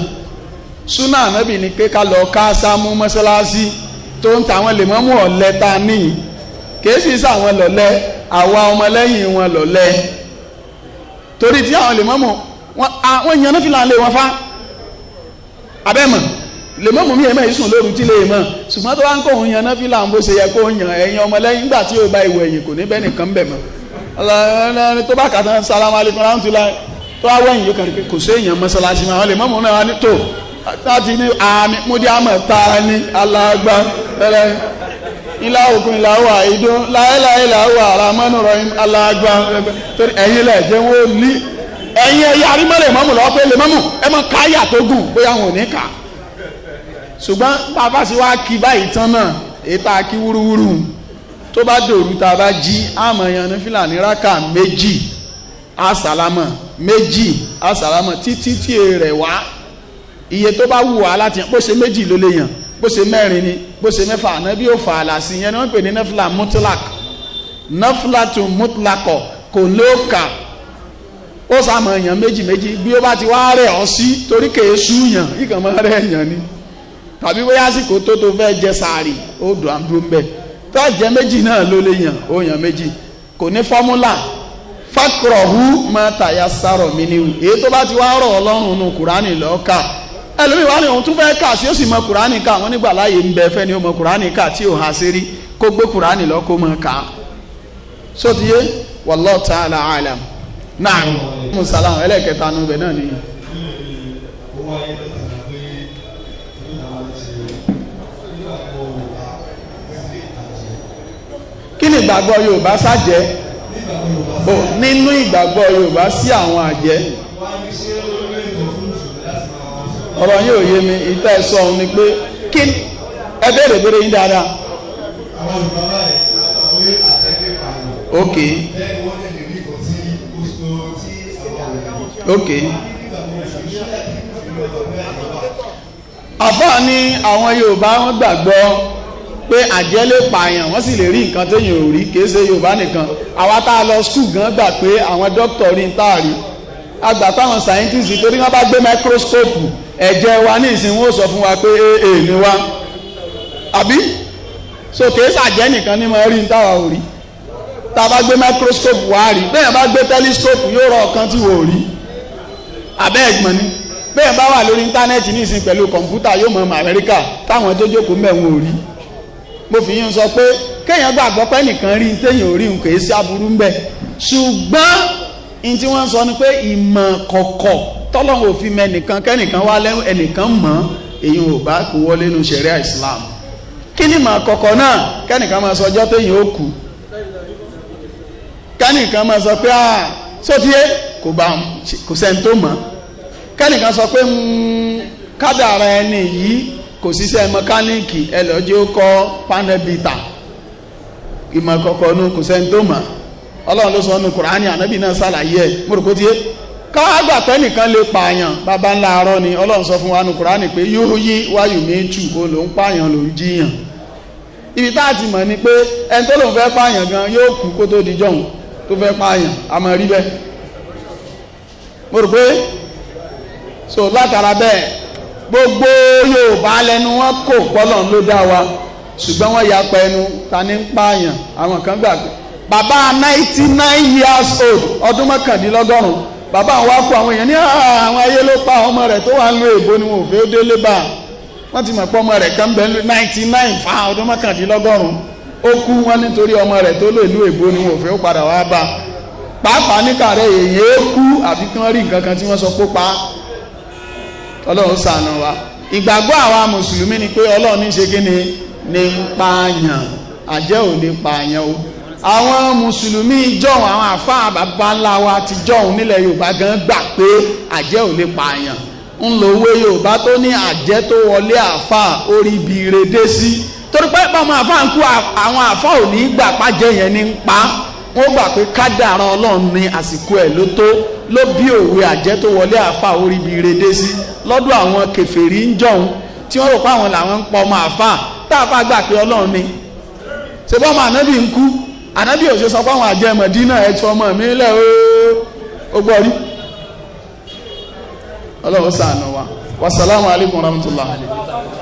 súnà ànábì ni pé ká lọ ká sámú mọ́sálásí tó ń ta àwọn lèmọ́mù ọ̀lẹ́ ta níyì kèésì sáwọn lọ̀lẹ́ àwa ọmọlẹ́yìn wọn lọ̀lẹ́ torí tí àwọn lèmọ́mù wọ́n yan náfìlà lè wọ́n fá abẹ́mọ̀ lèmọ́mù mi ẹ̀mọ́ ìsùn lóru tí lè mọ̀ ṣùgbọ́n tó wá ń kó òun yan náfìlà bó ṣe yẹ kó yan ẹ̀yin ọmọlẹ́yìn nígbà tí yóò bá ìwọ̀ ẹ̀yìn kò ní bẹ́ẹ̀ nìkan bẹ̀ mọ́ tó bá kàtà sálámà alẹ́ kọ́ra ń tu láì tó wá wẹ̀yìn yóò kàrí pé kò sí èèyàn mọ́ṣáláṣí máa wọ́n lèmọ́mù ìlàhùkún ìlàhùwà ìdún láìlà ìlàhùwà àràmọ́nù rọ̀yìn alágbà torí ẹ̀yin lẹ̀ jẹ́ wọ́n ní ẹ̀yin ẹ̀yà arímọ́lẹ̀ mọ́mù lọ́wọ́ pé lè mọ́mù ẹ mọ́ káyà tó gùn bóyá wọn ò ní kà ṣùgbọ́n bàbá sì wá kí báyìí tán náà ètò akí wúruwúru tó bá dòru tá bá jí àmọ́ ní fìlàní rákà méjì àsàlámọ̀ méjì àsàlámọ̀ títí tí èrè wá iye tó bá wù wá láti yàn bó ṣe méjì ló lè yàn bó ṣe mẹ́rin ni kó ṣe mẹ́fà ànábì ò fà á là yẹn ni wọ́n pè ní nafla mutlak nafla tu mutlakọ kò lóòkà ó sàmọ èèyàn méjì méjì bí ó bá ti wá rẹ̀ ọ́ sí torí kèé súyàn ìkàn mọ́ rẹ̀ èèyàn ni tàbí bóyá àsìkò tó tó fẹ́ jẹ sàárì ó dùn àdúró ń bẹ̀ tó jẹ méjì náà ló lè yàn ó yàn méjì kò ní fọ́múlà fákùrọ̀hù máa tàyà sárọ̀ mi ni èyí tó bá ti wá rọ̀ ọlọ́run nù kúránì lọ́ọ́kà ẹlòmíì wà ní ohun tó fẹ́ kà sí ó sì mọ kùránì ká àwọn nígbà láàyè ń bẹ fẹ́ ni ó mọ kùránì ká tí ò ha sí rí kó kùránì lọ kó mọ ká sótìyé wallahu ta'ala alam náà mùsàlámù ẹlẹ́kẹta nu bẹ̀ náà ni. kí ni ìgbàgbọ́ Yorùbá nínú ìgbàgbọ́ Yorùbá sí àwọn àjẹ́. ọ̀rọ̀ yóò yé mi ìta ẹ̀sọ́ ọ̀hún ni pé kí ẹ bẹ̀rẹ̀ bẹ̀rẹ̀ yín dáadáa. àwọn ìbára ẹ̀ àtàwọn àtẹ̀lé pààlọ́. ok. bẹ́ẹ̀ wọ́n lè rí ìbọn sí oṣù tí àwọn ọ̀rẹ́ ok. àfáà ni àwọn Yorùbá wọn gbàgbọ́ pé àjẹ́ lè pààyàn wọ́n sì lè rí nǹkan téèyàn ò rí kìí ṣe Yorùbá nìkan àwa tá a lọ skul gan gbà pé àwọn dókítà rí ń tààrí àgbà táwọn sáyẹ́ntìsì torí wọ́n bá gbé máikróskóòpù ẹ̀jẹ̀ wa ní ìsìn wọn ó sọ fún wa pé ee ni wa àbí so kìí sàjẹ́ nìkan ní mo rí ní táwa ò rí tá a bá gbé microscope wá rí bẹ́ẹ̀ bá gbé telescope yóò rọ ọ̀kan tí wò ó rí abẹ́ ẹ̀gbọ́n ni bẹ́ẹ̀ bá wà lórí íńtánẹ́ẹ̀tì ní ìsìn pẹ̀lú kọ̀ǹpútà yóò mọ ọmọ Amẹ́ríkà táwọn tó jókòó mẹ́wọ̀n ò rí mo fi yín sọ pé kéèyàn gbàgbọ́ pé nìkan rí ní téèyàn ò rí nǹkan èsì aburú ń bẹ ṣùgbọ́n tọ́lọ́run ò fi mẹ́nìkan kẹ́nìkan wá lẹ́nu ẹnìkan mọ́ èyí ò bá kú wọlé Islam kí kọkọ màá kọ̀kọ̀ náà kẹ́nìkan máa sọ ọjọ́ téèyàn ó kú kẹ́nìkan máa sọ pé ah sótíyé kò bá kò sẹ́ni tó kẹ́nìkan sọ pé hmm, kádàrá ẹni yìí kò síṣẹ́ ó kọ́ pánẹ́bìtà ìmọ̀ kọ̀kọ̀ sọ ọ́nù kùránì ànábì náà ẹ̀ káwá gbà pé nìkan lè pààyàn bàbá ńlá arọ́ ni ọlọ́run sọ fún wa nù kúránì pé yóò yí wáyù méjì ò ló ń pààyàn ló ń jíyàn ibi tá a ti mọ̀ ni pé ẹni tó lòun fẹ́ pààyàn gan yóò kú kó tó di jọ̀hún tó fẹ́ pààyàn àmọ́ rí bẹ́ẹ̀ mo rò pé so látara bẹ́ẹ̀ gbogbo Yorùbá lẹ́nu wọn kò pọ́lọ̀ ló dá wa ṣùgbọ́n wọ́n ya pa ẹnu ta ní ń pààyàn àwọn kan gbà pé bàbá ninety years old ọdún mọ́kàndínlọ́gọ́rùn-ún bàbá àwọn wá kó àwọn èèyàn ní ah, àwọn ayé ló pa ọmọ rẹ̀ tó wà ń lo èbó ni wọn ò fẹ́ ó délé bá wọ́n ti mọ̀ pé ọmọ rẹ̀ kan 99 ninety nine fa ọdún mọ́kàndínlọ́gọ́rùn-ún ó kú wọn nítorí ọmọ rẹ̀ tó lè lu èbó ni wọn ò fẹ́ ó padà wá bá pàápàá níkàrẹ́ ó kú àfi kí wọ́n rí nǹkan kan wa ìgbàgbọ́ àwa mùsùlùmí ni pé ọlọ́run ní àwọn mùsùlùmí ìjọ̀hún àwọn àfáà bàbá ńlá wa ti jọ̀hún nílẹ̀ yorùbá gan gbà pé àjẹ́ ò lè pààyàn ń lo owó yorùbá tó ní àjẹ́ tó wọlé àfáà orí ibi ìrèdé sí torí pé àwọn àfáà ń kú àwọn àfáà ò ní gbà pàjẹ́ yẹn ní ń pa wọ́n gbà pé kádàrá ọlọ́run ní àsìkò ẹ̀ ló tó ló bí òwe àjẹ́ tó wọlé àfáà orí ibi ìrèdé sí lọ́dọ̀ àwọn kèfèrí ń jọ̀hún tí wọ́n rò pé àwọn làwọn ń pọ ọmọ àfáà tá a fà gbà ni ṣe bọ́ ọmọ ànábì ń ànábì òṣè sọ fáwọn àjẹ mọ̀dínà ẹ̀ tí ọmọ mi lẹ̀ ó gbọ́ rí ọlọ́run ṣàánú wa wasalaamu wa rahmatulah.